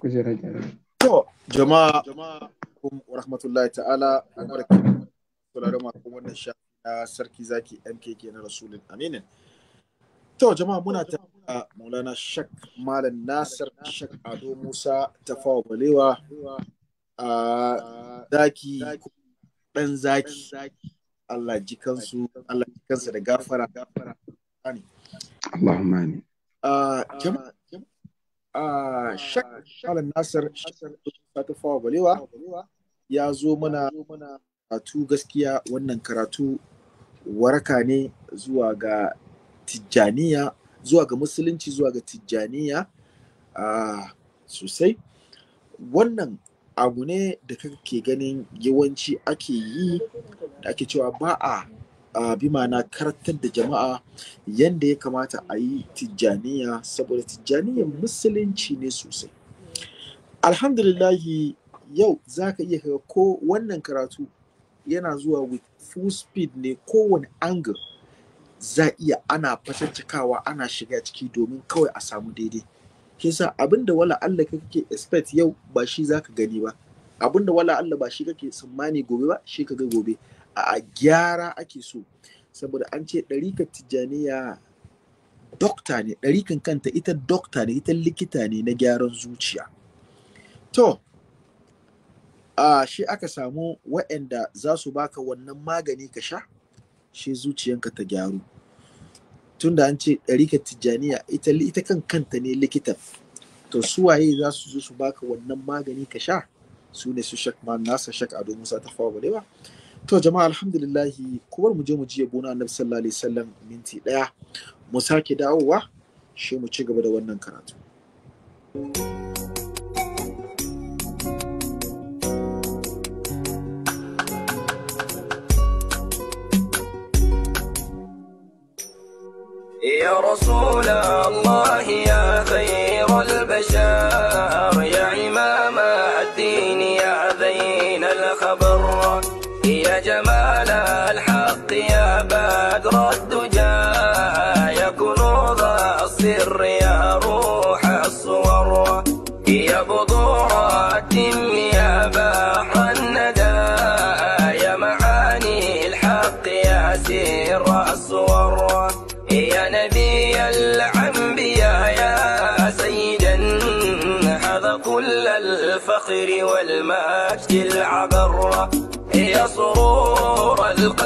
kujera gyara. To, jama'a, rahmatullahi ta'ala, an barka sauraron wannan sha na sarki zaki MKK na Rasulun Aminin. To, jama'a muna ta Maulana Shak Malam Nasir Shak Ado Musa Tafawa Balewa a zaki zaki. Allah Allah da gafara. Allahumma Jama'a Ah, shak Alan Nasir Fawa Balewa ya zo mana karatu gaskiya wannan karatu waraka ne zuwa ga tijjaniya zuwa ga musulunci zuwa ga tijjaniya ah, sosai wannan abu ne da kake ganin yawanci ake yi da ake cewa ba a a bi ma'ana karantar da jama'a yadda ya kamata a yi tijjaniya saboda tijjaniya musulunci ne sosai alhamdulillahi yau za ka iya kaga ko wannan karatu yana zuwa with full speed ne kowane angle za iya ana fatattakawa ana shiga ciki domin kawai a samu daidai kisa abinda wala Allah kake expect yau ba shi za ka gani ba abinda wala Allah ba shi kake tsammani gobe ba shi ka ga gobe a gyara ake so saboda an ce ɗarikar tijjaniya dokta ne ɗarikan kanta ita dokta ne ita likita ne na gyaran zuciya to a shi aka samu waɗanda za su baka wannan magani ka sha shi zuciyanka ta gyaru tunda an ce ɗarikar tijjaniya ita, ita kan kanta ne likitan to suwaye za su zo su baka wannan magani ka sha su ne su shak ma nasa shak a domin sa ta fawa ba to jama'a alhamdulillahi kowar mu je mu ji yabo annabi sallallahu alaihi wasallam minti daya mu sake dawowa shi mu ci gaba da wannan karatu يا رسول الله يا خير البشر يا عماد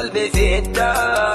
قلبي في الدار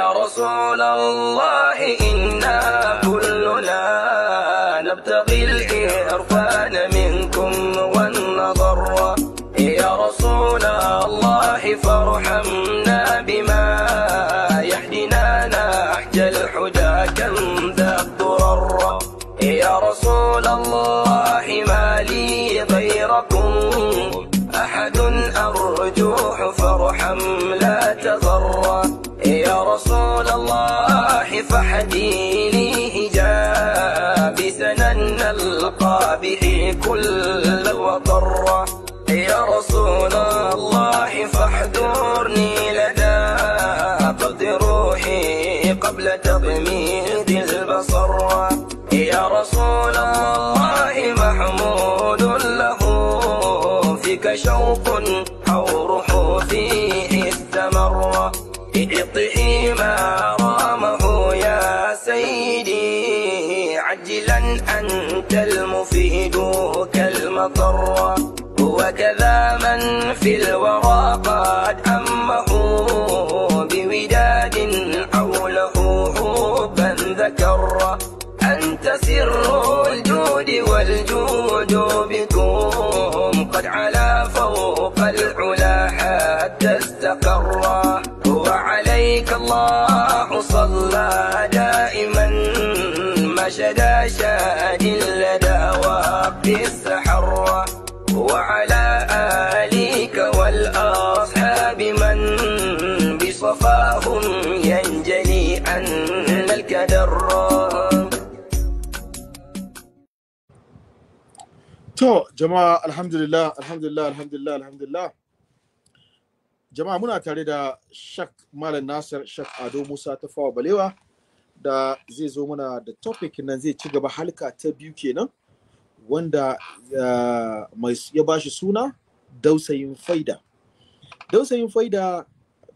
رسول الله إنا كلنا نبتغي الإرفان منكم والنظر يا رسول الله فارحمنا يهدي لإجاب سنن نلقى به كل وضرة يا رسول الله فاحذرني لدى قبض روحي قبل تضميد البصر يا رسول الله محمود له فيك شوق أو روح فيه استمر اطحي ما To jama'a alhamdulillah alhamdulillah alhamdulillah alhamdulillah jama'a muna tare da Shak Malam Nasir Shak Ado Musa ta fawa balewa da zai zo muna da topic nan zai ci gaba halka ta biyu kenan wanda mai ya ba shi suna dausayin faida dausayin faida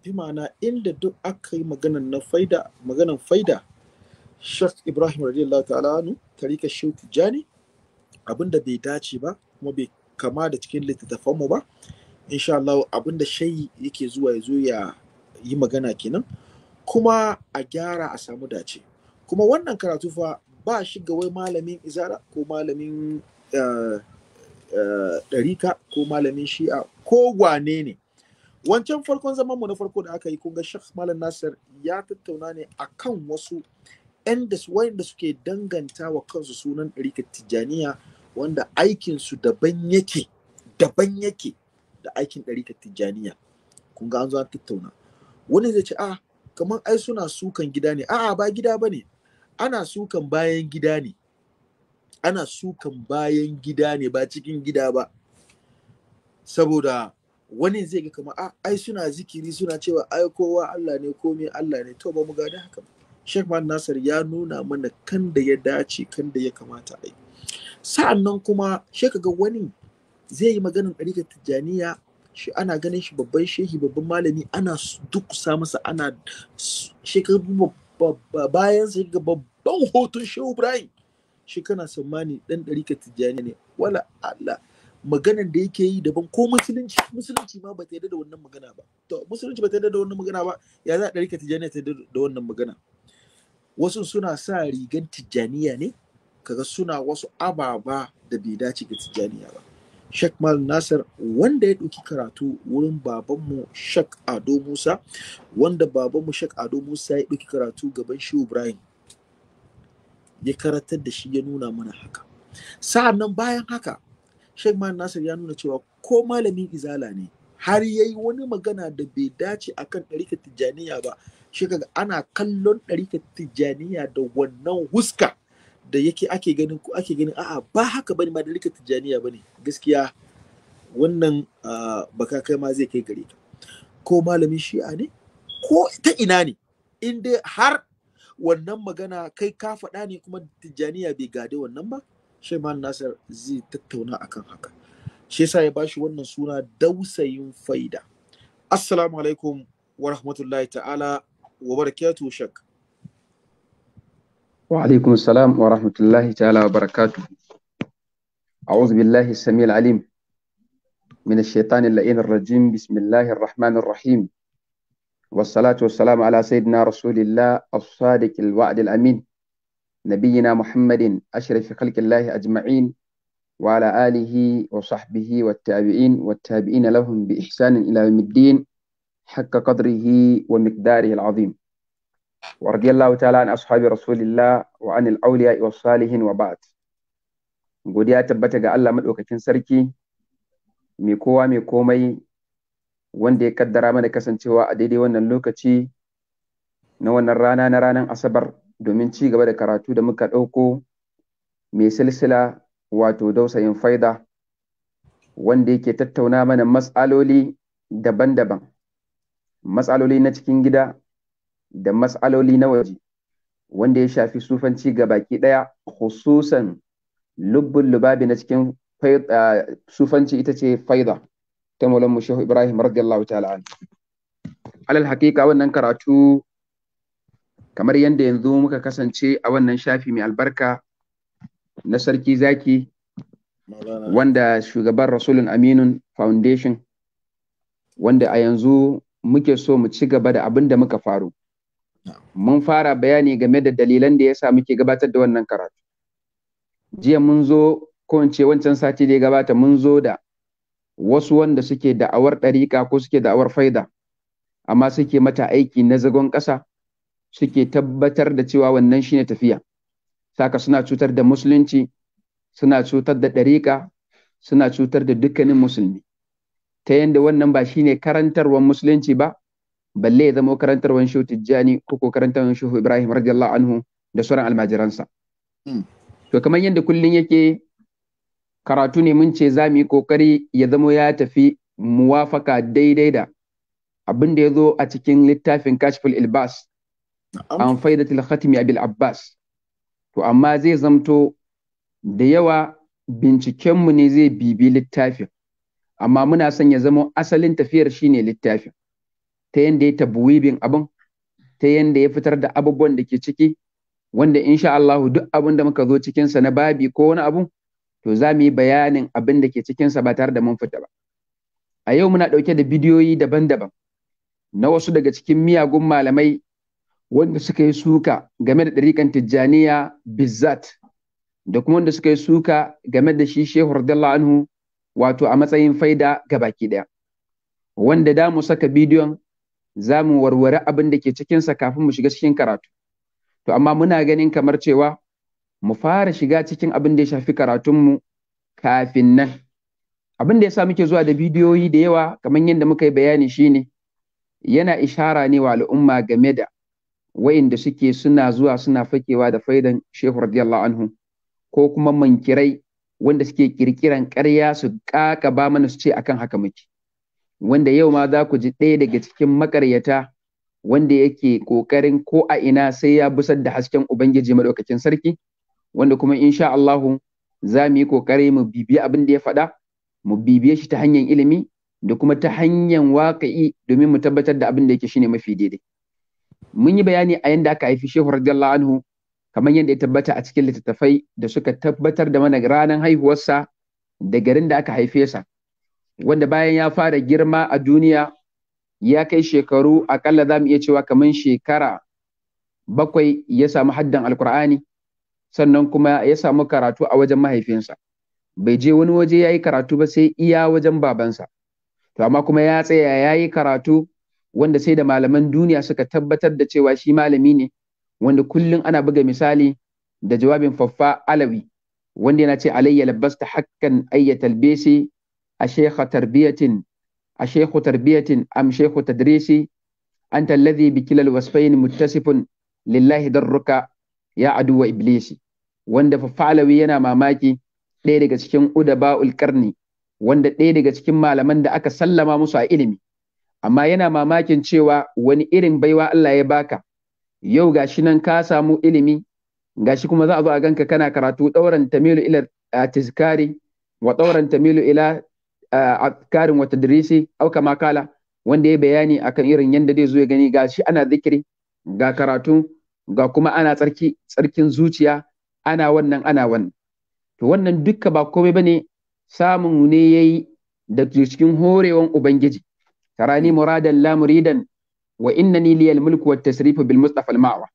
fi ma'ana inda duk aka yi maganan na faida maganan faida shak ibrahim radiyallahu ta'ala nu tarika shehu jani abinda bai dace ba kuma bai kama da cikin littattafan mu ba insha Allah abinda shayi yake zuwa ya zo ya yi magana kenan kuma a gyara a samu dace kuma wannan karatu fa ba shi ga wai malamin izara ko malamin eh, eh, ɗarika ko malamin shi'a ko wane ne wancan farkon zaman mu na farko da aka yi ko ga Sheikh Malam Nasir ya tattauna ne a kan wasu yan da wanda suke danganta wa kansu sunan ɗarikar Tijjaniya wanda aikinsu daban yake daban yake da aikin ɗarikar Tijjaniya Ko ga an zo an tattauna wani zai ce a ah, kamar ai suna sukan gida ne a'a ba gida ba ne. ana sukan bayan gida ne ana sukan bayan gida ne ba cikin gida ba saboda wani zai ga kama a ah, ai suna zikiri suna cewa ai kowa Allah ne komai Allah ne to ba mu gane haka Sheikh Muhammad Nasir ya nuna mana kan da ya dace kan da ya kamata a yi sa'annan kuma Sheikh ga wani zai yi maganin ɗarikar Tijjaniya shi ana ganin shi babban shehi babban malami ana duk sa masa ana shekaru bayan sai ga babban hoton shehu ibrahim shi kana tsammani dan ka tijjani ne wala allah maganan da yake yi daban ko musulunci musulunci ma ba ta yarda da wannan magana ba to musulunci ba ta yarda da wannan magana ba ya za a ka tijjani ta yarda da wannan magana wasu suna sa rigan tijjaniya ne kaga suna wasu ababa da bai dace ga tijjaniya ba Sheikh Mal Nasir wanda ya ɗauki karatu wurin babanmu Sheikh Ado Musa wanda babanmu Sheikh Ado Musa ya ɗauki karatu gaban shi Ibrahim ya karatar da shi ya nuna mana haka sa'an nan bayan haka Sheikh Mal Nasir ya nuna cewa ko malamin izala ne har ya yi wani magana da bai dace akan ɗarikar tijjaniya ba shi kaga ana kallon ɗarikar tijjaniya da wannan huska da yake ake ganin ko ake ganin a'a ba haka bane ma da Tijjaniya tijaniya bane gaskiya wannan ah, baka kai ma zai kai gare ka ko malamin shi'a ne ko ta ina ne in dai har wannan magana kai ka faɗa ne kuma tijaniya bai gade wannan ba ma nasir zai tattauna akan haka shi yasa ya bashi wannan suna dausayin faida assalamu alaikum wa rahmatullahi ta'ala wa barakatuhu shak وعليكم السلام ورحمة الله تعالى وبركاته أعوذ بالله السميع العليم من الشيطان اللئيم الرجيم بسم الله الرحمن الرحيم والصلاة والسلام على سيدنا رسول الله الصادق الوعد الأمين نبينا محمد أشرف خلق الله أجمعين وعلى آله وصحبه والتابعين والتابعين لهم بإحسان إلى يوم الدين حق قدره ومقداره العظيم ورضي الله ta'ala an ashabi rasulillah wa anil auliya wa salihin wa ba'd godiya tabbata ga Allah madaukakin sarki mai kowa mai komai wanda ya kaddara mana kasancewa a daidai wannan lokaci na wannan rana na ranar asabar domin ci gaba da karatu da muka ɗauko mai silsila wato dausayin faida wanda yake tattauna mana matsaloli daban-daban matsaloli na cikin gida da matsaloli na waje wanda ya shafi sufanci ga baki ɗaya khususan lubbun lubabi na cikin sufanci ita ce faida ta maulan shehu ibrahim radiyallahu ta'ala alal hakika wannan karatu kamar yadda yanzu muka kasance a wannan shafi mai albarka na sarki zaki wanda shugaban rasulun aminun foundation wanda a yanzu muke so mu ci gaba da abin da muka faru mun fara bayani game da dalilan da yasa muke gabatar da wannan karatu jiya mun zo ko in ce wancan sati da ya gabata mun zo da wasu wanda suke da'awar ɗariƙa ko suke da'awar faida amma suke mata aiki na zagon ƙasa suke tabbatar da cewa wannan shine tafiya saka suna cutar da musulunci suna cutar da ɗariƙa suna cutar da dukkanin musulmi ta yadda wannan ba shine karantarwar musulunci ba balle ya zama wani shehu tijjani ko ko wani shehu ibrahim radiyallahu anhu da sauran almajiransa hmm. to kamar yadda kullun yake karatu ne mun ce za mu yi kokari ya zama ya tafi muwafaka daidai da abin da ya zo a cikin littafin kashful ilbas an faidatul khatimi abil abbas to amma zai zamto da yawa bincikenmu ne zai bibi littafin amma muna son ya zama asalin tafiyar shine littafin ta yanda ya tabwibin abin ta yanda ya fitar da abubuwan da ke ciki wanda insha Allah duk abin da muka zo cikinsa na babi ko wani abu to za mu yi bayanin abin da ke cikin ba tare da mun fita ba a yau muna ɗauke da bidiyoyi daban-daban na wasu daga cikin miyagun malamai wanda suka yi suka game da ɗariƙan tijjaniya bizzat da kuma wanda suka yi suka game da shi shehu radiyallahu anhu wato a matsayin faida ga baki ɗaya wanda da mu saka bidiyon za mu warware abin da ke cikinsa kafin mu shiga cikin karatu to amma muna ganin kamar cewa mu fara shiga cikin abin da ya shafi karatunmu kafin nan abin da ya sa muke zuwa da bidiyoyi da yawa kamar yadda muka yi bayani shi ne, yana ishara ne wa al'umma game da wa'inda suke suna zuwa suna fakewa da faidan shehu radiyallahu anhu ko kuma mankirai wanda suke kirkiran ƙarya su ƙaƙaba mana su ce akan haka muke wanda yau ma za ku ji ɗaya daga cikin makaryata wanda yake ƙoƙarin ko a ina sai ya busar da hasken Ubangiji Maɗaukakin Sarki, wanda kuma insha Allahu za mu yi ƙoƙari mu bibiye abin da ya faɗa, mu bibiye shi ta hanyar ilimi da kuma ta hanyar waƙa'i domin mu tabbatar da abin da yake shine mafi daidai. Mun yi bayani a yanda aka haifi Shehu radiyallahu anhu kamar yadda ya tabbata a cikin littattafai da suka tabbatar da mana ranar haihuwarsa da garin da aka haife sa. wanda bayan ya fara girma a duniya ya kai shekaru akalla za mu iya cewa kamar shekara bakwai ya samu haddan alkur'ani sannan kuma ya samu karatu a wajen mahaifinsa bai je wani waje ya yi karatu ba sai iya wajen babansa to amma kuma ya tsaya ya yi karatu wanda sai da malaman duniya suka tabbatar da cewa shi malami ne wanda kullum ana buga misali da jawabin faffa alawi wanda yana ce alayya labasta hakkan ayya talbesi a shekha tarbiyatin a shekhu tarbiyatin am shekhu tadrisi anta alladhi bi kilal wasfayn muttasifun lillahi darruka ya aduwa iblisi wanda fafalawi yana mamaki ɗaya daga cikin udaba'ul karni wanda ɗaya daga cikin malaman da aka sallama musu a ilimi amma yana mamakin cewa wani irin baiwa Allah ya baka yau gashi nan ka samu ilimi gashi kuma za a zo a ganka kana karatu ɗauran tamilu ila eh, tizkari wa ɗauran tamilu ila A karin wata dirisi auka makala wanda ya bayani akan irin yadda zai zo ya gani ga shi ana zikiri ga karatu ga kuma ana tsarki tsarkin zuciya ana wannan ana wannan to wannan duka ba komai ba ne samun ne yayi da cikin horewan ubangiji tarani muradan la muridan wa innani liyal mulku wat tasrifu bil mustafa al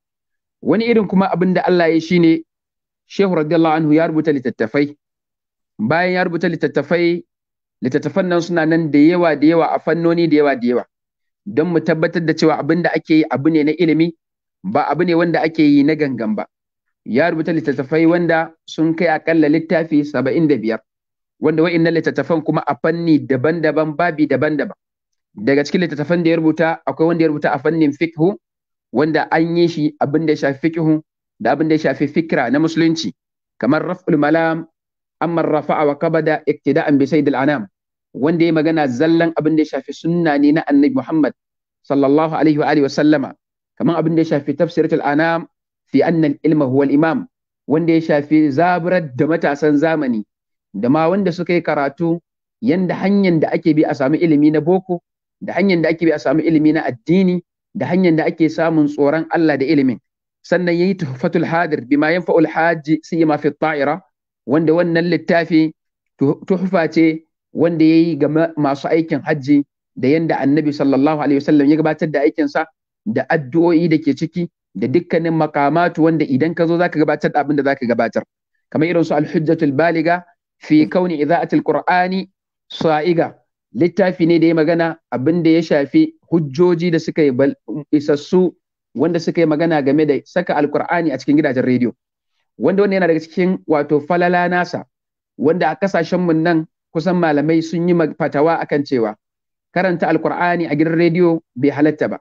wani irin kuma abin da Allah ya shine Shehu radiyallahu anhu ya rubuta littattafai bayan ya rubuta littattafai littattafan nan suna nan da yawa da yawa a fannoni da yawa da yawa don mu tabbatar da cewa abin da ake yi abu ne na ilimi ba abu ne wanda ake yi na gangan ba ya rubuta littattafai wanda sun kai akalla littafi saba'in da biyar wanda wa'innan littattafan kuma a fanni daban-daban babi daban-daban daga cikin littattafan da ya rubuta akwai wanda ya rubuta a fannin fikhu wanda an yi shi abin da ya shafi fikhu da abin da ya shafi fikra na musulunci kamar raf'ul malam amma rafa'a wa qabada iktida'an bi sayyidil anam wanda ya magana zallan abin da ya shafi sunna ne na annabi Muhammad sallallahu alaihi wa alihi wa sallama kaman abin da ya shafi tafsiratul anam fi anna ilma huwa al-imam wanda ya shafi zaburar da matasan zamani da ma wanda suka yi karatu yanda hanyar da ake bi a samu ilimi na boko da hanyar da ake bi a samu ilimi na addini da hanyar da ake samun tsoron Allah da ilimin sannan yayi tuhfatul hadir bima yanfa'ul haji siyama fi ta'ira wanda wannan littafi tuhfa ce wanda ya yi ga masu aikin hajji da yanda annabi sallallahu alaihi wasallam ya gabatar da aikinsa da addu'o'i da ke ciki da dukkanin makamatu wanda idan ka zo za ka gabatar da abin da za ka gabatar kamar irin su alhujjatul baliga fi kauni Iza'atul qur'ani sa'iga littafi ne da ya magana abin da ya shafi hujjoji da suka yi isassu wanda suka yi magana game da saka Alkur'ani a cikin gidajen rediyo wanda wannan yana daga cikin wato falala nasa wanda a kasashen mu nan kusan malamai sun yi fatawa akan cewa karanta alkur'ani a gidan rediyo bai halatta ba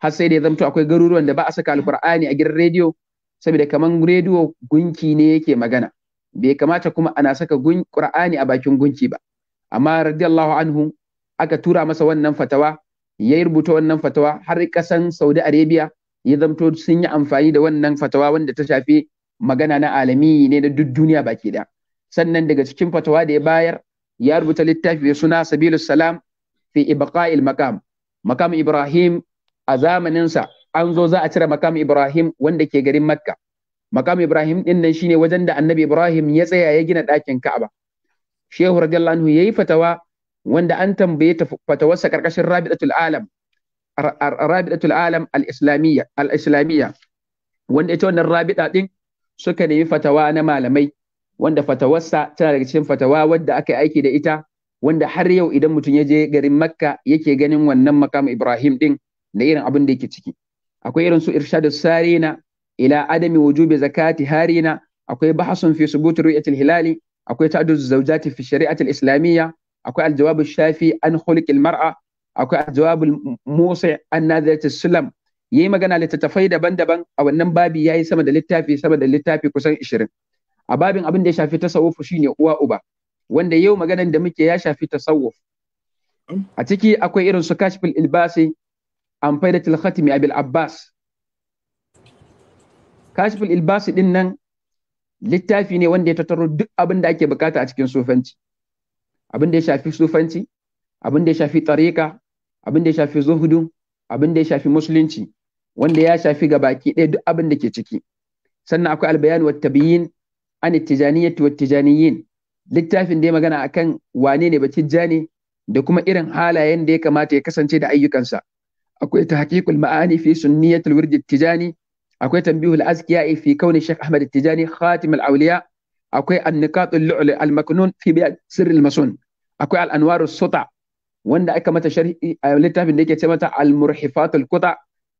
har sai da ya zamto akwai garuruwan da ba a saka alkur'ani a gidan rediyo saboda kaman rediyo gunki ne yake magana bai kamata kuma ana saka qur'ani a bakin gunki ba amma radiyallahu anhu aka tura masa wannan fatawa ya rubuta wannan fatawa har kasan saudi arabia ya zamto sun yi amfani da wannan fatawa wanda ta shafi magana na alami ne na duk duniya baki da sannan daga cikin fatawa da ya bayar ya rubuta littafi ya suna sabilus salam fi ibqa'il maqam maqam ibrahim a zamaninsa an zo za a cire maqam ibrahim wanda ke garin makka maqam ibrahim din nan shine wajen da annabi ibrahim ya tsaya ya gina ɗakin ka'aba shehu radiyallahu anhu yayi fatawa wanda an tambaye ta fatawarsa karkashin rabidatul alam rabidatul alam al-islamiyya al-islamiyya wanda ita wannan rabida din suka nemi fatawa na malamai wanda fatawarsa tana daga cikin fatawa wadda aka yi aiki da ita wanda har yau idan mutum ya je garin makka yake ganin wannan makamu ibrahim din na irin abin da yake ciki akwai irin su irshadu sarina ila adami wujubi zakati harina akwai bahasun fi subut hilali akwai ta'addu zawjati fi islamiyya akwai Aljawabin shafi an khuliqil mar'a akwai aljawabul musi an nadirati sulam Ya yi magana littattafai daban-daban a wannan babi yayi sama da littafi sama da littafi kusan 20 a babin abin da ya shafi tasawuf shine uwa uba wanda yau maganan da muke ya shafi tasawuf a ciki akwai irin su kashfil ilbasi an faidatul khatimi abil abbas kashfil ilbasi din nan littafi ne wanda ya tattaro duk abin da ake bukata a cikin sufanci abin da ya shafi sufanci abin da ya shafi tariqa abin da ya shafi zuhudu abin da ya shafi musulunci wanda ya shafi ga baki ɗaya duk abin da ke ciki sannan akwai albayan wa tabiyin an tijaniyyati wa tijaniyin littafin da ya magana akan wane ne batijjani da kuma irin halayen da ya kamata ya kasance da ayyukansa akwai tahqiqul ma'ani fi sunniyatul wirdi tijani akwai tanbihul azkiya fi kauni shaykh ahmad tijani khatim al awliya akwai an-niqatul lu'lu al maknun fi bid'at sirr al masun akwai al anwarus suta wanda aka mata sharhi a littafin da yake ce mata al-murhifatul quta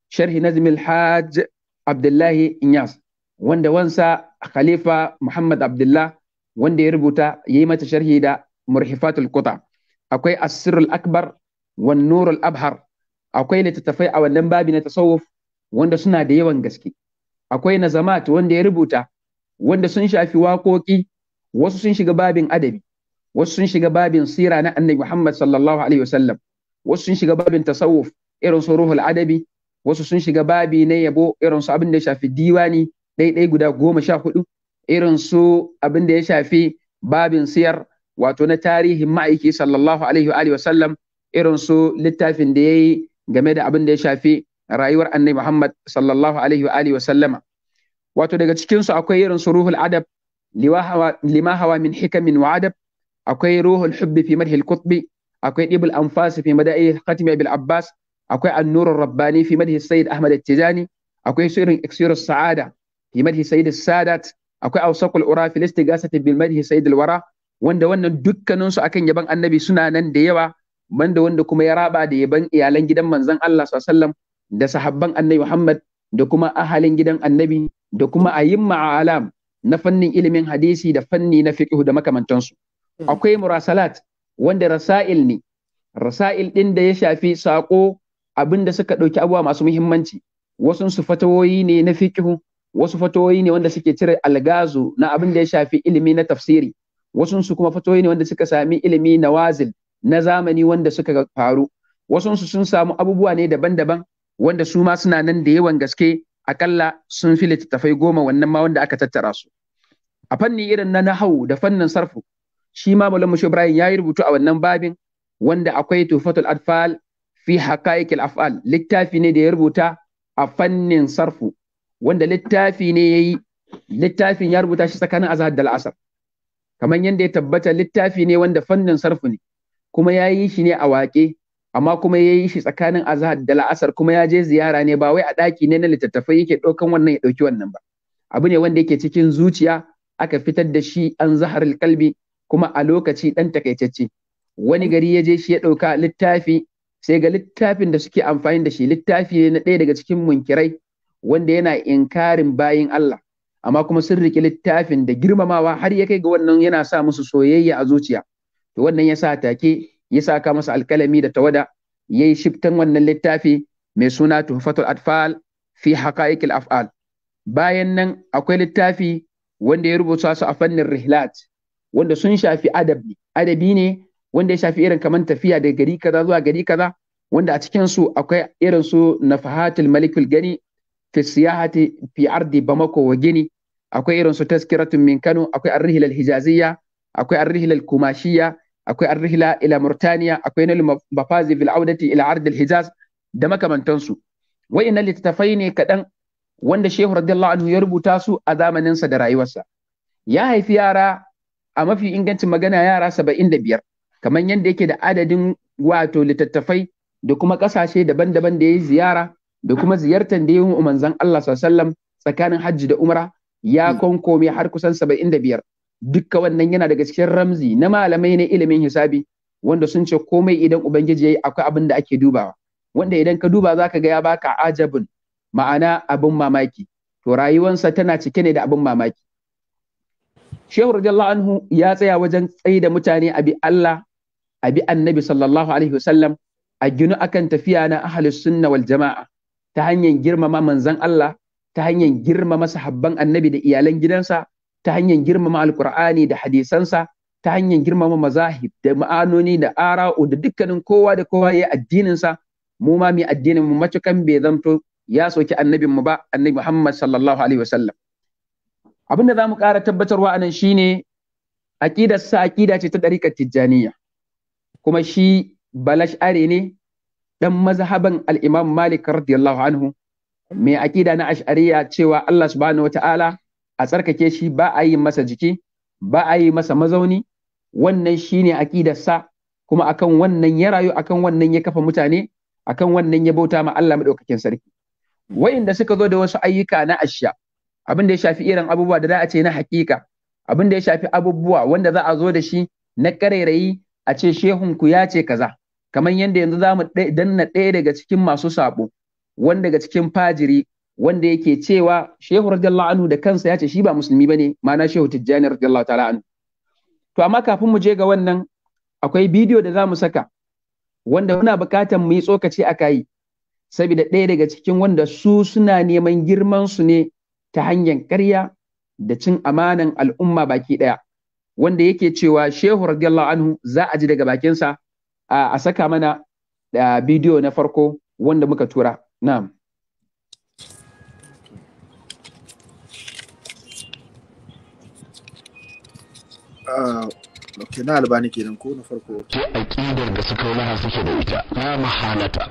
sharhi nazm al-hajj Abdullahi Inyas wanda wansa Khalifa Muhammad Abdullah wanda ya rubuta yayi mata sharhi da murhifatul quta akwai asirul akbar wan nurul abhar akwai littattafai a wannan babi na tasawuf wanda suna da yawan gaske akwai nazamat wanda ya rubuta wanda sun shafi waƙoƙi wasu sun shiga babin adabi wasu sun shiga babin sira na annabi Muhammad sallallahu alaihi wasallam wasu sun shiga babin tasawuf irin su ruhul adabi wasu sun shiga babi na yabo irin su abin da ya shafi diwani ɗaiɗai guda goma sha hudu irin su abin da ya shafi babin siyar wato na tarihin ma'aiki sallallahu alaihi wa wasallam irin su littafin da ya yi game da abin da ya shafi rayuwar annabi Muhammad sallallahu alaihi wa wasallama wato daga cikin su akwai irin su ruhul adab lima hawa min hikamin wa adab akwai ruhul hubbi fi madhil qutbi akwai ibul anfas fi mada'i khatmi abil abbas akwai an-nurur rabbani fi madhi sayyid ahmad at-tijani akwai sirrin iksirus sa'ada fi madhi sayyid sadat akwai awsaqul ura fi istighasati bil madhi sayyid al-wara wanda wannan dukkanin su akan yaban annabi suna nan da yawa banda wanda kuma ya raba da yaban iyalan gidan manzon Allah sallallahu da sahabban annabi Muhammad da kuma ahalin gidan annabi da kuma ayimma alam na fannin ilimin hadisi da fanni na fiqh da makamantansu Hmm. akwai murasalat wanda rasail ne rasail ɗin da ya shafi saƙo abinda suka ɗauki abuwa masu muhimmanci wasu su fatawoyi ne na fikihu wasu fatawoyi ne wanda suke cire algazu na abin da ya shafi ilimi na tafsiri wasu su kuma fatawoyi ne wanda suka sami ilimi na wazil na zamani wanda suka faru wasu su sun samu abubuwa ne daban-daban wanda su ma suna nan da yawan gaske akalla sun fi littattafai goma wannan ma wanda aka tattara su a fanni irin na nahau da fannin sarfu shi ma Malam Musho Ibrahim ya rubuta rubutu a wannan babin wanda akwai Tufatul Atfal fi haqa'iqil af'al littafi ne da ya rubuta a fannin sarfu wanda littafi ne yayi littafin ya rubuta shi tsakanin azhar da al'asar kamar yadda ya tabbata littafi ne wanda fannin sarfu ne kuma ya yi shi ne a waƙe amma kuma ya yi shi tsakanin azhar da la'asar kuma ya je ziyara ne ba wai a ɗaki ne na littattafai yake ɗaukan wannan ya ɗauki wannan ba abu ne wanda yake cikin zuciya aka fitar da shi an zahar kalbi kuma a lokaci ɗan takaitacce wani gari ya je shi ya ɗauka littafi sai ga littafin da suke amfani da shi littafi na ɗaya daga cikin munkirai wanda yana inkarin bayin Allah amma kuma sun riƙe littafin da girmamawa har ya kai ga wannan yana sa musu soyayya a zuciya to wannan ya sa take ya saka masa alkalami da tawada ya yi shiftan wannan littafi mai suna tuhfatul atfal fi haqa'iqil af'al bayan nan akwai littafi wanda ya rubuta su a fannin rihlat wanda sun shafi adabi adabi ne wanda ya shafi irin kamar tafiya da gari kaza zuwa gari kaza wanda a cikin su akwai irin su nafahatul malikul gani fi siyahati fi ardi bamako wa gini akwai irin su taskiratun min kano akwai arrihilal hijaziyya akwai arrihilal kumashiyya akwai arrihila ila murtaniya akwai nal mafazi fil audati ila ardi hijaz da makamantansu wa'innan littattafai ne kaɗan wanda shehu radiyallahu anhu ya rubuta su a zamaninsa da rayuwarsa ya haifi yara a mafi ingancin magana yara saba'in da biyar kamar yadda yake da adadin wato littattafai da kuma ƙasashe daban-daban da ya yi ziyara da kuma ziyartar da ya yi manzan Allah sallam tsakanin hajji da umra ya hmm. konkome har kusan saba'in da biyar dukka wannan yana daga cikin ramzi na malamai na ilimin hisabi wanda sun ce komai idan ubangiji ya yi akwai abin da ake dubawa wanda idan ka duba za ka ga ya baka ajabin ma'ana abin mamaki to rayuwarsa tana cike ne da abin mamaki shehu radiyallahu anhu ya tsaya wajen tsaye da mutane a bi Allah a bi annabi sallallahu alaihi wasallam a ginu akan tafiya na ahli sunna wal jama'a ta hanyar girmama manzon Allah ta hanyar girmama sahabban annabi da iyalan gidansa ta hanyar girmama alkur'ani da hadisansa ta hanyar girmama mazahib da ma'anoni da ara'u da dukkanin kowa da kowa ya addinin sa mu ma mai addinin mu matukan bai zanto ya soki annabin mu ba annabi Muhammad sallallahu alaihi wasallam abin da za mu ƙara tabbatarwa anan shine aƙidar sa aƙida ce ta ɗariƙar tijjaniya kuma shi balash are ne ɗan mazhaban al-imam malik radiyallahu anhu mai aƙida na ash'ariya cewa Allah subhanahu Ta'ala a tsarkake shi ba a yi masa jiki ba a yi masa mazauni wannan shine aƙidar sa kuma akan wannan ya rayu akan wannan ya kafa mutane akan wannan ya bauta ma Allah maɗaukakin sarki wayanda suka zo da wasu ayyuka na ashya abin da ya shafi irin abubuwa da za a ce na hakika abin da ya shafi abubuwa wanda za a zo da shi na ƙarairayi a ce shehunku ya ce kaza kamar yadda yanzu za mu danna ɗaya daga cikin masu saɓo wanda daga cikin fajiri wanda yake cewa shehu radiyallahu anhu da kansa ya ce shi ba musulmi bane ma'ana shehu tijjani radiyallahu ta'ala anhu to amma kafin mu je ga wannan akwai bidiyo da za mu saka wanda muna buƙatar mu yi tsokaci a kai saboda ɗaya daga cikin wanda su suna neman girman su ne ta hanyar ƙarya da cin amanan al'umma baki ɗaya wanda yake cewa shehu radiyallahu anhu za a ji daga bakinsa a saka mana bidiyo na farko wanda muka tura na'am ah, Ok, na albani kenan ko na farko. ce aƙidar da suka yi suke da ita, na mahalata.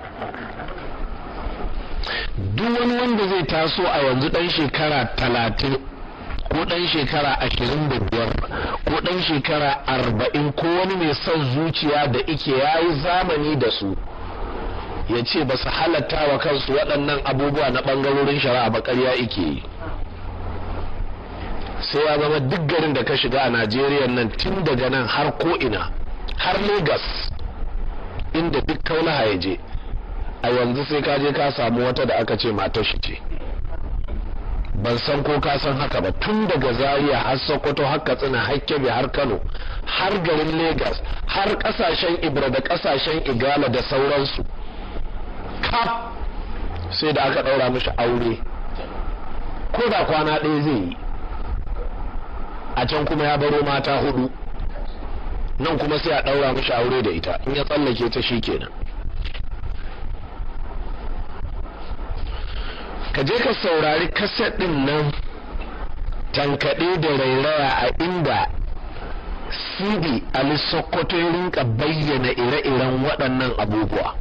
duk wani wanda zai taso a yanzu dan shekara talatin ko dan shekara ashirin da biyar ko dan shekara arba'in ko wani mai son zuciya da ike yayi zamani da su ya ce ba su halatta wa kansu waɗannan abubuwa na ɓangarorin shari'a ba ƙarya ike yi sai ya zama duk garin da ka shiga a najeriya nan tun daga nan har ko'ina har Legas inda duk kaulaha ya je a yanzu sai ka je ka samu wata da aka ce matar shi ce ban san ko ka san haka ba tun daga zaria har sokoto har katsina har kebe har kano har garin lagos har kasashen ibra da kasashen igala da sauransu kaf sai da aka daura mishi aure ko da kwana ɗaya zai yi a can kuma ya baro mata hudu nan kuma sai a daura mishi aure da ita in ya tsallake ta shi kenan ka je ka saurari kaset ɗin nan tankaɗe da rairaya a inda sidi ali sokoto ya rinka bayyana ire-iren waɗannan abubuwa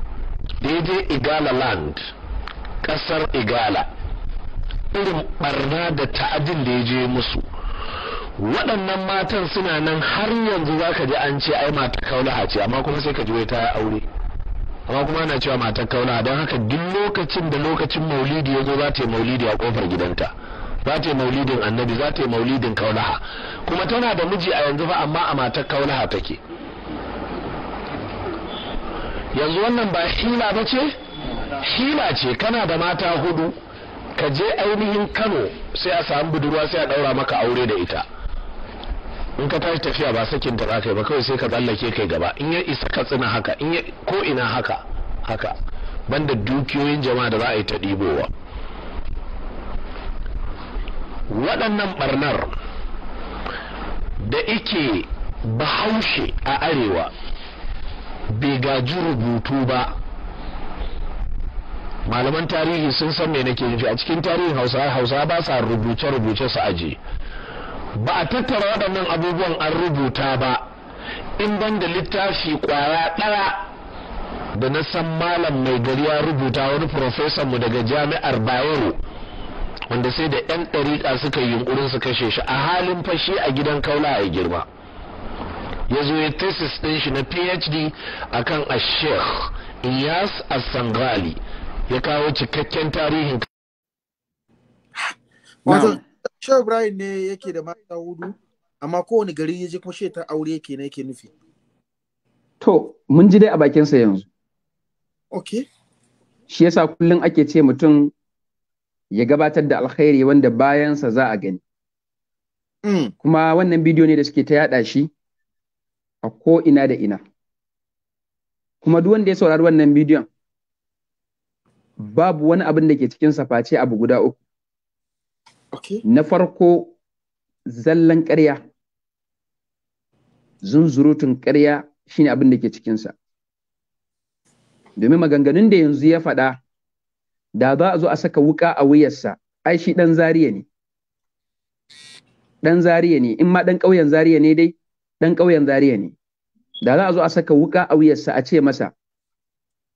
daidai igala land ƙasar igala irin barna da ta'adin da ya je musu waɗannan matan suna nan har yanzu za ka ji an ce ai mata kaulaha ce amma kuma sai ka ji wai ta aure amma kuma ana cewa matar kauna don haka duk lokacin da lokacin maulidi ya zo za ta yi maulidi a kofar gidanta za ta yi maulidin annabi za ta yi maulidin kaulaha kuma tana da miji a yanzu fa amma a matar kaulaha take yanzu wannan ba hila ba ce hila ce kana da mata hudu ka je ainihin kano sai a samu budurwa sai a daura maka aure da ita in ka tashi tafiya ba sakin ta zaka ba kawai sai ka tsallake kai gaba in ya isa ka tsina haka in ya ko ina haka haka banda dukiyoyin jama'a da za a yi ta ɗibowa waɗannan ɓarnar da ike bahaushe a arewa bai gaji rubutu ba malaman tarihi sun san me nake nufi a cikin tarihin hausa hausa ba sa rubuce-rubuce su ajiye. ba a tattara waɗannan abubuwan an rubuta ba in ban da littafi ƙwaya ɗaya da na san malam mai gari ya rubuta wani profesan mu daga jami'ar bayero wanda sai da 'yan ɗariƙa suka yi yunkurin su kashe shi a halin fashi a gidan kaula a girma ya zo ya thesis ɗin shi na phd a kan a Sheikh iyas asangali ya kawo cikakken tarihin wato Shaw Ibrahim ne yake da mata hudu, amma kowane gari ya je kuma shi ta aure yake na yake nufi. To, mun ji dai a bakinsa yanzu. Ok. Shi yasa kullum ake ce mutum ya gabatar da alkhairi wanda bayansa za a gani. Mm. Kuma wannan bidiyo ne da suke ta yada shi a ko ina da ina. Kuma duk wanda ya saurari wannan bidiyon babu wani abin da ke cikin face abu guda uku. Na farko zallan ƙarya, zunzurutun ƙarya shine abin da ke cikinsa. Domin maganganun da yanzu ya faɗa, da za a zo a saka wuƙa a wuyarsa, ai shi ɗan zariya ne. Ɗan zariya ne, in ma ɗan ƙauyen zariya ne dai, ɗan ƙauyen zariya ne. Da za a zo a saka wuƙa a wuyarsa a ce masa,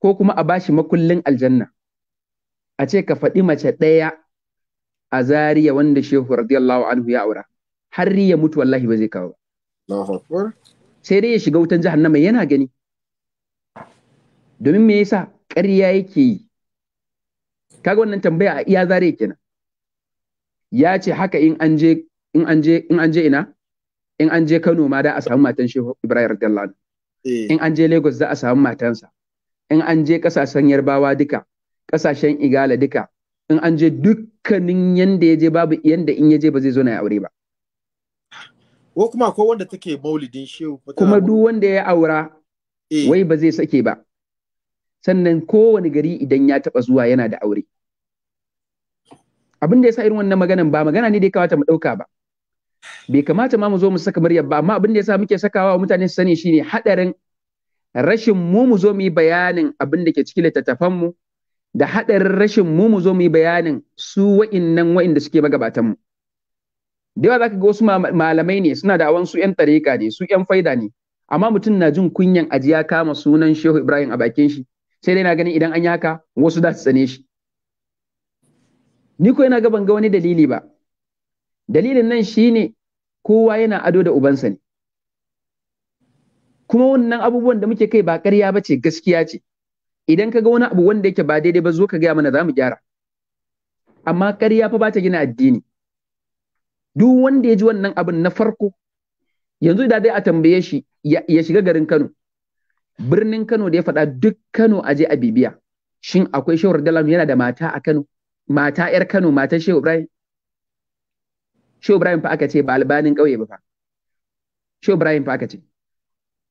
ko kuma a bashi makullin aljanna. A ce ka faɗi mace ɗaya a Zariya wanda shehu radiyallahu anhu ya aura har ya mutu wallahi ba zai kawo sai dai ya shiga wutan jahannama yana gani domin me yasa ƙarya yake yi kaga wannan tambaya a iya zare kenan ya ce haka in an je in an je in an je ina in an je Kano ma da a samu matan Shehu Ibrahim radiyallahu anhu eh. in an je Lagos za a samu matansa in an je kasashen Yarbawa duka kasashen Igala duka in an je dukkanin yanda ya je babu yanda in ya je ba zai zo na ya aure ba ko kuma ko wanda take maulidin shehu kuma duk wanda ya aura eh. wai ba zai sake ba sannan kowane gari idan ya taba zuwa yana da aure abin da ya sa irin wannan maganan ba magana ne da ya kamata mu ɗauka ba bai kamata ma mu zo mu saka murya ba amma abin da ya sa muke sakawa wa mutane su sani shine hadarin rashin mu mu zo mu yi bayanin abin da ke cikin littattafan mu da haɗarin rashin mu mu zo mu yi bayanin su wa'innan wa'inda suke magabatanmu da yawa za ka ga wasu malamai ne suna da awan su yan tariƙa ne su yan faida ne amma mutum na jin kunyan ajiya kama sunan Shehu Ibrahim a bakin shi sai dai na ganin idan an yi haka wasu za su tsane shi ni ko yana gaban ga wani dalili ba dalilin nan shi ne kowa yana ado da ubansa ne kuma wannan abubuwan da muke kai ba ƙarya ba ce gaskiya ce idan ka ga wani abu wanda yake ba daidai ba zo ka gaya mana za mu gyara amma ƙarya fa ba ta gina addini duk wanda ya ji wannan abin na farko yanzu da dai a tambaye shi ya shiga garin Kano birnin Kano da ya faɗa duk Kano aje a bibiya shin akwai Shehu Dalam yana da mata a Kano mata yar Kano mata Shehu Ibrahim Shehu Ibrahim fa aka ce ba albanin ƙauye ba fa Shehu Ibrahim fa aka ce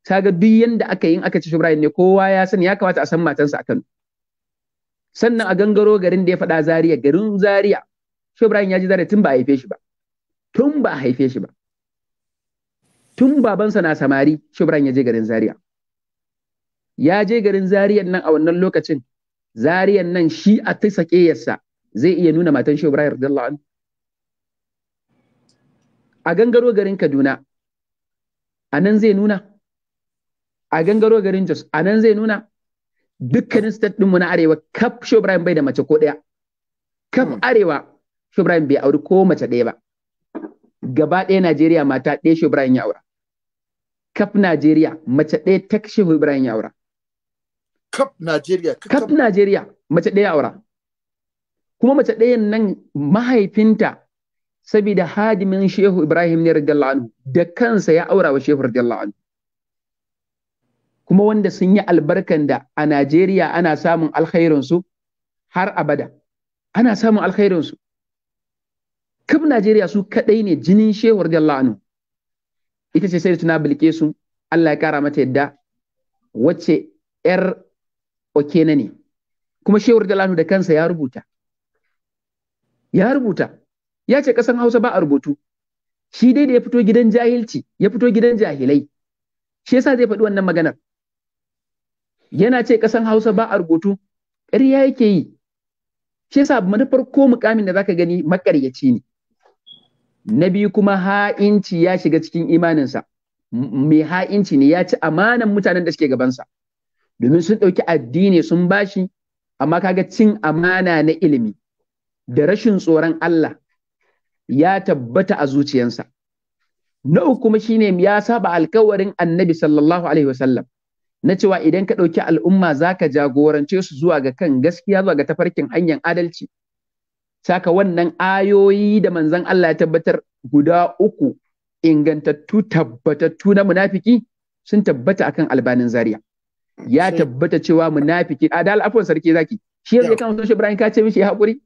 ga duk yanda aka yi aka ci Ibrahim ne kowa ya sani ya kamata a san matansa a Kano. sannan a gangaro garin da ya faɗa Zaria garin Zaria Ibrahim ya ji Zaria tun ba a haife shi ba tun ba a haife shi ba tun babansa na samari Ibrahim ya je garin Zaria ya je garin Zariyan nan a wannan lokacin Zariyan nan shi a ta sakeyarsa zai iya nuna matan Shehu Ibrahim radiyallahu anhu a gangaro garin Kaduna a nan zai nuna a gangaro garin Jos a nan zai nuna dukkanin state ɗinmu na arewa kaf Ibrahim bai da mace ko ɗaya kaf hmm. arewa Ibrahim bai auri ko mace ɗaya ba gaba ɗaya Najeriya mata ɗaya Ibrahim ya aura kaf Najeriya mace ɗaya tak Ibrahim ya aura kaf Najeriya kaf Najeriya mace ɗaya aura kuma mace ɗayan nan mahaifinta sabida hadimin Shehu Ibrahim ne radiyallahu anhu da kansa ya aura wa Shehu radiyallahu anhu kuma wanda sun yi albarkan da a Najeriya ana samun alkhairinsu har abada ana samun alkhairinsu kaf Najeriya su kaɗai ne jinin Shehuwar da ita ce sai da tuna su Allah ya kara mata yadda wacce yar okena ne kuma Shehuwar da da kansa ya rubuta ya rubuta ya ce ƙasan Hausa ba a rubutu shi dai da ya fito gidan jahilci ya fito gidan jahilai shi yasa zai faɗi wannan maganar yana ce ƙasan Hausa ba a rubutu ƙarya yake yi shi yasa manufar ko mukamin da zaka gani makaryaci ne na biyu kuma ha'inci ya shiga cikin imaninsa mai ha'inci ne ya ci amanan mutanen da suke gabansa domin sun ɗauki addini sun bashi amma kaga cin amana na ilimi da rashin tsoron Allah ya tabbata a zuciyansa na uku kuma shine ya saba alkawarin annabi sallallahu alaihi wasallam na cewa idan ka ɗauki al'umma za ka jagorance su zuwa ga kan gaskiya zuwa ga tafarkin hanyar adalci saka wannan ayoyi da manzan Allah ya tabbatar guda uku ingantattu tabbatattu na munafiki sun tabbata akan albanin zaria ya tabbata cewa munafiki a dal afwan sarki zaki shi yanzu kama sun Ibrahim ka ce mishi ya hakuri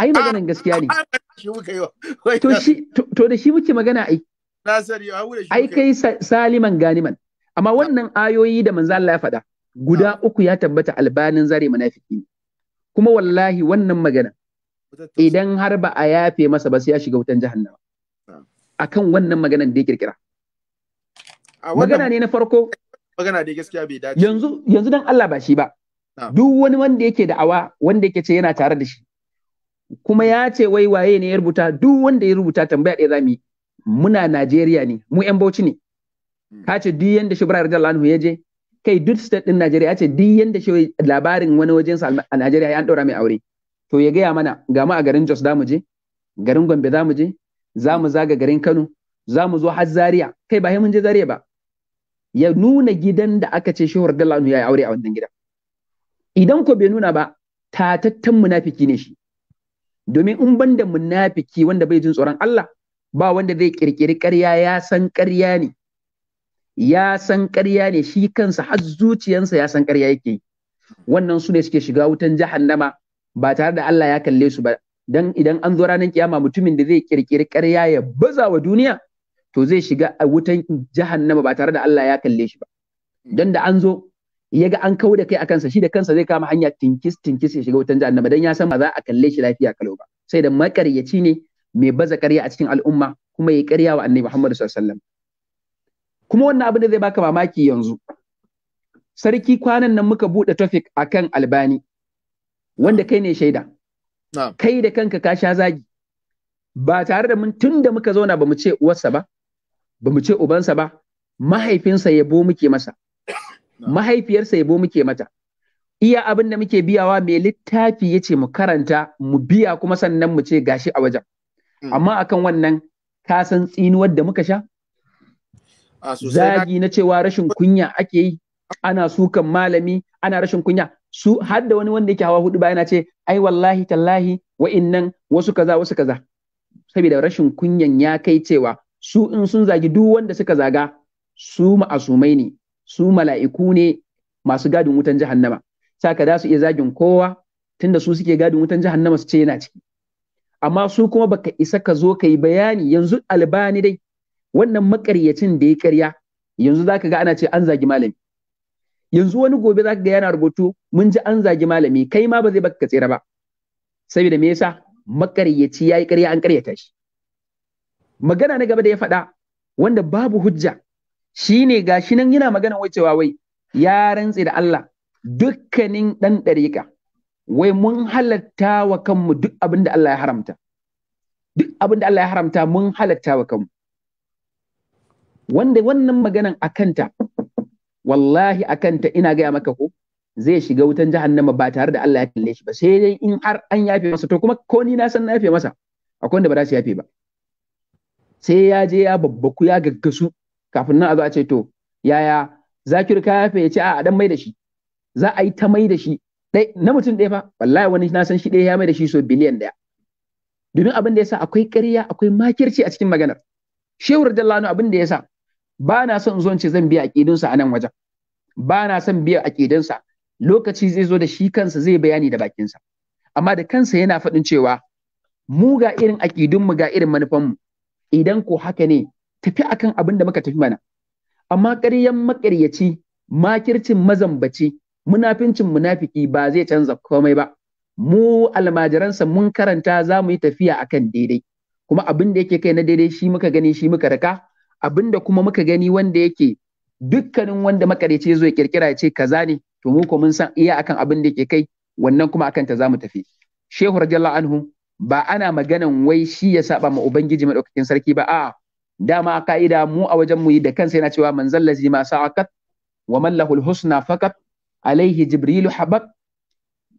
ai ah, maganan gaskiya ne to to da shi muke magana ai ai kai saliman ganiman amma wannan ayoyi da manzo Allah ya faɗa guda uku ya tabbata albanin zare munafiki ne kuma wallahi wannan magana idan har ba a yafe masa ba sai ya shiga wutan jahannama akan wannan maganan da ya kirkira magana ne na farko magana da gaskiya bai dace yanzu yanzu dan Allah ba shi ba duk wani wanda yake da'awa wanda yake ce yana tare da shi kuma ya ce wai waye ne ya rubuta duk wanda ya rubuta tambaya ɗaya zamu yi muna Najeriya ne mu yan Bauchi ne ka ce duk yanda shi Ibrahim radiyallahu anhu ya je kai duk state din Najeriya Ya ce duk yanda shi labarin wani wajen sa a Najeriya ya an daura mai aure to ya gaya mana ga mu a garin Jos zamu je garin Gombe zamu mu je za zaga garin Kano za zo har Zaria kai ba mun je Zaria ba ya nuna gidan da aka ce shi radiyallahu anhu ya yi aure a wannan gidan idan ko bai nuna ba ta tattan munafiki ne shi domin in banda munafiki wanda bai jin tsoron Allah ba wanda zai kirkiri ƙarya ya san ƙarya ne ya san ƙarya ne shi kansa har zuciyansa ya san ƙarya yake wannan su ne suke shiga wutan jahannama ba tare da Allah ya kalle su ba dan idan an zo ranar kiyama mutumin da zai kirkiri ƙarya ya baza wa duniya to zai shiga a wutan jahannama ba tare da Allah ya kalle shi ba dan da an zo ya ga an kau da kai a kansa shi da kansa zai kama hanya tinkis tinkis ya shiga wutan jahannama dan ya san ba za a kalle shi lafiya kalau ba sai da makaryaci ne mai baza ƙarya a cikin al'umma kuma ya ƙarya wa annabi Muhammad sallallahu alaihi wasallam kuma wannan abin da zai baka mamaki yanzu sarki kwanan nan muka buɗe topic akan albani wanda kai ne shaida kai da kanka ka sha zagi ba tare da mun tun da muka zauna ba mu ce uwarsa ba ba ce ubansa ba mahaifinsa yabo muke masa mahaifiyarsa yabo muke mata iya abin da muke biyawa mai littafi ya ce mu karanta mu biya kuma sannan mu ce gashi a wajen mm. amma akan wannan ka san tsinuwar da muka sha zagi na cewa rashin kunya ake yi ana sukan malami ana rashin kunya su har wani wanda yake hawa hudu yana ce ai wallahi tallahi wa innan wasu kaza wasu kaza saboda rashin kunyan ya kai cewa su in sun zagi duk wanda suka zaga su ma'asumai ne su mala'iku ne masu gadin wutan jahannama saka da su iya zagin kowa tunda su suke gadin wutan jahannama su ce yana ciki amma su kuma baka isa ka zo ka yi bayani yanzu albani dai wannan makaryacin da ya karya yanzu ka ga ana ce an zagi malami yanzu wani gobe za ka ga yana rubutu mun ji an zagi malami kai ma ba zai baka tsira ba saboda me yasa makaryaci ya yi karya an karyata shi magana na gaba da ya faɗa wanda babu hujja shine gashi nan yana magana wai cewa wai ya rantse da Allah dukkanin ɗan ɗariƙa wai mun halatta wa kanmu duk abin da Allah ya haramta duk abin da Allah ya haramta mun halatta wa kanmu wanda wannan maganan akanta wallahi akanta ina gaya maka ko zai shiga wutan jahannama ba tare da Allah ya kalle shi ba sai dai in har an yafe masa to kuma ko ni na san na yafe masa akwai wanda ba za su yafe ba sai ya je ya babbaku ya gaggasu kafin nan a zo a ce to yaya zakir ka yafe ya ce a dan mai da shi za a yi ta mai da shi dai na mutum ɗaya fa wallahi wani na san shi ɗaya ya mai da shi so biliyan ɗaya domin abin da yasa akwai ƙarya akwai makirci a cikin maganar shehu radiyallahu anhu abin da yasa ba na son zuwan ce zan biya aƙidinsa a nan wajen ba na son biya aƙidinsa lokaci zai zo da shi kansa zai bayani da bakinsa amma da kansa yana faɗin cewa mu ga irin aƙidunmu ga irin manufanmu idan ko haka ne tafi akan abin da muka tafi mana amma ƙaryan maƙaryaci makircin mazambaci munafincin munafiki ba zai canza komai ba mu almajiransa mun karanta za mu yi tafiya akan daidai kuma abin da yake kai na daidai shi muka gani shi muka raka abinda kuma muka gani wanda yake dukkanin wanda makareci zo ya kirkira ya ce kaza ne to mu ko mun san iya akan abin da yake kai wannan kuma akan ta zamu tafi shehu radiyallahu anhu ba ana maganan wai shi ya saba ma ubangiji madaukakin sarki ba a dama ka'ida mu a wajen mu da kansa yana cewa man zallazi ma sa'akat wa man husna faqat alaihi jibrilu habat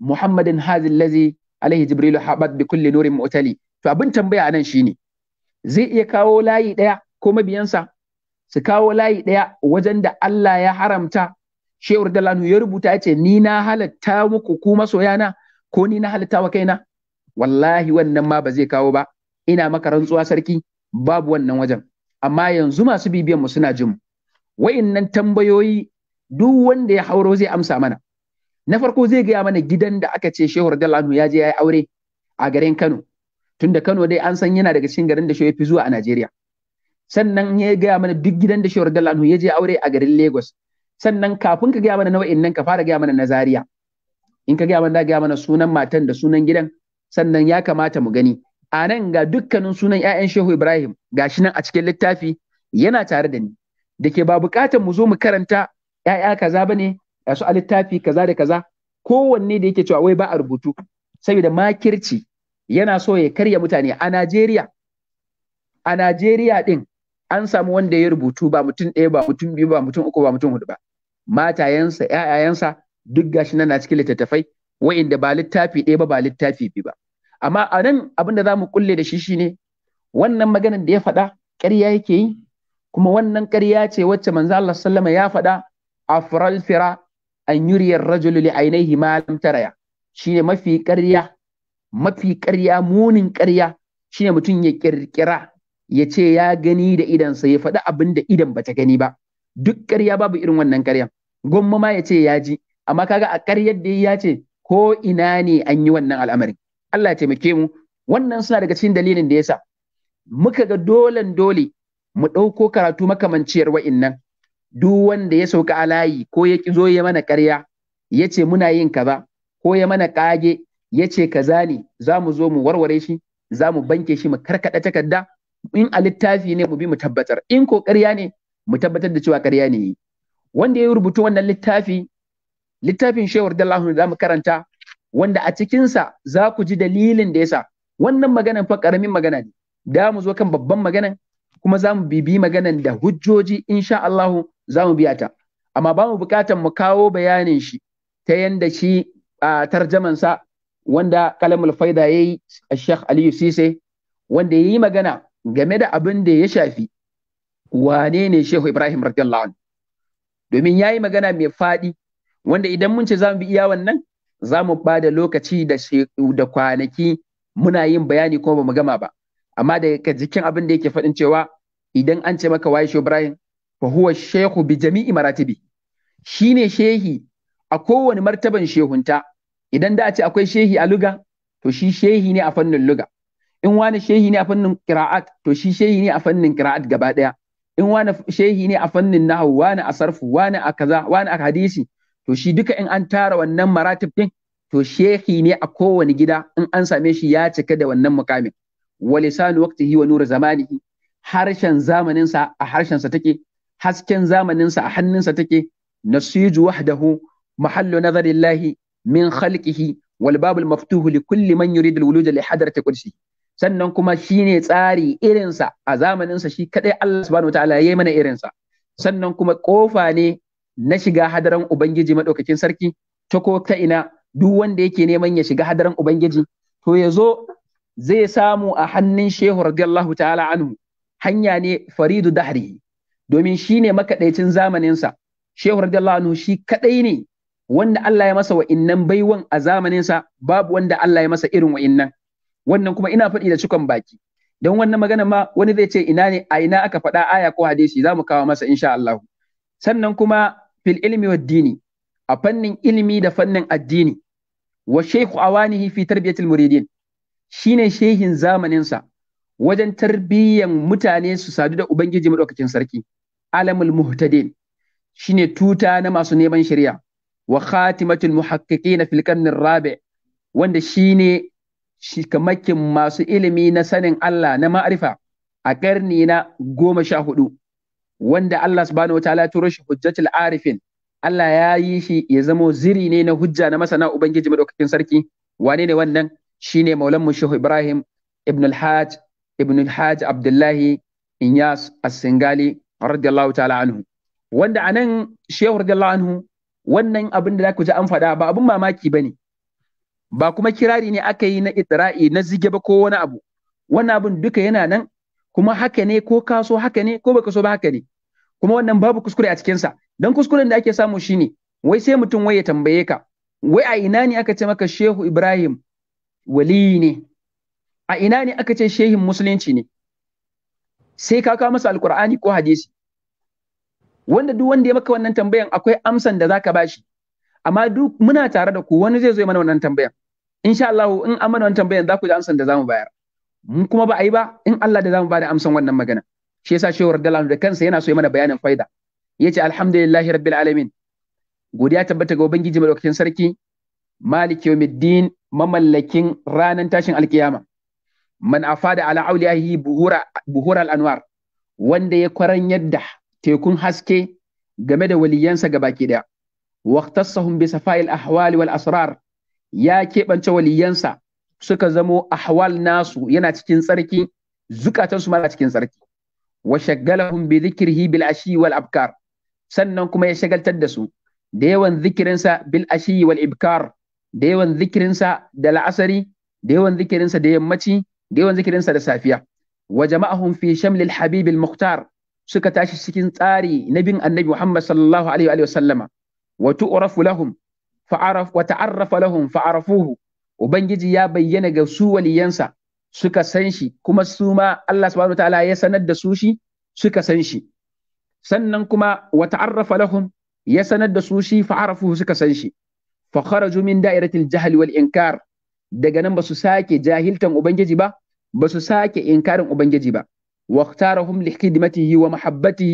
muhammadin hadhi allazi alaihi jibrilu habat bi kulli nurin mu'tali to abin tambaya anan shine zai iya kawo layi daya ko mabiyansa su kawo layi ɗaya wajen da Allah ya haramta shewar dalanu ya rubuta ya ce ni na halatta muku ku masoyana ko ni na halatta wa kaina wallahi wannan ma ba zai kawo ba ina maka rantsuwa sarki babu wannan wajen amma yanzu masu bibiyan mu suna jin wa'innan tambayoyi duk wanda ya hauro zai amsa mana na farko zai gaya mana gidan da aka ce shehu dalanu ya je ya yi aure a garin Kano tunda Kano dai an san yana daga cikin garin da shehu fi zuwa a Najeriya sannan ya gaya mana duk gidan da shawar dalla ya je aure a garin Lagos sannan kafin ka gaya mana nau'in nan ka fara gaya mana na Zariya. in ka gaya mana da gaya mana sunan matan da sunan gidan sannan ya kamata mu gani a nan ga dukkanin sunan 'ya'yan Shehu Ibrahim gashi nan a cikin littafi yana tare da ni dake ba bukatar mu zo mu karanta 'ya'ya kaza bane ga su a littafi kaza da kaza kowanne da yake cewa wai ba a rubutu saboda makirci yana so ya karya mutane a Najeriya a Najeriya din an samu wanda ya rubutu ba mutum ɗaya ba mutum biyu ba mutum uku ba mutum hudu ba matayensa ƴaƴayensa duk gashi nan na cikin littattafai wa'inda ba littafi ɗaya ba ba littafi biyu ba amma a nan abin da za mu kulle da shi shine wannan maganar da ya faɗa ƙarya yake yi kuma wannan ƙarya ce wacce manzo Allah sallama ya faɗa afral fira an yuriyar rajulu li ainihi ma lam taraya shine mafi ƙarya mafi ƙarya munin ƙarya shine mutum ya kirkira ya ce ya gani da sa ya faɗi abin da idan bata gani ba duk ƙarya babu irin wannan ƙaryan gwamma ma ya ce ya ji amma kaga a ƙaryar da ya ce ko ina ne an yi wannan al'amarin? Allah ya taimake mu wannan suna daga cikin dalilin da ya sa muka ga dolen dole mu ɗauko karatu makamanciyar wa'innan duk wanda ya sauka a layi ko ya zo ya mana ƙarya ya ce muna yin kaza ko ya mana ƙage ya ce kaza ne za mu zo mu warware shi za mu banke shi mu karkaɗa takarda in a littafi ne mu bi mu tabbatar in ko ƙarya ne mu tabbatar da cewa ƙarya ne wanda ya rubuta wannan littafi littafin shewar dallahu da mu karanta wanda a cikinsa za ku ji dalilin da yasa wannan maganan fa ƙaramin magana ne da mu zo kan babban maganan kuma za mu bibi maganan da hujjoji insha Allahu za mu biya ta amma ba mu buƙatar mu kawo bayanin shi ta yanda shi a tarjamansa wanda kalamul faida yayi Sheikh Aliyu Sise wanda yayi magana game da abin da ya shafi wane ne Shehu Ibrahim radiyallahu anhu domin yayi magana mai faɗi wanda idan mun ce zamu bi iya wannan zamu bada lokaci da da kwanaki muna yin bayani kuma bamu gama ba amma daga jikin abin da yake faɗin cewa idan an ce maka waye Shehu Ibrahim fa huwa shehu bi jami'i maratibi shine shehi a kowane martaban shehunta idan da a ce akwai shehi a luga to shi shehi ne a fannin luga in wani shehi ne a fannin qira'at to shi shehi ne a fannin qira'at gaba daya in wani shehi ne a fannin nahwu wani a sarfu wani a kaza wani a hadisi to shi duka in an tara wannan maratib din to shehi ne a kowane gida in an same shi ya cika da wannan mukamin wa lisanu waqtihi wa nuru zamanihi harshen zamaninsa a harshensa take hasken zamaninsa a hannunsa take nasiju wahdahu mahallu nazarillahi min khalqihi wal babul maftuhu likulli kulli man yuridu al-wuluj li hadrati qudsihi sannan kuma shi ne tsari irinsa a zamaninsa shi kaɗai Allah subhanahu wataala ya yi mana irinsa sannan kuma ƙofa ne na shiga hadaran ubangiji maɗaukakin sarki ta ko ta ina duk wanda yake neman ya shiga hadaran ubangiji to ya zo zai samu a hannun shehu radiyallahu ta'ala anhu hanya ne faridu dahri domin shi ne makaɗaicin zamaninsa shehu radiyallahu anhu shi kaɗai ne wanda Allah ya masa wa'innan baiwan a zamaninsa babu wanda Allah ya masa irin wa'innan wannan kuma ina faɗi da cikon baki don wannan magana ma wani zai ce ina ne a ina aka faɗa aya ko hadisi za mu kawo masa insha Allah sannan kuma fil ilmi wad dini a fannin ilimi da fannin addini wa shaykhu awanihi fi tarbiyatil muridin shine shehin zamaninsa wajen tarbiyyan mutane su sadu da ubangiji madaukakin sarki alamul muhtadin shine tuta na masu neman shari'a wa khatimatul muhaqqiqin fil qarnir rabi wanda shine shikamakin masu ilimi na sanin Allah na ma'arifa a ƙarni na goma sha hudu wanda Allah subhanahu wataala ya turo shi hujjatul arifin Allah ya yi shi ya zamo ziri ne na hujja na masana ubangiji madaukakin sarki wane ne wannan shine maulan mu shehu Ibrahim ibn al-Hajj ibn al-Hajj Abdullahi Inyas as-Singali radiyallahu ta'ala anhu wanda anan shehu radiyallahu anhu wannan abin da za ku ji an faɗa ba abin mamaki bane ba kuma kirari ne aka yi na itra'i na zige ba ko wani abu wannan abin duka yana nan kuma haka ne ko ka so haka ne ko baka so ba haka ne kuma wannan babu kuskure a cikinsa don kuskuren da ake samu shine wai sai mutum wai ya tambaye ka wai a ina ne aka ce maka shehu ibrahim wali ne a ina ne aka ce shehin musulunci ne sai ka kawo masa alkur'ani ko hadisi wanda duk wanda ya maka wannan tambayan akwai amsan da zaka bashi amma duk muna tare da ku wani zai zo mana wannan tambayan insha Allah in an mana wannan tambayan za ku ji amsan da zamu bayar mun kuma ba a yi ba in Allah da zamu bada amsan wannan magana shi yasa shehu radiyallahu da kansa yana so ya mana bayanin faida yace alhamdulillahi rabbil alamin godiya tabbata ga ubangiji madaukakin sarki maliki yawmiddin mamallakin ranar tashin alkiyama man afada ala auliyahi buhura buhura al-anwar wanda ya kwaran yadda tekun haske game da waliyansa gabaki daya waqtasahum bi safa'il ahwali wal asrar ya keɓance waliyansa suka zamo ahwal nasu yana cikin tsarki zukatansu ma cikin tsarki wa shaggalahum bi dhikrihi bil ashi wal abkar sannan kuma ya shagaltar da su da yawan zikirinsa bil ashi wal ibkar da yawan zikirinsa da la'asari da yawan zikirinsa da yammaci da yawan zikirinsa da safiya wa jama'ahum fi shamlil habibil muhtar suka tashi cikin tsari na bin annabi Muhammad sallallahu alaihi wa sallama wa tu'rafu lahum fa'araf wa ta'arrafa lahum fa'arafuhu ubangiji ya bayyana ga su waliyansa suka san shi kuma su ma Allah subhanahu ta'ala ya sanar da su shi suka san shi sannan kuma wa ta'arrafa lahum ya sanar da su shi fa'arafuhu suka san shi fa kharaju min da'iratil jahl wal inkar daga nan basu sake jahiltan ubangiji ba basu sake inkarin ubangiji ba واختارهم لخدمته ومحبته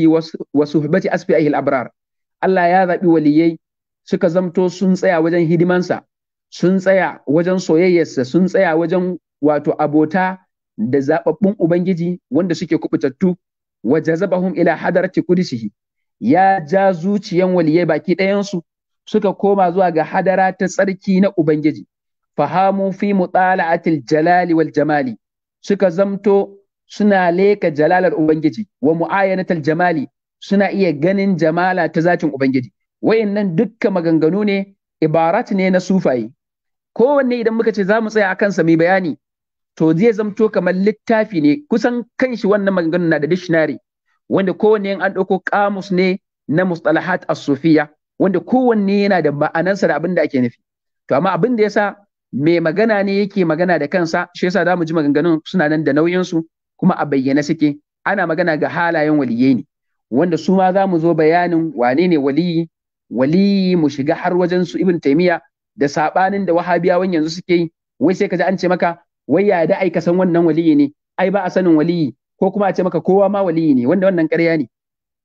وصحبة أسفيائه الأبرار Allah ya zaɓi waliyai suka zamto sun tsaya wajen hidimansa sun tsaya wajen soyayyarsa sun tsaya wajen wato abota da zaɓaɓɓun ubangiji wanda suke kubutattu wa jazabahum ila hadarati qudsihi ya ja zuciyan waliyai baki ɗayansu suka koma zuwa ga hadara ta tsarki na ubangiji fahamu fi mutala'atil jalali wal jamali suka zamto suna leka jalalar ubangiji wa mu'ayanatal jamali suna iya ganin jamala ta zatin ubangiji wayannan dukka maganganu ne ibarat ne na sufaye kowanne idan muka ce za mu tsaya akan sa mai bayani to zai zamto kamar littafi ne kusan kanshi wannan maganganu na da dictionary wanda kowanne an ɗauko kamus ne na mustalahat as-sufiya wanda kowanne yana da ma'anarsa da abin da ake nufi to amma abin da yasa mai magana ne yake magana da kansa shi yasa za mu ji maganganun suna nan da nauyin su kuma a bayyane suke ana magana ga halayen waliyai ne wanda su ma za mu zo bayanin wane ne waliyi waliyi mu shiga har wajen su ibn taimiya da sabanin da wahabiyawan yanzu suke yi wai sai kaji an ce maka wai ya da ai san wannan waliyi ne ai ba a sanin waliyi ko kuma a ce maka kowa ma waliyi ne wanda wannan ƙarya ne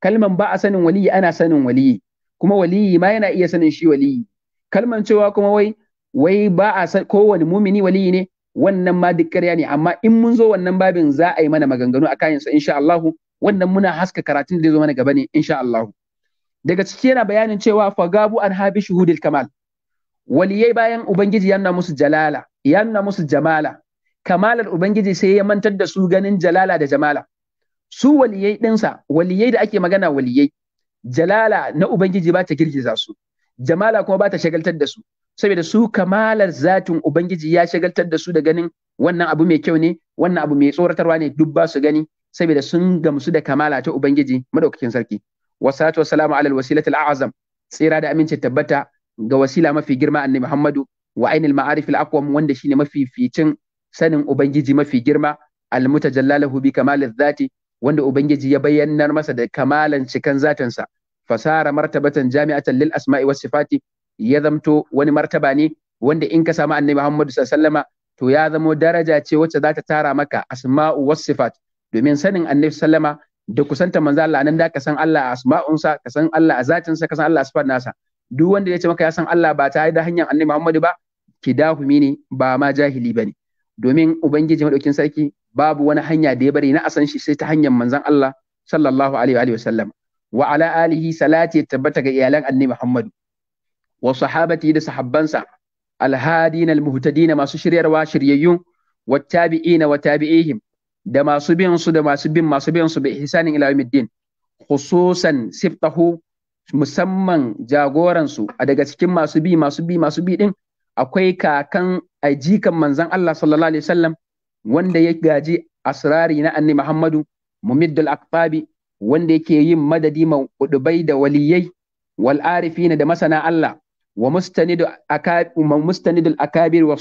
kalman ba a sanin waliyi ana sanin waliyi kuma waliyi ma yana iya sanin shi waliyi kalman cewa kuma wai wai ba a san kowane mumini waliyi ne wannan ma duk ƙarya ne amma in mun zo wannan babin za a yi mana maganganu akan yansa insha Allah wannan muna haska karatun da zai zo mana gaba ne insha Allah daga ciki yana bayanin cewa fagabu an habi shuhudil kamal waliyai bayan ubangiji yana musu jalala yana musu jamala kamalar ubangiji sai ya mantar da su ganin jalala da jamala su waliyai dinsa waliyai da ake magana waliyai jalala na ubangiji ba ta girgiza su jamala kuma ba ta shagaltar da su saboda su kamalar zatin ubangiji ya shagaltar da su da ganin wannan abu mai kyau ne wannan abu mai tsoratarwa ne duk ba su gani saboda sun gamsu da kamala ta ubangiji madaukakin sarki wassalatu wassalamu ala alwasilatil a'zam tsira da aminci tabbata ga wasila mafi girma annabi Muhammadu wa ainil ma'arif wanda shine mafi ficin sanin ubangiji mafi girma al-mutajallalahu bi kamalil zati. wanda ubangiji ya bayyanar masa da kamalan cikan zatansa fasara martabatan jami'atan lil asma'i was sifati ya zamto wani martaba ne wanda in ka samu annabi Muhammadu sallama to ya zamo daraja ce wacce za ta tara maka asma'u was sifat domin sanin annabi sallama da kusanta manzo Allah nan da ka san Allah a asma'unsa ka san Allah a zatinsa ka san Allah a sifar nasa duk wanda ya ce maka ya san Allah ba ta da hanyar annabi Muhammadu ba dahu ne ba ma jahili bane domin ubangiji madaukin sarki babu wani hanya da ya bari na asan shi sai ta hanyar manzon Allah sallallahu alaihi wa sallam wa ala alihi salati tabbata ga iyalan annabi Muhammadu wa sahabati da sahabbansa alhadina almuhtadina masu shiryarwa shiryayyun wattabi'ina wa tabi'ihim da masu bin su da masu bin masu bin su bi ihsanin ila yawmiddin khususan siftahu musamman jagoransu a daga cikin masu bi masu bi masu bi din akwai kakan ajikan manzon Allah sallallahu alaihi wasallam wanda ya gaji asrari na annabi Muhammadu mumiddul aqtabi wanda yake yin madadi ma udubai da waliyai wal arifina da masana Allah wa mustanidu akabir mustanidul akabir wa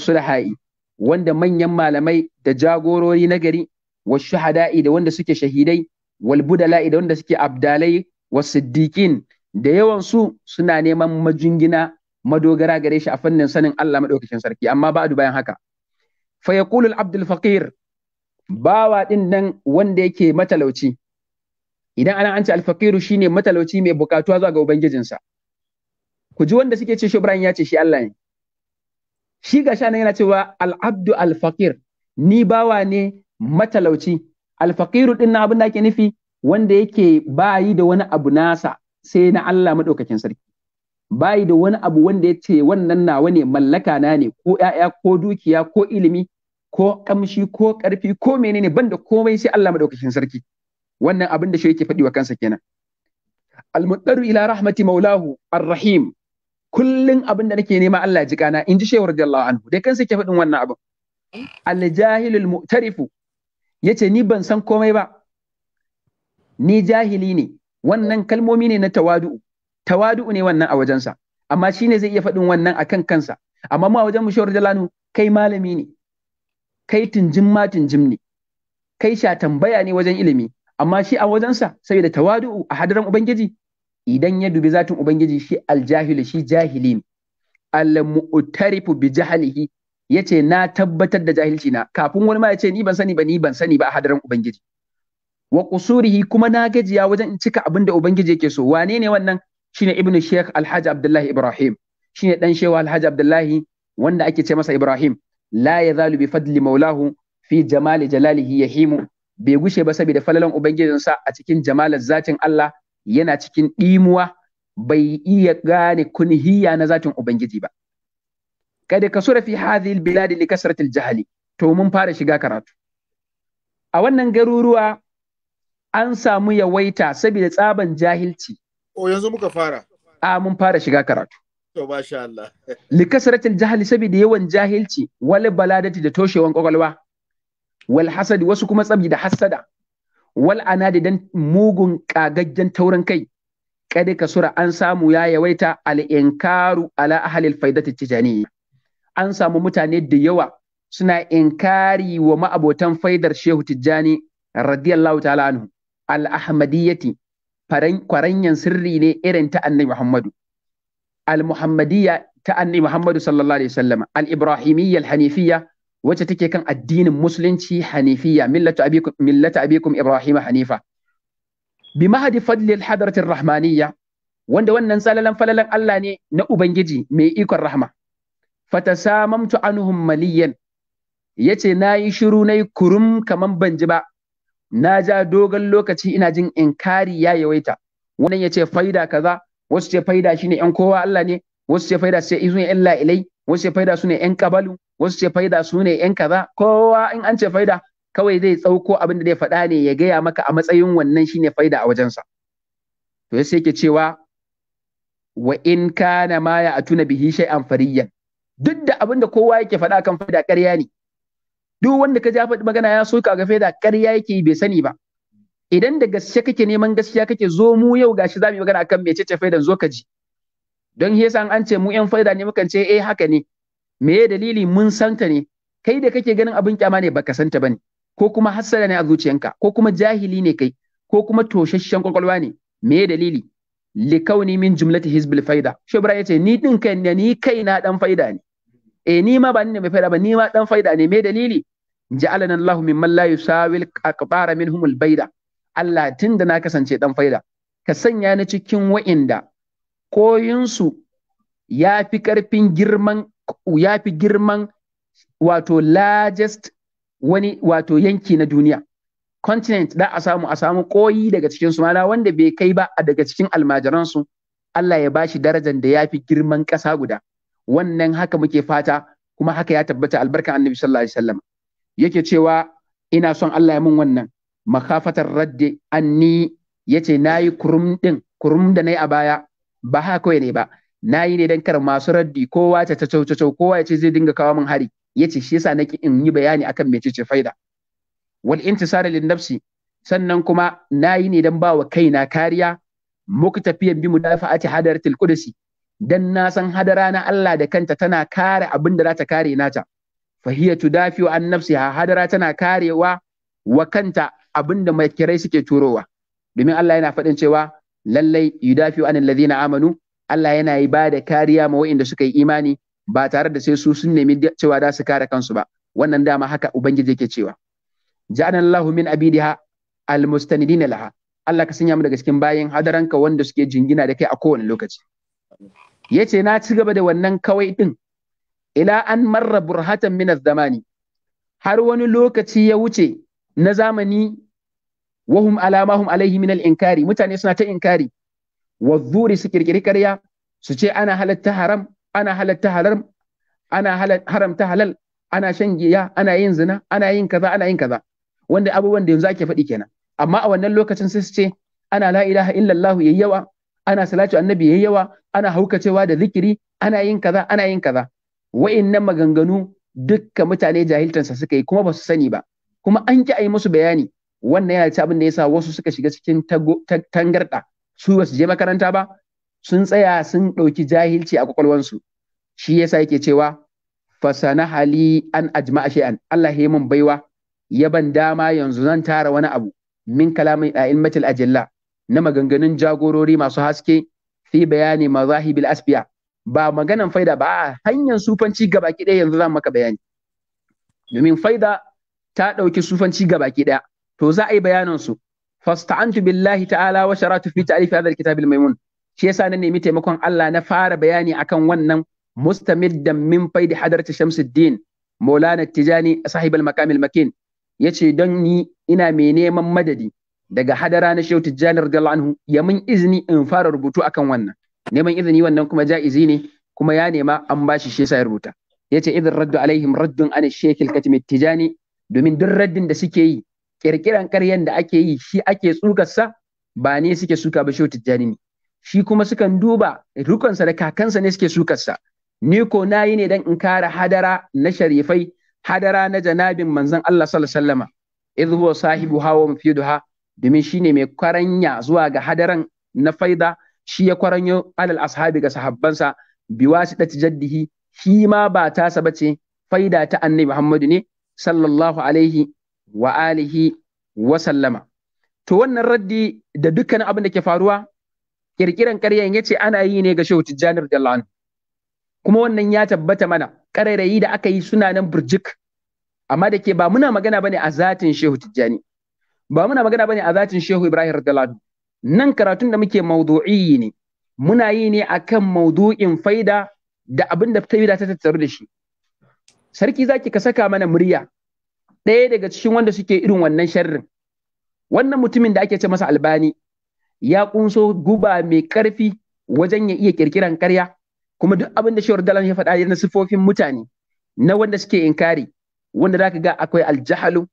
wanda manyan malamai da jagorori na gari wa shuhada'i da wanda suke shahidai wal budala'i da wanda suke abdalai wa siddiqin da yawan su suna neman majingina madogara gare shi a fannin sanin Allah madaukakin sarki amma ba'du bayan haka fa yaqulu abdul faqir bawa din nan wanda yake matalauci idan ana an ce al faqiru shine matalauci mai bukatuwa zuwa ga ubangijinsa ku ji wanda suke ce shubran ya ce shi Allah ne shi ga shanan yana cewa al abdu al faqir ni bawa ne matalauci alfaqiru din na abin da ake nufi wanda yake bayi da wani abu nasa sai na Allah madaukakin sarki bayi da wani abu wanda yace wannan nawa ne mallaka na ne ko ƴaƴa ko dukiya ko ilimi ko kamshi ko karfi ko menene banda komai sai Allah madaukakin sarki wannan abin da shi yake faɗi wa kansa kenan almuttaru ila rahmati maulahu arrahim kullun abin da nake nema Allah ji kana in ji shehu radiyallahu anhu dai kansa yake faɗin wannan abin eh? aljahilul mu'tarifu ya ce ni ban san komai ba ni jahili ne wannan kalmomi ne na tawadu'u tawadu'u ne wannan a wajensa amma shi ne zai iya faɗin wannan a kan kansa amma mu a wajen mushawar jalanu kai malami ne kai tunjin ma ne kai sha tambaya ne wajen ilimi amma shi a wajensa saboda tawadu'u a hadaran ubangiji idan ya dubi zatin ubangiji shi aljahili shi jahili ne al mu'tarifu bi jahlihi ya ce na tabbatar da jahilci na kafin wani ma ya ce ni ban sani ba ni ban sani ba a hadarin ubangiji wa kusurihi kuma na gajiya wajen in cika abin da ubangiji yake so wane ne wannan shine ibnu sheikh alhaji abdullahi ibrahim shine dan shewa alhaji abdullahi wanda ake ce masa ibrahim la yazalu bi fadli maulahu fi jamali jalalihi yahimu bai gushe ba saboda falalan ubangijinsa a cikin jamalar zatin Allah yana cikin dimuwa bai iya gane kunhiya na zatin ubangiji ba kada kasura fi hadhihi bilad li al jahli to mun fara shiga karatu a wannan garuruwa an samu yawaita saboda tsaban jahilci o yanzu muka fara a mun fara shiga karatu to masha Allah li al jahli saboda yawan jahilci wal baladati da toshewan kwakwalwa wal hasadi wasu kuma tsabi da hasada wal anadi dan mugun kagaggen tauran kai kada ka sura an samu ya yawaita al inkaru ala ahli faidati tijaniyya an samu mutane da yawa suna inkari wa ma'abotan faidar Shehu Tijjani radiyallahu ta'ala anhu al-ahmadiyyati kwaranyan sirri ne irin ta annabi Muhammadu al-muhammadiyya ta annabi Muhammadu sallallahu alaihi wasallam al-ibrahimiyya al-hanifiyya wacce take kan addinin musulunci hanifiyya millatu abikum millatu abikum ibrahima hanifa bi mahadi fadli al rahmaniyya wanda wannan salalan falalan Allah ne na ubangiji mai ikon rahma fatasamamtu anuhum maliyan yace nayi shiru nayi kurum kaman ban ji ba na ja dogon lokaci ina jin inkari ya yawaita wannan yace faida kaza wasu ce faida shine yan kowa Allah ne wasu ce faida sai izun yan ilai wasu ce faida sune yan kabalu wasu ce faida sune yan kaza kowa in an ce faida kawai zai tsauko abin da zai faɗa ne ya gaya maka a matsayin wannan shine faida a wajensa to sai yake cewa wa in kana ma ya atuna bihi shay'an fariyan duk da abin da kowa yake faɗa kan faida ƙarya ne duk wanda ka ja faɗi magana ya soka ga faida ƙarya yake bai sani ba idan da gaskiya kake neman gaskiya kake zo mu yau gashi za mu yi magana akan mecece faidan zo ka ji don sa an ce mu yan faida ne mukan ce eh haka ne me dalili mun ta ne kai da kake ganin abin kyama ne baka santa bane ko kuma hassada ne a zuciyanka ko kuma jahili ne kai ko kuma toshashshen kwakwalwa ne me dalili likauni min jumlati hizbil faida shubra yace ni din kai ne ni kai na dan faida ne eh ni ma ba ni ne mai faida ba ni ma dan faida ne me dalili ja'alana Allahu mimman la yusawil aqbara minhumul baida Allah tunda na kasance dan faida ka sanya ni cikin wa'inda koyinsu ya fi karfin girman ya fi girman wato largest wani wato yanki na duniya continent da a samu a samu koyi daga cikin su mana wanda bai kai ba daga cikin almajiransu Allah ya bashi darajar da ya fi girman ƙasa guda wannan haka muke fata kuma haka ya tabbata albarkan annabi sallallahu alaihi wasallam yake cewa ina son Allah ya min wannan makafatar raddi anni yace nayi kurum din kurum da nayi a baya ba haka kawai ne ba nayi ne dan kar masu raddi kowa ta ta caucau kowa yace zai dinga kawo min hari yace shi yasa nake in yi bayani akan ce faida wal intisar lin nafsi sannan kuma nayi ne dan bawa kaina kariya muka tafiyan bi mudafa'ati hadaratil qudsi dan na san hadara na Allah da kanta tana kare abin da za ta kare nata fahiya hiya tudafiu an ha hadara tana karewa wa kanta abin da kirai suke turowa domin Allah yana faɗin cewa lallai yudafiu an alladhina amanu Allah yana yi ba da kariya ma wanda suka yi imani ba tare da sai su sun nemi cewa za su kare kansu ba wannan dama haka ubangiji yake cewa ja'ana Allahu min abidiha almustanidina laha Allah ka sanya mu daga cikin bayin hadaranka wanda suke jingina da kai a kowane lokaci yace na ci gaba da wannan kawai din ila an marra burhatan min zamani har wani lokaci ya wuce na zamani wahum alamahum alaihi minal inkari mutane suna ta inkari zuri su kirkiri karya su ce ana halatta haram ana halatta haram ana haramta halal ana shan giya ana yin zina ana yin kaza ana yin kaza wanda abubuwan da yanzu ake faɗi kenan amma a wannan lokacin sai su ce ana la ilaha illallah yayyawa ana salatu annabi yayi yawa ana haukacewa da zikiri ana yin kaza ana yin kaza wa'annan maganganu dukka mutane jahiltansa suka yi kuma ba su sani ba kuma an ki a yi musu bayani wannan yana ci abin da yasa wasu suka shiga cikin tangarɗa su ba su je makaranta ba sun tsaya sun ɗauki jahilci a kwakwalwansu shi yasa yake cewa fasana hali an ajma'a shay'an Allah ya mun baiwa ya ban dama yanzu zan tara wani abu min kalamin a'immatil ajilla na maganganun jagorori masu haske fi bayani mazahibil asbiya. ba maganan faida ba hanyar sufanci gabaki ɗaya yanzu za maka bayani domin faida ta ɗauki sufanci gabaki ɗaya to za a yi bayanin su fasta'antu billahi ta'ala wa sharatu fi ta'rif hadha alkitab almaymun shi yasa na nemi taimakon Allah na fara bayani akan wannan mustamiddan min faidi hadarta shamsuddin maulana tijani a al-makam al-makin yace don ni ina mai neman madadi daga hadara na Shehu Tijjani radiyallahu anhu ya min izini in fara rubutu akan wannan neman izini wannan kuma ja'izi ne kuma ya nema an bashi shi yasa ya rubuta yace idan raddu alaihim raddun an Sheikh al-Katim Tijjani domin duk raddin da suke yi kirkiran karyan da ake yi shi ake tsukarsa ba ne suke suka ba Shehu Tijjani ne shi kuma sukan duba sa da kakansa ne suke sukarsa ni ko nayi ne dan in kare hadara na sharifai hadara na janabin manzon Allah sallallahu alaihi wasallama idhu sahibu hawa mufiduha domin ne mai kwaranya zuwa ga hadaran na faida shi ya kwaranyo alal ashabi ga sahabbansa ɗaci jaddihi shi ma ba tasa bace faida ta annabi Muhammadu ne sallallahu alaihi wa alihi wa sallama to wannan raddi da dukkan abin da ke faruwa kirkiran ya ce ana yi ne ga Shehu Tijjani radiyallahu anhu kuma wannan ya tabbata mana ƙarairayi da aka yi suna nan burjik amma da ke ba muna magana bane a zatin Shehu Tijjani ba muna magana bane a zatin Shehu Ibrahim radiyallahu nan karatun da muke maudu'i ne muna yi ne akan maudu'in faida da abin da faida ta tattaru da shi sarki zaki ka saka mana murya ɗaya daga cikin wanda suke irin wannan sharrin wannan mutumin da ake ce masa albani ya kunso guba mai karfi wajen ya iya kirkiran karya kuma duk abin da shehu dalan ya faɗa na sifofin mutane na wanda suke inkari wanda zaka ga akwai aljahalu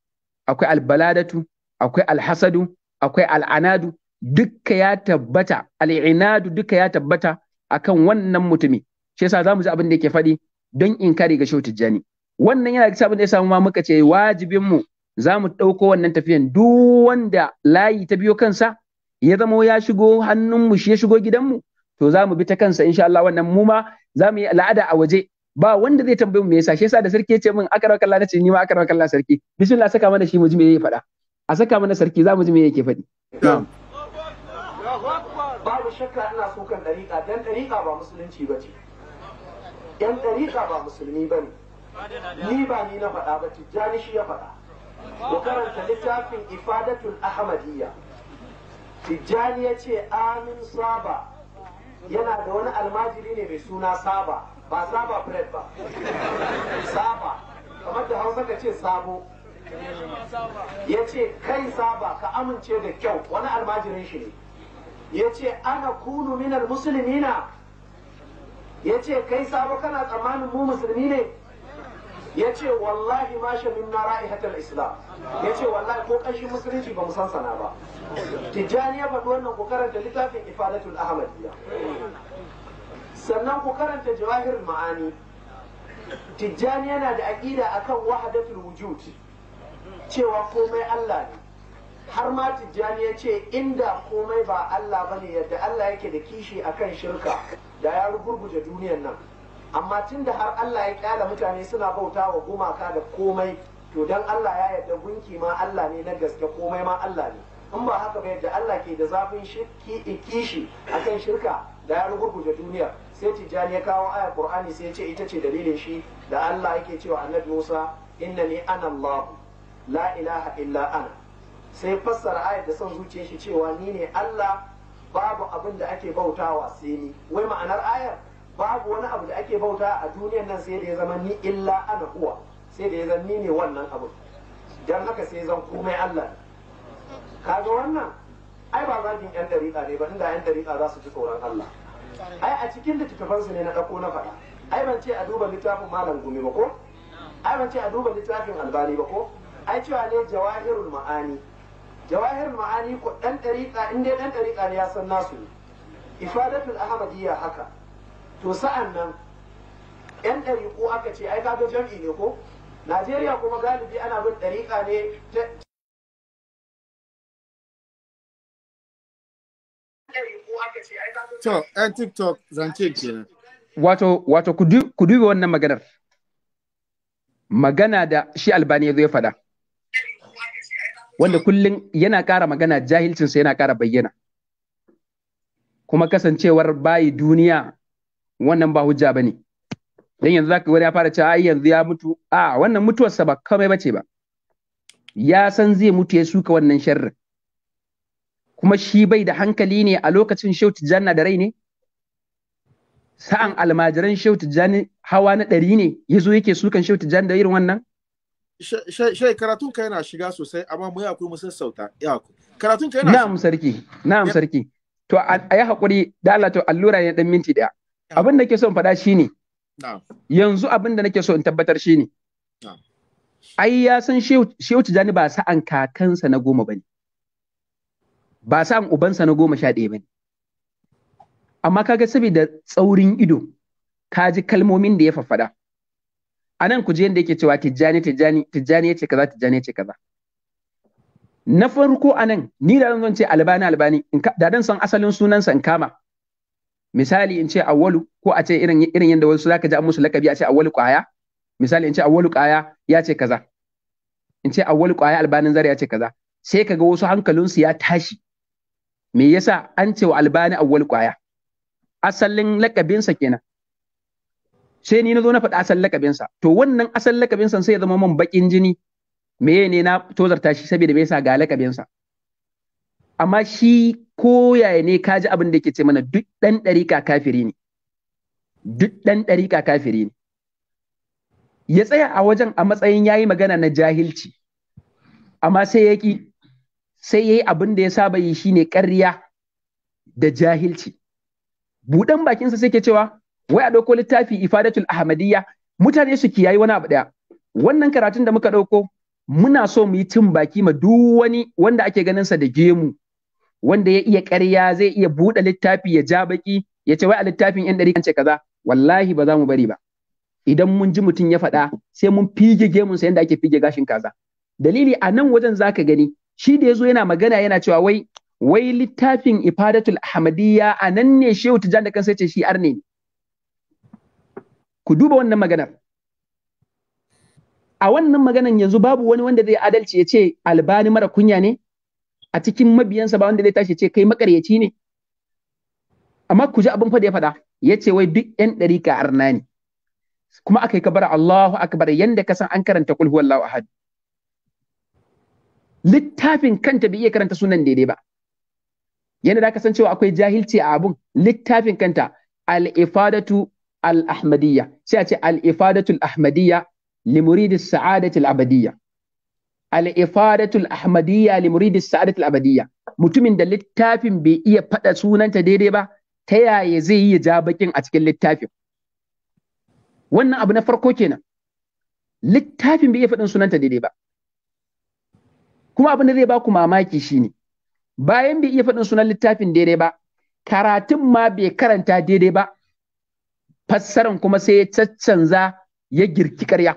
akwai albaladatu akwai alhasadu akwai al'anadu duka ya tabbata al'inadu duka ya tabbata akan wannan mutumi shi yasa zamu ji abin da yake faɗi don inkari ga shehu jani wannan yana da abin da ya samu ma muka ce wajibin mu zamu ɗauko wannan tafiyan duk wanda layi ta biyo kansa ya zama ya shigo hannun mu shi ya shigo gidan mu to zamu bi ta kansa insha Allah wannan mu ma zamu yi al'ada a waje ba wanda zai tambaye mu me yasa shi yasa da sarki ya ce min akarwa kallah nace ni ma akarwa kallah sarki bismillah saka mana shi mu ji me yayi faɗa a saka mana sarki za mu ji me yake faɗi babu shakka ina sukan ɗariƙa dan ɗariƙa ba musulunci ba ce yan ɗariƙa ba musulmi ba ne ni ba ni na faɗa ba tijjani shi ya faɗa ku karanta littafin ifadatul ahmadiyya tijjani ya ce amin saba yana da wani almajiri ne mai suna saba ba saba bread ba saba kamar da hausa ka ce sabo ya ce kai saba ka amince da kyau wani almajirin shi ne ya ce ana kunu minar musulmina ya ce kai saba kana tsammanin mu musulmi ne ya ce wallahi ma shi min ra'ihatul islam ya ce wallahi ko kanshi musulunci ba mu ba tijjani ya faɗi wannan ku karanta littafin ifadatul ahmadiyya sannan ku karanta jawahir ma'ani tijjani yana da aƙida akan wahadatul wujud cewa komai Allah ne har ma tijjani ya ce inda komai ba Allah ba ne yadda Allah yake da kishi akan shirka da ya rugurguje duniyar nan amma tun da har Allah ya kyala mutane suna bauta wa gumaka da komai to don Allah ya yadda gunki ma Allah ne na gaske komai ma Allah ne in ba haka ba yadda Allah ke da zafin shirki kishi akan shirka da ya rugurguje duniyar sai tijjani ya kawo aya Qur'ani sai ce ita ce dalilin shi da Allah yake cewa Annabi Musa innani ana Allah la ilaha illa ana sai fassara ayat da son zuciyar shi cewa ni ne Allah babu abin da ake bautawa sai ni wai ma'anar ayar babu wani abu da ake bauta a duniyar nan sai da ya zama ni illa ana huwa sai da ya zama ni ne wannan abu dan haka sai zan komai Allah kaga wannan ai ba zagin yan dariƙa ne ba inda yan dariƙa za su ji tsoron Allah ai a cikin littattafansu ne na dako na faɗa ai ban ce a duba littafin malam gumi ba ko ai ban ce a duba littafin albani ba ko ai cewa ne jawahirul ma'ani jawahirul ma'ani ko dan dariqa in dai dan dariqa ne ya san nasu ifadatul ahmadiyya haka to sa'an nan yan dariqo aka ce ai kaga jami'i ne ko Najeriya kuma galibi ana bin dariqa ne To, ‘yan eh, TikTok zance kenan. Wato, wato ku dubi wannan maganar. Magana da shi albani ya zo ya faɗa. wanda kullum yana ƙara magana jahilcinsa yana ƙara bayyana kuma kasancewar bayi duniya wannan ba hujja ba ne don yanzu zaka wani ya fara cewa ai yanzu ya mutu a wannan mutuwarsa ba kamai bace ba ya san zai mutu ya suka wannan sharrin kuma shi bai da hankali ne a lokacin shautu janna da rai ne sa'an almajiran shautu janna hawa na ɗari ne ya zo yake sukan shautu janna da irin wannan shai karatun ka yana shiga sosai amma mu akwai mu sassauta ya ku karatun ka yana na'am sarki na'am sarki to a yi hakuri da Allah to allura ne dan minti daya abin da ke so in faɗa shine yanzu abin da nake so in tabbatar shine ai ya san shehu tijani ba sa'an kakansa na goma bane ba sa'an ubansa na goma sha ɗaya bane amma kaga saboda tsaurin ido ka ji kalmomin da ya faffada a nan ku ji yadda yake cewa tijjani tijjani tijjani ya ce kaza tijjani ya ce kaza na farko a nan ni da zan ce albani albani da dan san asalin sa in kama misali in ce awwalu ko a ce irin irin yadda wasu zaka ji an musu lakabi a ce awwalu qaya misali in ce awwalu qaya ya ce kaza in ce awwalu qaya albanin zare ya ce kaza sai kaga wasu hankalinsu ya tashi me yasa an ce wa albani awwalu qaya asalin lakabinsa kenan sai ni na zo na faɗi asal lakabin sa to wannan asal lakabin sa sai ya zama man bakin jini meye ne na tozarta shi saboda bai sa ga lakabin sa amma shi koyaye ne ka ji abin da yake ce mana duk dan ɗarika kafiri ne duk dan ɗarika kafiri ne ya tsaya a wajen a matsayin yayi magana na jahilci amma sai ya ki sai yayi abin da ya saba yi shine ƙarya da jahilci buɗan bakinsa sai ke cewa wai a ɗauko littafi ifadatul ahmadiyya mutane su kiyayi wani abu ɗaya wannan karatun da muka ɗauko muna so mu yi cin baki ma duk wani wanda ake ganin sa da gemu wanda ya iya ƙarya zai iya buɗe littafi ya ja baki ya ce wai a littafin yan ɗari kan ce kaza wallahi ba za mu bari ba idan mun ji mutum ya faɗa sai mun fige gemun sa yanda ake fige gashin kaza dalili a nan wajen za ka gani shi da ya zo yana magana yana cewa wai wai littafin ifadatul ahmadiyya a nan ne shehu tijjani da kansa ce shi arne ne ku duba wannan maganar a wannan maganar yanzu babu wani wanda zai adalci ya ce albani mara kunya ne a cikin mabiyansa ba wanda zai tashi ce kai makaryaci ne amma ku ji abin fa ya faɗa ya ce wai duk yan ɗarika arna ne kuma aka yi kabar Allahu akbar yanda ka san an karanta kul huwallahu ahad littafin kanta bai iya karanta sunan daidai ba yana da cewa akwai jahilci a abun littafin kanta al-ifadatu al-ahmadiyya sai a ce al-ifadatul ahmadiyya li muridi sa'adati abadiyya al-ifadatul ahmadiyya li muridi sa'adati abadiyya mutumin da littafin bai iya faɗa sunanta daidai ba ta yaya zai yi ja bakin a cikin littafin wannan abu na farko kenan littafin bai iya faɗin sunanta daidai ba kuma abin da zai ba ku mamaki shine bayan bai iya faɗin sunan littafin daidai ba karatun ma bai karanta daidai ba fassaran kuma sai ya caccanza ya girki ƙarya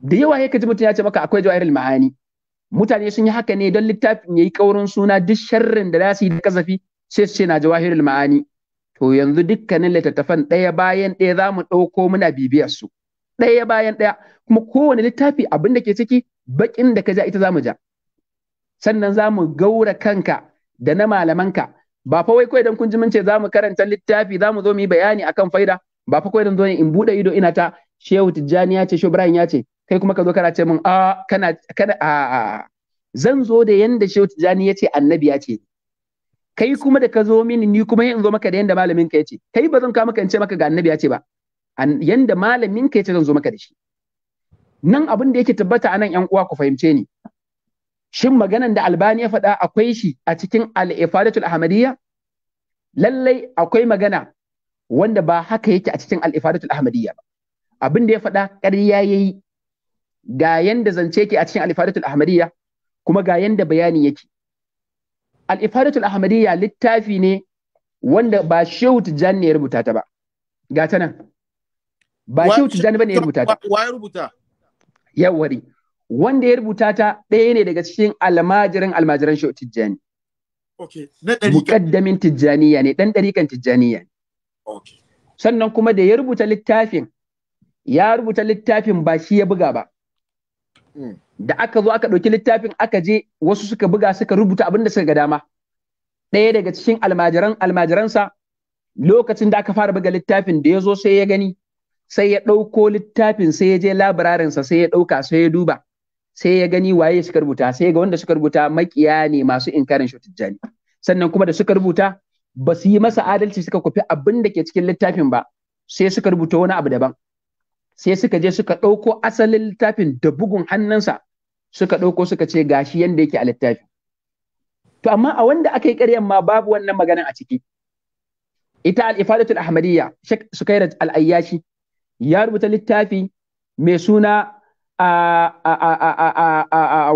da yawa ya kaji mutum ya ce maka akwai jawahirul ma'ani mutane sun yi haka ne don littafin ya yi ƙaurin suna duk sharrin da za su yi da kasafi sai su ce na jawahirul ma'ani to yanzu dukkanin littattafan ɗaya bayan ɗaya za mu ɗauko muna bibiyar su ɗaya bayan ɗaya kuma kowane littafi abin da ke ciki baƙin da ka ja ita za mu ja sannan za mu gaura kanka da na malamanka ba fa wai kawai dan kun ji mun ce zamu karanta littafi zamu zo mu yi bayani akan faida ba fa kawai dan zo ne in bude ido ina ta Shehu Tijjani ya ce Shehu Ibrahim ya ce kai kuma ka zo kana ce min a kana kana a a zan zo da yanda Shehu Tijjani ya ce annabi ya ce kai kuma da ka zo mini ni kuma in zo maka da yanda malamin ka ya ce kai ba zan ka maka in ce maka ga annabi ya ce ba yanda malamin ka ya ce zan zo maka da shi nan abin da yake tabbata anan yan uwa ku fahimce ni shin maganan da albani ya faɗa akwai shi a cikin al-ifadatul ahmadiyya lallai akwai magana wanda ba haka yake a cikin al-ifadatul ahmadiyya ba abin da ya faɗa ƙarya yayi ga yanda zance yake a cikin al-ifadatul ahmadiyya kuma ga yanda bayani yake al-ifadatul ahmadiyya littafi ne wanda ba shehu tijjani ne ya rubuta ta ba ga ta nan ba shehu tijjani ba ne ya rubuta ta wa ya rubuta yawwari wanda ya rubuta ta ɗaya ne daga cikin almajirin almajiran shi tijjani muƙaddamin tijjaniya ne ɗan ɗarikan tijjaniya ne sannan kuma da ya rubuta littafin ya rubuta littafin ba shi ya buga ba hmm. da aka zo aka ɗauki littafin aka je wasu suka buga suka rubuta abin da suka ga dama ɗaya daga cikin almajiran almajiransa lokacin da aka fara buga littafin da ya zo sai ya gani sai ya ɗauko littafin sai ya je labararinsa sai ya ɗauka sai ya duba sai ya gani waye suka rubuta sai ga wanda suka rubuta makiya ne masu inkarin shi tijjani sannan kuma da suka rubuta ba su yi masa adalci suka kufi abin da ke cikin littafin ba sai suka rubuta wani abu daban sai suka je suka ɗauko asalin littafin da bugun hannunsa suka ɗauko suka ce gashi yanda yake a littafin to amma a wanda aka yi ƙaryan ma babu wannan maganan a ciki ita al-ifadatul ahmadiyya shek sukairat al-ayyashi ya rubuta littafi mai suna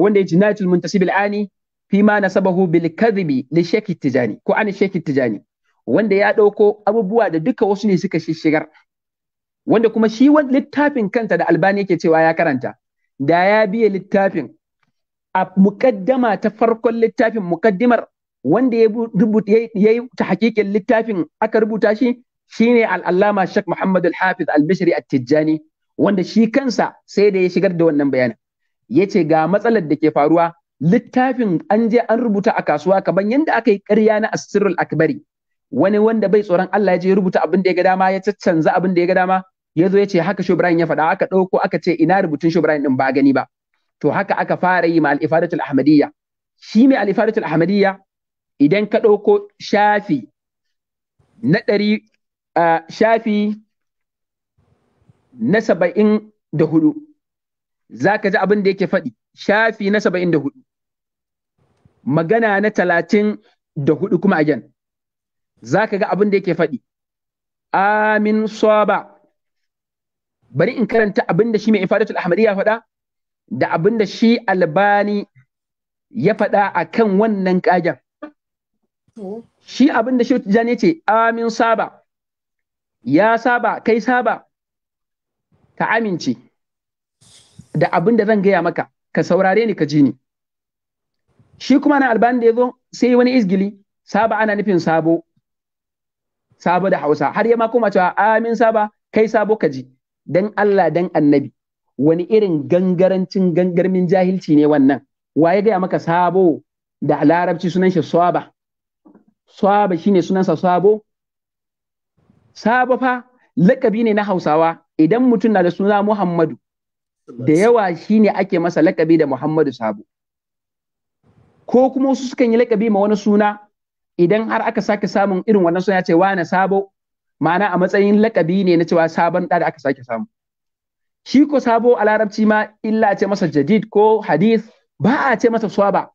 wanda ya jinatul muntasib al'ani fi ma nasabahu bil kadhibi li shaki tijani ko an shaki tijani wanda ya dauko abubuwa da duka wasu ne suka shishigar wanda kuma shi littafin kanta da albani yake cewa ya karanta da ya biya littafin a mukaddama ta farkon littafin mukaddimar wanda ya rubuta ya yi ta hakikin littafin aka rubuta shi shine al-allama Sheikh Muhammad al-Hafiz al-Bishri at-Tijjani wanda shi kansa sai da ya shigar da wannan bayanin ya ce ga matsalar da ke faruwa littafin an je an rubuta a kasuwa kaban yadda aka yi ƙarya na asirul akbari wani wanda bai tsoron Allah ya je ya rubuta abin da ya ga dama ya caccanza abin da ya ga dama ya zo ya ce haka Shobrain ya faɗa aka ɗauko aka ce ina rubutun Shobrain din ba gani ba to haka aka fara yi ma al-ifadatul ahmadiyya shi mai al ahmadiyya idan ka ɗauko shafi na ɗari shafi na saba'in da hudu za ka ji abin da yake faɗi shafi na saba'in da hudu magana na talatin da hudu kuma again za ka ga abin da yake faɗi amin soba bari in karanta abin da shi mai ifadatul ya faɗa da abin da shi albani ya faɗa a kan wannan ƙagen shi abin da shi tijjani ce amin saba ya saba kai saba ka amince da abin da zan gaya maka ka saurare ni ka ji ni shi kuma na albani da ya zo sai yi wani izgili saba ana nufin sabo sabo da hausa har ya ma macewa, amin saba kai sabo ka ji dan Allah dan annabi wani irin gangarancin gangarmin jahilci ne wannan Wa ya gaya maka sabo da larabci sunan shi saba shi shine sunansa sabo sabo fa lakabi ne na hausawa idan mutum na da suna Muhammadu da yawa shi ne ake masa lakabi da Muhammadu Sabo ko kuma wasu sukan yi lakabi ma wani suna idan har aka sake samun irin wannan suna ce wa na sabo ma'ana a matsayin lakabi ne na cewa sabon da aka sake samu shi ko sabo a larabci ma illa ce masa jadid ko hadith ba a ce masa swaba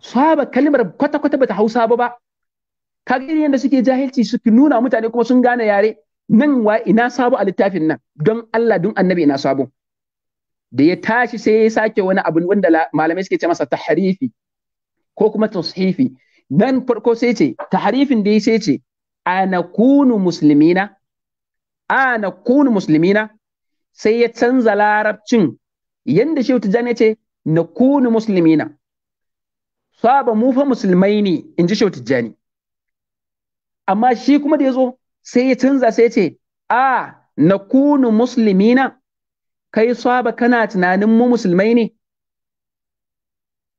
swaba kalmar kwata-kwata bata hau ba ba kaga irin yadda suke jahilci suke nuna mutane kuma sun gane yare nan wa ina sabo a littafin nan don Allah don annabi ina sabo da ya tashi sai ya sake wani abu wanda malamai suke ce masa tahrifi ko kuma tashifi nan farko sai ce tahrifin da ya sai ce ana kunu muslimina ana kunu muslimina sai ya canza larabcin yanda shi tijjani ya ce na kunu muslimina saba mu fa musulmai ne in ji shehu tijjani amma shi kuma da ya zo sai ya canza sai ce a na kunu musulmina kai saba kana tunanin mu musulmai ne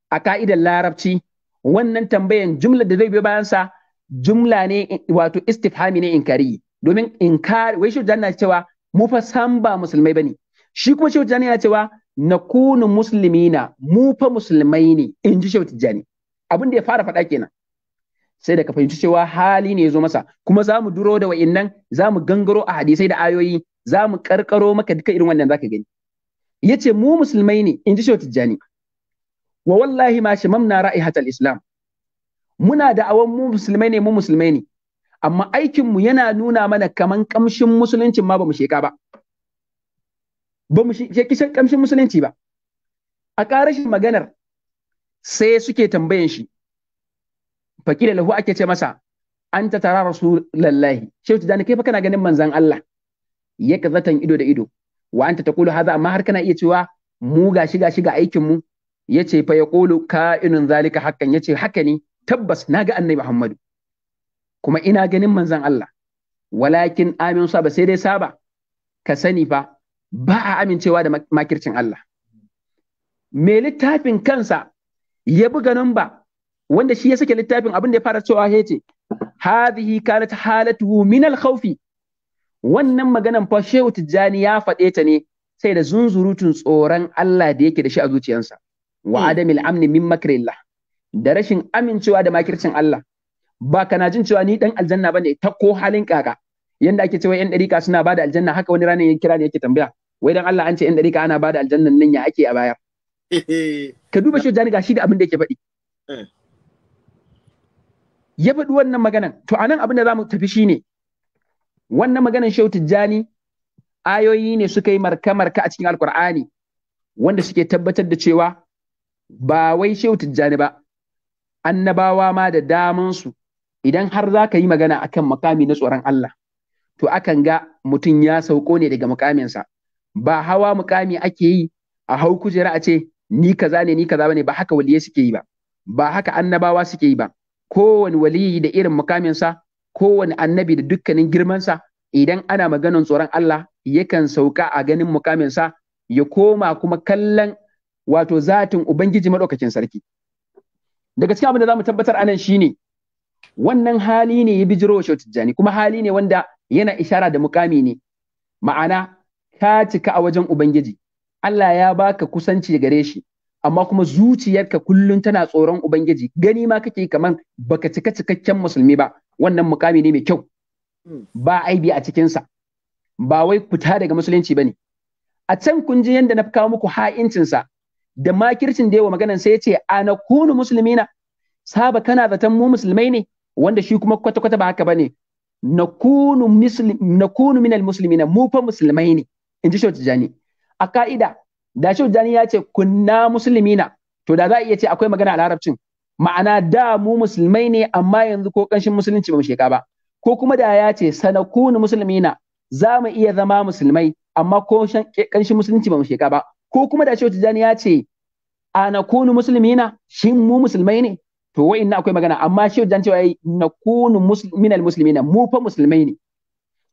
a ka'idar larabci wannan tambayan jumla da zai biyo bayansa jumla ne wato istifhami ne inkari domin inkari wai shi na cewa mu fa san ba musulmai bane shi kuma shirjan ya cewa na kunu musulmina mu fa musulmai ne in ji shirjan abin da ya fara faɗa kenan sai da ka fahimci cewa hali ne ya zo masa kuma za mu duro da wa'innan za mu gangaro a hadisai da ayoyi za mu karkaro maka duka irin wannan zaka gani Ya ce mu musulmai ne in ji shehu tijjani wa wallahi ma shamamna ra'ihatal islam muna da awan mu musulmai ne mu musulmai ne amma aikin mu yana nuna mana kaman kamshin musuluncin ma bamu sheka ba bamu kishin kamshin musulunci ba a ƙarashin maganar sai suke tambayan shi fakila lahu ake ce masa an ta tara rasulullahi shehu tijani kai fa kana ganin manzan Allah ya zatan ido da ido wa ta taqulu hadha amma har kana iya cewa mu ga shiga-shiga aikin mu yace fa yaqulu inun zalika hakan yace haka ne tabbas na ga annabi Muhammadu kuma ina ganin manzan Allah walakin amin saba sai dai saba ka sani fa ba a amincewa da makircin Allah me littafin kansa ya buga nan ba wanda shi ya sake littafin abin da ya fara cewa ya ce hadhihi kanat halatuhu min al wannan maganan fa Shehu Tijjani ya faɗe ta ne sai da zunzurutun tsoron Allah da yake da shi a zuciyarsa wa hmm. adamil amni min makrillah da rashin amincewa da makircin Allah ba kana jin cewa ni dan aljanna bane ta ko halin kaka yanda ake cewa yan dariƙa suna bada aljanna haka wani ranar yan kira ne yake tambaya wai dan Allah an ce yan dariƙa ana bada aljannan nan ya ake a baya ka duba Shehu ga gashi da abin da yake faɗi eh. ya faɗi wannan maganan to anan abin da za mu tafi shi ne. wannan maganan shehu tijjani ayoyi ne suka yi marka-marka a cikin alkur'ani wanda suke tabbatar da cewa ba wai shehu tijjani ba annabawa ma da daman su idan har za ka yi magana akan makami na tsoron Allah to akan ga mutum ya sauko ne daga mukaminsa ba hawa mukami ake yi a hau kujera a ce ni kaza ne ni kaza bane ba haka waliyai suke yi ba ba haka annabawa suke yi ba kowane waliyi da irin mukaminsa kowane annabi da dukkanin girmansa idan ana maganan tsoron Allah yakan sauka a ganin mukaminsa ya koma kuma kallon wato zatin ubangiji madaukakin sarki daga cikin abin da za mu tabbatar anan shi ne, wannan hali ne ya bijiro wa tijjani kuma hali ne wanda yana ishara da mukami ne ma'ana ka cika a wajen ubangiji Allah ya baka kusanci gare shi amma kuma zuciyarka kullum tana tsoron ubangiji gani ma kake kaman baka cika cikakken musulmi ba wannan mukami ne mai kyau hmm. ba aibi a cikinsa ba wai fita daga musulunci ne. a can kun ji yadda na kawo muku ha'incinsa da makircin da yawa maganan sai ya ce ana kunu musulmina saba kana zaton mu musulmai ne wanda shi kuma kwata-kwata ba haka bane nakunu minal muslimina mu fa musulmai ne Inji ji jani a ka'ida da shi jani ya ce kunna na to da za a iya ce akwai magana a larabcin ma'ana da mu musulmai ne amma yanzu ko kanshin musulunci ba mu sheka ba ko kuma da ya ce sanakunu na za mu iya zama musulmai amma ko kanshin musulunci ba mu sheka ba ko kuma da shi jani ya ce musulmi na shin mu musulmai ne to wa'inna akwai magana amma shi jan cewa musulmi na musulmi na mu fa musulmai ne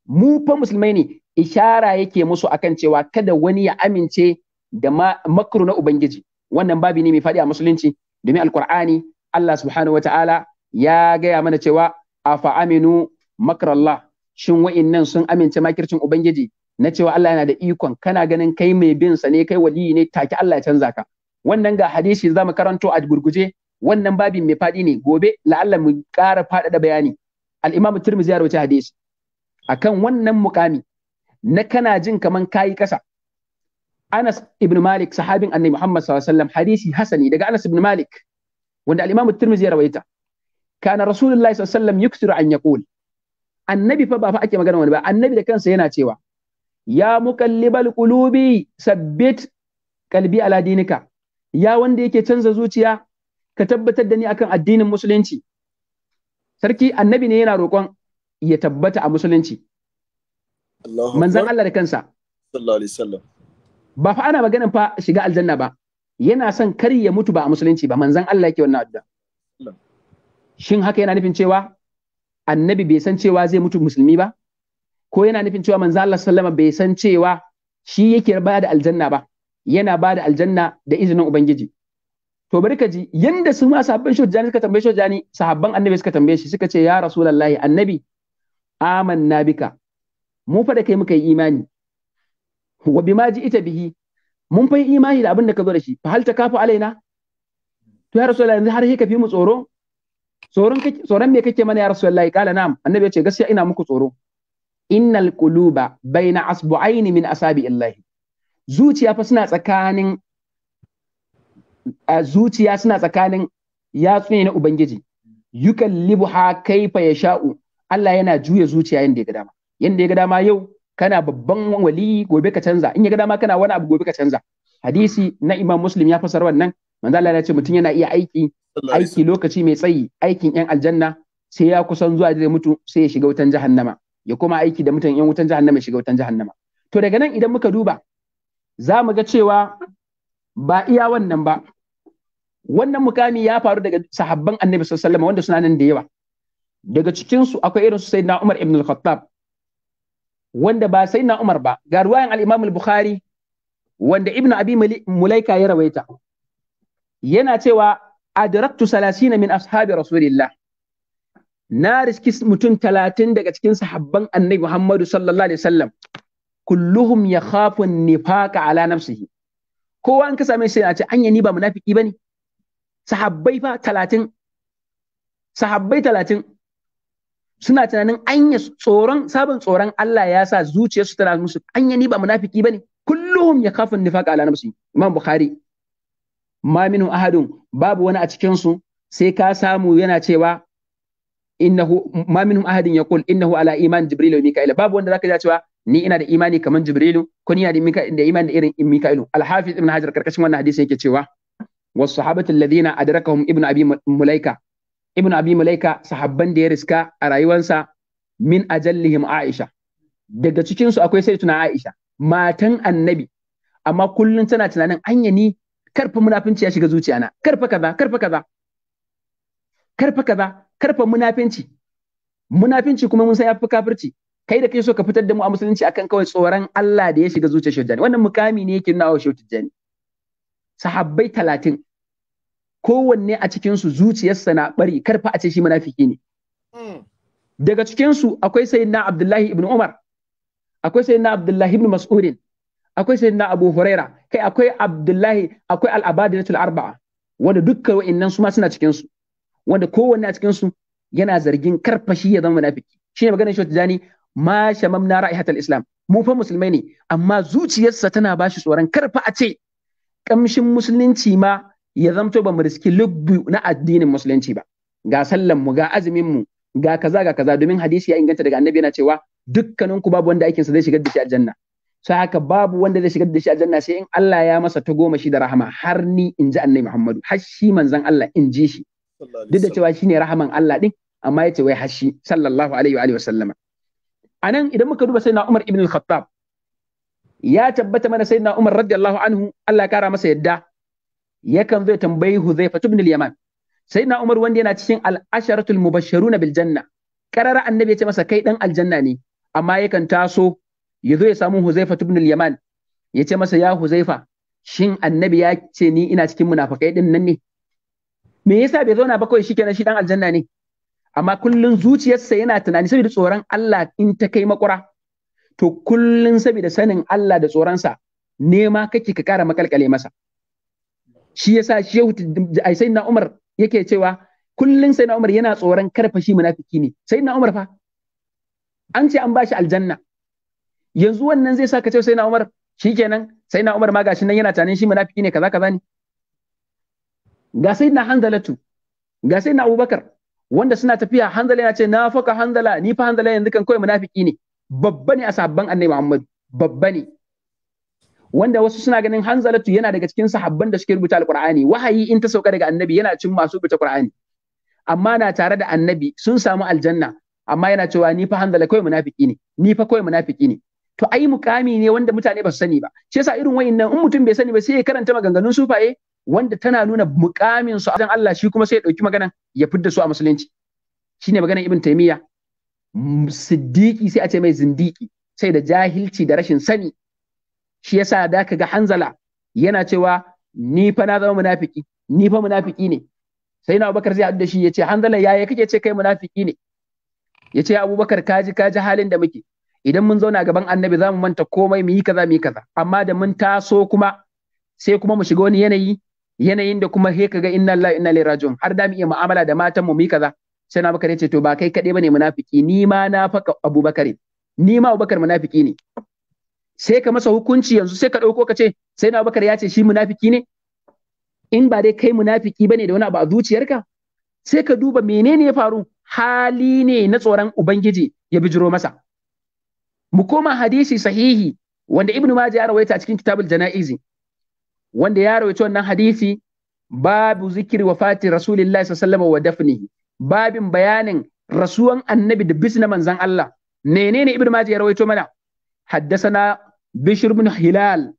mu fa musulmai ne ishara yake musu akan cewa kada wani ya amince da makru na ubangiji wannan babi ne mai faɗi a musulunci domin Alƙur'ani, Allah subhanahu wataala ya gaya mana cewa afa aminu Makarallah, shin wa'in nan sun amince makircin ubangiji na cewa Allah yana da ikon kana ganin kai mai bin sa ne kai waliyi ne take Allah ya canza ka wannan ga hadisi mu karanto a gurguje wannan babi mai faɗi ne gobe la'alla mu ƙara faɗaɗa bayani al-imamu tirmidhi ya rawaita hadisi akan wannan mukami na kana jin kaman kayi ƙasa Anas ibn Malik sahabin Annabi Muhammad sallallahu alaihi wasallam hadisi hasani daga Anas ibn Malik wanda al-Imam at-Tirmidhi rawaita kana Rasulullahi sallallahu alaihi wasallam yuksiru an yaqul Annabi fa ba fa ake magana wani ba Annabi da kansa yana cewa ya muqallibal qulubi sabbit kalbi ala dinika ya wanda yake canza zuciya ka tabbatar da ni akan addinin musulunci sarki annabi ne yana roƙon ya tabbata a musulunci manzon Allah da kansa sallallahu alaihi wasallam ba fa ana maganin fa shiga aljanna ba yana son kar ya mutu ba a musulunci ba manzon Allah yake wannan addu'a shin haka yana nufin cewa annabi bai san cewa zai mutu musulmi ba ko yana nufin cewa manzon Allah sallama bai san cewa shi yake ba da aljanna ba yana ba da aljanna da izinin ubangiji to bari ka ji yanda su ma sahabban shujani suka tambaye shujani sahabban annabi suka tambaye shi suka ce ya rasulullahi annabi amanna bika mu fa da kai muka yi imani wa bima ita bihi mun fa imani da abin da ka zo da shi fa hal takafu alaina to ya rasulullahi yanzu har ka fi mu tsoro tsoron tsoron me kake mana ya rasulullahi kala na'am annabi ya ce gaskiya ina muku tsoro innal quluba baina asbu'aini min asabi illahi zuciya fa suna tsakanin a zuciya suna tsakanin yatsu ne na ubangiji yukallibu ha kaifa yasha'u Allah yana juya zuciya yanda ya ga dama yanda ya ga dama yau kana babban wali gobe ka canza in ya ga dama kana wani abu gobe ka canza hadisi na imam muslim ya fasara wannan manzo Allah ya ce mutum yana iya aiki aiki lokaci mai tsayi aikin yan aljanna sai ya kusan zuwa da mutu sai ya shiga wutan jahannama ya kuma aiki da mutum yan wutan jahannama ya shiga wutan jahannama to daga nan idan muka duba za mu ga cewa ba iya wannan ba wannan mukami ya faru daga sahabban annabi sallallahu alaihi wasallam wanda suna nan da yawa daga cikin su akwai irin su sayyidina Umar ibn al-Khattab wanda ba sai na Umar ba ga ruwayan al-Imam al-Bukhari wanda Ibn Abi Mulaika ya rawaita yana cewa adraktu salasina min ashabi rasulillah na riski mutum talatin daga cikin sahabban annabi Muhammadu sallallahu alaihi wasallam kulluhum yakhafu nifaqa ala nafsihi kowa an ka same shi yana ce anya ni ba munafiki bane sahabbai fa sahabbai talatin suna tunanin anya tsoron sabon tsoron Allah ya sa zuciyarsu tana musu anya ni ba munafiki bane kulluhum yakhafun nifaq ala nafsi Imam Bukhari ma minhum ahadun babu wani a cikin su sai ka samu yana cewa innahu ma minhum ahadin yaqul innahu ala iman jibril wa mika'il babu wanda zaka ji cewa ni ina da imani kaman jibril ko ni ina da imani da irin mika'il al-hafiz ibn hajar karkashin wannan hadisi yake cewa was sahabatu alladhina adrakahum ibn abi mulaika ibn abi malaika sahabban da ya riska a rayuwarsa min ajallihim aisha daga cikin su akwai sai tuna aisha matan annabi amma kullun tana tunanin anya ni karfa munafinci ya shiga zuciyana karfa kaza karfa kaza karfa kaza karfa munafinci munafinci kuma mun san yafi kafirci kai da kai so ka fitar da mu a musulunci akan kawai tsoron Allah da ya shiga zuciyar Shehu wannan mukami ne yake nuna wa Shehu sahabbai talatin kowanne a cikinsu zuciyarsa na bari karfa a ce shi munafiki ne hmm. daga cikinsu akwai sayyidina abdullahi ibn umar akwai sayyidina abdullahi ibn mas'udin akwai sayyidina abu huraira kai akwai abdullahi akwai al'abadi abadilatul arba'a wanda dukkan wa'annan su ma suna cikinsu wanda kowanne a cikinsu yana zargin karfashi ya zama munafiki ne maganar shi tijani ma shamamna ra'ayi, islam mu fa musulmai ne amma zuciyarsa tana bashi tsoron karfa a ce kamshin musulunci ma ya zamto ba mu riski lubbu na addinin musulunci ba ga sallan mu ga azumin mu ga kaza ga kaza domin hadisi ya inganta daga annabi yana cewa dukkanin ku babu wanda aikinsa zai shigar da shi aljanna sai haka babu wanda zai shigar da shi aljanna sai in Allah ya masa ta goma shi da rahama har ni in ji annabi Muhammadu har shi manzon Allah in ji shi duk da cewa shine rahaman Allah din amma yace wai har shi sallallahu alaihi wa alihi wasallam anan idan muka duba sayyidina Umar ibn al-Khattab ya tabbata mana sayyidina Umar radiyallahu anhu Allah ya kara masa yadda yakan zo tambayi Huzaifa ibn al-Yaman Sai na Umar wanda yana cikin al-asharatul mubashshiruna bil janna karara annabi ya ce masa kai dan aljanna ne amma yakan taso ya zo ya samu Huzaifa ibn al-Yaman ya ce masa ya Huzaifa shin annabi ya ce ni ina cikin munafikai din nan ne me yasa bai zauna ba kawai shikenan shi dan aljanna ne amma kullun zuciyarsa yana tunani saboda tsoron Allah in ta kai makura to kullun saboda sanin Allah da tsoronsa nema kake ka kara makalkale masa shi yasa shehu ai sai na Umar yake cewa kullun sai na Umar yana tsoron karfa shi munafiki ne sai na Umar fa an ce an ba shi aljanna yanzu wannan zai sa ka ce sai na Umar shikenan sai na Umar ma gashi nan yana tanin shi munafiki ne kaza kaza ne ga sai na Hanzalatu ga sai na Abubakar wanda suna tafiya Hanzala yana ce na faka Hanzala ni fa Hanzala yanzu kan kawai munafiki ne babba ne a sabban Annabi Muhammad babba ne wanda wasu suna ganin hanzalatu yana daga cikin sahabban da suke rubuta alqur'ani wahayi in ta sauka daga annabi yana cin masu rubuta qur'ani amma na tare da annabi sun samu aljanna amma yana cewa ni fa hanzala kawai munafiki ne ni fa kawai munafiki ne to ai mukami ne wanda mutane ba su sani ba shi yasa irin wayannan in mutum bai sani ba sai ya karanta maganganun sufaye wanda tana nuna mukamin su a Allah shi kuma sai ya dauki maganan ya fidda su a musulunci shine maganan ibn taymiya siddiqi sai a ce mai zindiki sai da jahilci da rashin sani shi yasa da ka ga hanzala yana cewa ni fa na zama munafiki ni fa munafiki ne sai na abubakar zai da shi ya ce hanzala yaya kake ce kai munafiki ne ya ce abubakar kaji kaji halin da muke idan mun zauna gaban annabi za mu manta komai mu yi kaza mu yi kaza amma da mun taso kuma sai kuma mu shiga wani yanayi yanayin da kuma he kaga inna lillahi inna ilaihi raji'un har da mu iya mu'amala da matan mu mu yi kaza sai na abubakar ya ce to ba kai kaɗai bane munafiki ni ma na faka abubakar ni ma abubakar munafiki ne sai ka masa hukunci yanzu sai ka ɗauko ka ce sai na bakar ya ce shi munafiki ne in ba dai kai munafiki ne da wani abu a zuciyarka sai ka duba menene ya faru hali ne na tsoron ubangiji ya bijiro masa mu koma hadisi sahihi wanda ibnu majah ya rawaita cikin kitabul janaizi wanda ya rawaita wannan hadisi babu zikiri wafati rasulillahi sallallahu alaihi wa dafnihi babin bayanin rasuwan annabi da bisna manzan Allah menene ibnu majah ya rawaito mana حدثنا بشر بن هلال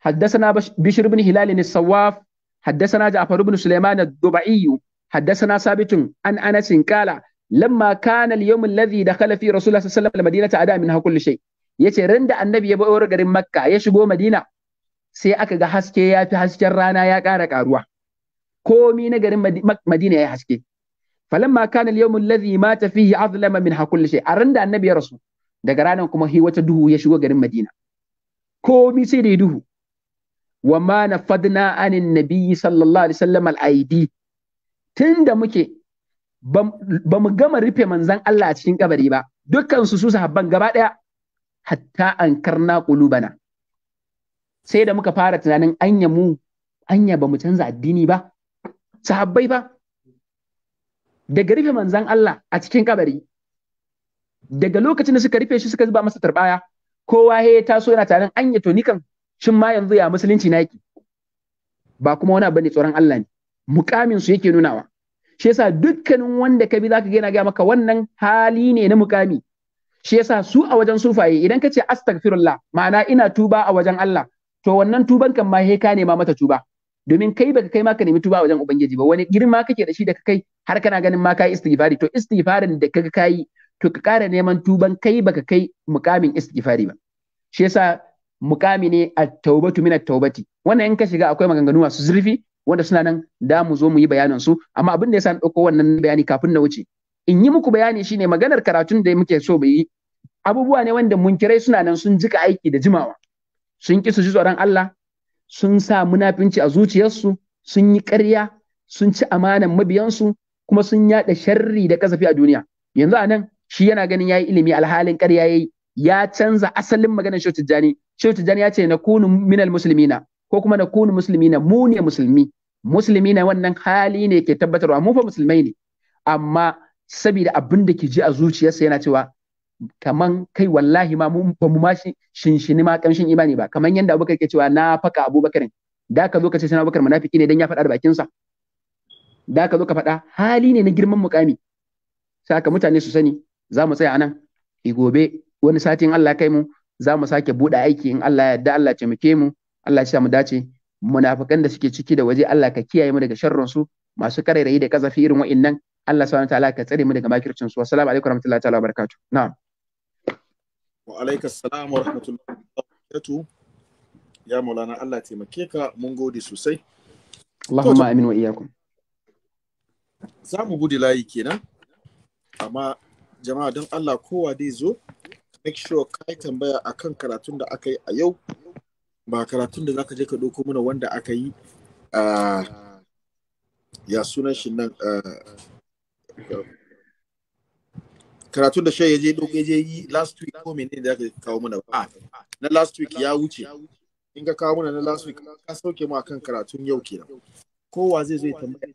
حدثنا بشر بن هلال السواف حدثنا جعفر بن سليمان الدبعي حدثنا ثابت عن انس قال لما كان اليوم الذي دخل فيه رسول الله صلى الله عليه وسلم المدينه عدا منها كل شيء yace ran da annabi ya bayar garin makka ya shigo madina sai aka ga haske ya fi hasken rana ya kara karuwa. komi na garin madina ya haske falamma kana al-yawm alladhi mata fihi azlama min kulli a ran annabi ya rasu daga ranar kuma hi wata duhu ya shigo garin madina komi sai da duhu wa ma fadna anin nabiyyi sallallahu alaihi wasallam al-aidi tunda muke ba mu gama rufe manzan Allah a cikin kabari ba dukkan su su sahabban gaba daya hatta an karna qulubana sai da muka fara tunanin anya mu anya ba mu canza addini ba sahabbai ba daga rufe manzan Allah a cikin kabari daga lokacin da suka rufe shi suka zuba masa tarbaya kowa ya taso yana taron anya to nikan shin ma yanzu ya musulunci na yake ba kuma wani ne tsoron Allah ne mukamin su yake nunawa shi yasa dukkanin wanda ka bi zaka ga yana ga maka wannan hali ne na mukami shi yasa su a wajen sufaye idan ka ce astaghfirullah ma'ana ina tuba a wajen Allah to wannan tuban kan ma he ka ma mata tuba domin kai baka kai ma ka nemi tuba a wajen ubangiji ba wani girma kake da shi da kai har kana ganin ma kai istighfari to istighfarin da kaga kai to ka ƙara neman tuban kai baka kai mukamin istighfari ba shi yasa mukami ne a taubatu min at-taubati wannan in ka shiga akwai maganganu masu zurfi wanda suna nan da mu zo mu yi bayanin su amma abin da yasa na dauko wannan bayani kafin na wuce in yi muku bayani shine maganar karatun da muke so mu yi abubuwa ne wanda munkirai suna nan sun jika aiki da jimawa sun ƙi su ji tsoron Allah sun sa munafinci a zuciyarsu sun yi ƙarya sun ci amanan mabiyansu kuma sun yaɗa sharri da kasafi a duniya yanzu a nan shi yana ganin yayi ilimi alhalin ƙarya yayi ya canza asalin maganar Shehu Tijjani Shehu Tijjani ya ce na kunu minal muslimina ko kuma na kunu muslimina mu ne musulmi muslimina wannan hali ne ke tabbatarwa mu fa musulmai ne amma saboda abin da ke ji a zuciyarsa yana cewa kaman kai wallahi ma mun ba mu ma shinshini ma kamshin imani ba kaman yanda Abubakar ke cewa na faka Abubakarin da ka zo ka ce sanan Abubakar munafiki ne dan ya faɗa da bakinsa da ka zo ka faɗa hali ne na girman mukami saka mutane su sani za mu tsaya anan i gobe wani satin Allah kai mu za mu sake buɗe aiki in Allah da Allah ya mu Allah ya mu dace munafikan da suke ciki da waje Allah ka kiyaye mu daga sharrin su masu karairayi da kazafi irin wa'annan Allah subhanahu wataala ka tsare mu daga makircin su assalamu alaikum warahmatullahi ta'ala barakatuh na'am wa alaikum assalam wa rahmatullahi barakatuh ya maulana Allah taimake ka mun gode sosai Allahumma amin wa iyyakum za mu layi kenan amma jama'a don Allah kowa dai zo make sure ka yi tambaya akan karatun da aka yi a yau ba karatun da za ka je ka ɗauko mana wanda aka yi a ya sunan shi nan karatun da shi ya je ɗauko ya je yi last week ko menene da aka kawo mana ba na last week ya wuce in ka kawo mana na last week ka sauke mu akan karatun yau kenan kowa zai zo ya tambaya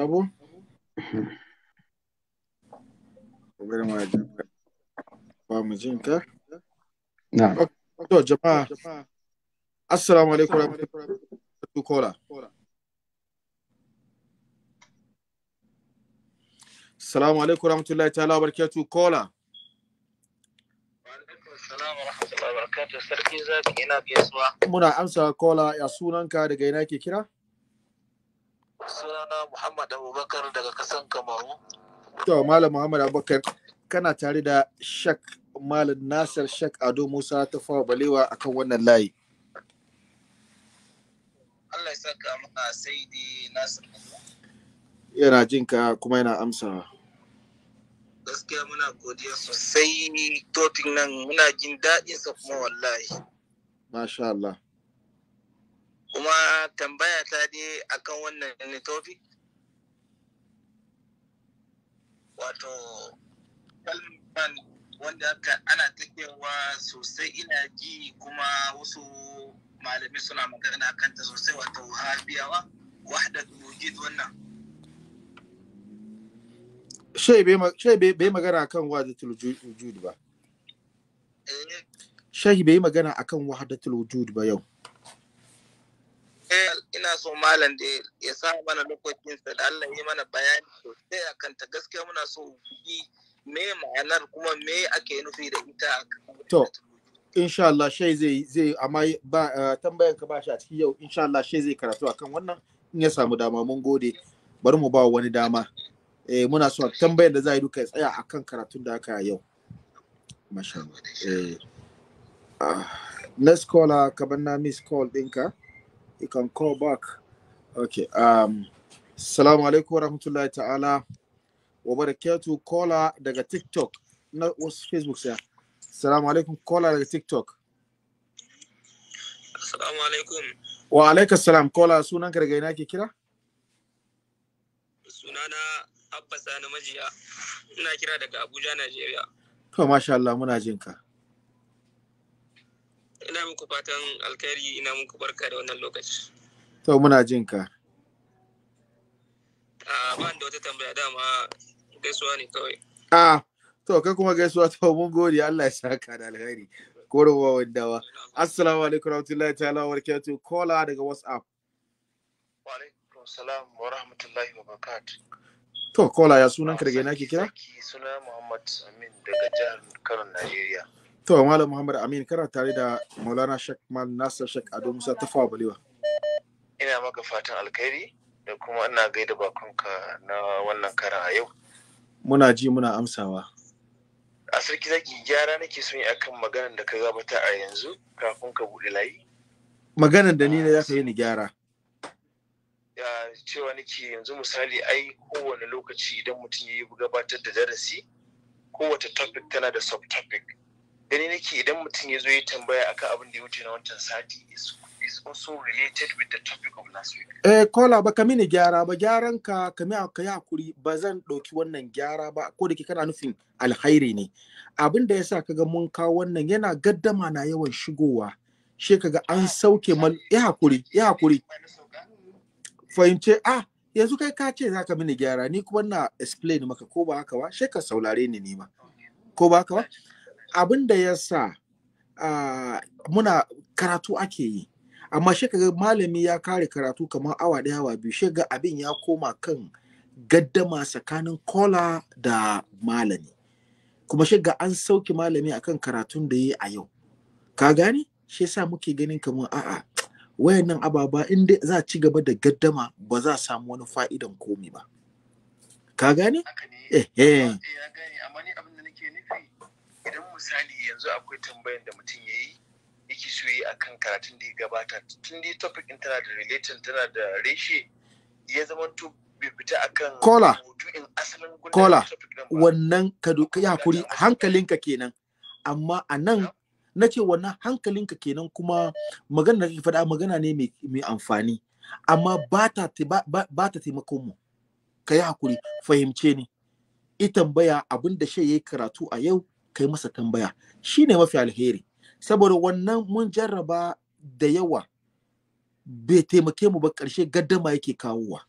Babu? Assalamu alaikum Assalamu alaikum warahmatullahi ta'ala kola. Muna amsa kola ya sunanka daga ina ke kira? sunana Muhammad Abubakar daga kasan Kamaru. To, Malam Muhammad Abubakar, kana tare da Shak Malam Nasir Shak Ado Musa ta fawa balewa akan wannan layi. Allah ya saka maka sai di Nasir. Yana jin ka kuma yana amsawa. Gaskiya muna godiya sosai totin nan muna jin daɗinsa kuma wallahi. Masha Allah. kuma tambaya ta dai akan wannan nitofi wato kalman wanda aka ana takewa sosai ina ji kuma wasu malami suna magana kanta sosai wato wahabiyawa wahda wujud wannan shai bai magana akan wahdatul wujud ba eh. shahi bai magana akan wahdatul wujud ba yau Eh, ina so malam da ya sa mana lokacinsa da Allah yi mana bayani sosai a kanta gaskiya muna so yi me ma'anar kuma me ake nufi da ita to insha Allah shai zai zai amma ba eh, tambayan ka ba shi a cikin yau insha Allah shai zai karatu akan wannan in ya samu dama mun gode bari mu ba wani dama eh muna so tambayar da za yi duka ya tsaya akan karatun da aka yau masha Allah eh ah, next caller ka banna miss call ɗinka. you can call back okay um assalamu alaikum warahmatullahi ta'ala wa barakatuh caller daga tiktok na wasu facebook sir? Salamu alaikum caller daga tiktok assalamu alaikum wa alaikum salam caller sunan ka daga ina ke kira sunana abba sani majiya ina kira daga abuja nigeria to masha Allah muna jin ka ina muku fatan alkhairi ina muku barka da wannan lokaci to muna jin ka a ni da wata tambaya dama gaisuwa ne kawai Ah to kai kuma gaisuwa to mun gode Allah ya saka da alkhairi korowa wadawa assalamu alaikum warahmatullahi ta'ala wa barakatuh kola daga whatsapp wa alaikum salam wa rahmatullahi wa barakatuh to kola ya sunan daga ina ke kira sunan Muhammad Amin daga jihar Kano Najeriya To, Malam Muhammad Amin, kana tare da Maulana Sheikh Mal Nasir Sheikh Ado Musa ta fawa balewa. Ina maka fatan alkhairi da kuma ina gaida bakonka na wannan kara a yau. Muna ji muna amsawa. A sarki zaki gyara nake son yi akan maganar da ka gabata a yanzu kafin ka buɗe layi. Maganar da ni ne za ka yi ni gyara. Ya cewa nake yanzu misali ai kowane lokaci idan mutum ya yi gabatar da darasi kowace topic tana da subtopic. topic gani nake idan mutum ya zo ya tambaya akan abin da ya wuce na wancan sati is also related with the topic of last week. Eh, kola ba ka mini gyara ba gyaran ka ka mi ka yi hakuri ba zan ɗauki wannan gyara ba ko da ke kana nufin alhairi ne. Abin da yasa kaga mun kawo wannan yana gaddama na yawan shigowa. She kaga an sauke mal ya hakuri ya hakuri. Fahimce ah yanzu kai ka ce za ka mini gyara ni kuma na explain maka ko ba haka ba she ka saulare ni ni ma. Ko ba haka ba? abin da ya sa muna karatu ake yi amma shi malami ya kare karatu kamar awa ɗaya awa biyu shi abin ya koma kan gaddama tsakanin kola da malami kuma shi an sauke malami akan karatun da ya yi a yau ka gani shi yasa muke ganin kamar a'a wayannan ababa in dai za ci gaba da gaddama ba za a samu wani fa'idan komi ba ka gani eh eh, eh amma ni abin da nake nufi idan misali yanzu akwai tambayan da mutum ya yi yake so yi a kan karatun da ya gabata tun dai topic din tana da relation tana da reshe ya zama to bai fita kan kola kola wannan ka ya hakuri hankalinka kenan amma a nan na ce wannan hankalinka kenan kuma magana da faɗa magana ne mai amfani amma ba ta taimako mu ka yi hakuri fahimce ni i tambaya abin da shi ya yi karatu a yau kai masa tambaya shine mafi alheri saboda wannan mun jarraba da yawa bai taimake mu ba ƙarshe gaddama yake kawowa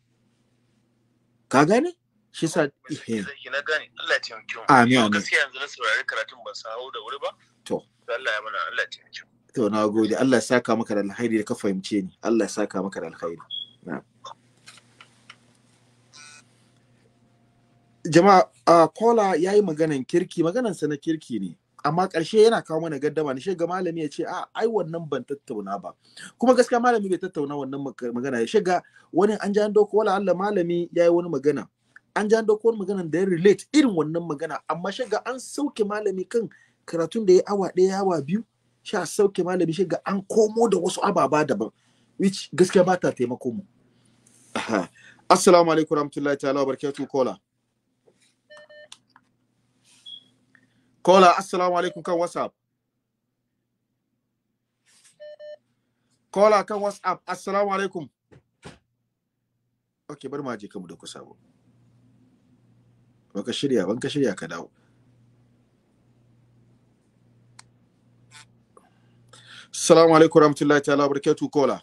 ka gane shi sa ihe na gane Allah ya taimake mu amin amin gaskiya yanzu na saurari karatun ban sawo da wuri ba to Allah ya mana Allah ya taimake mu to na gode Allah ya saka maka da alheri da ka fahimce ni Allah ya saka maka da alheri na'am jama'a uh, kola ya yi maganan kirki maganansa na kirki ne amma ƙarshe yana kawo mana gaddama ne shiga malami ya ce a ai wannan ban tattauna ba kuma gaskiya malami bai tattauna wannan magana ya shiga wani an ja doko wala Allah malami ya yi wani magana an ja doko wani magana da ya relate irin wannan magana amma shiga an sauke malami kan karatun da ya awa ɗaya awa biyu sha sauke malami shiga an komo da wasu ababa daban which gaskiya ba ta taimako mu assalamu alaikum warahmatullahi ta'ala wa barakatuh kola Kola, assalamu alaikum kan WhatsApp. Kola kan WhatsApp, assalamu alaikum. Ok, bari ma je kanmu da kusa ba. Baka shirya, banka shirya ka dawo. Assalamu alaikum warahmatullahi ta'ala barakatuh Kola.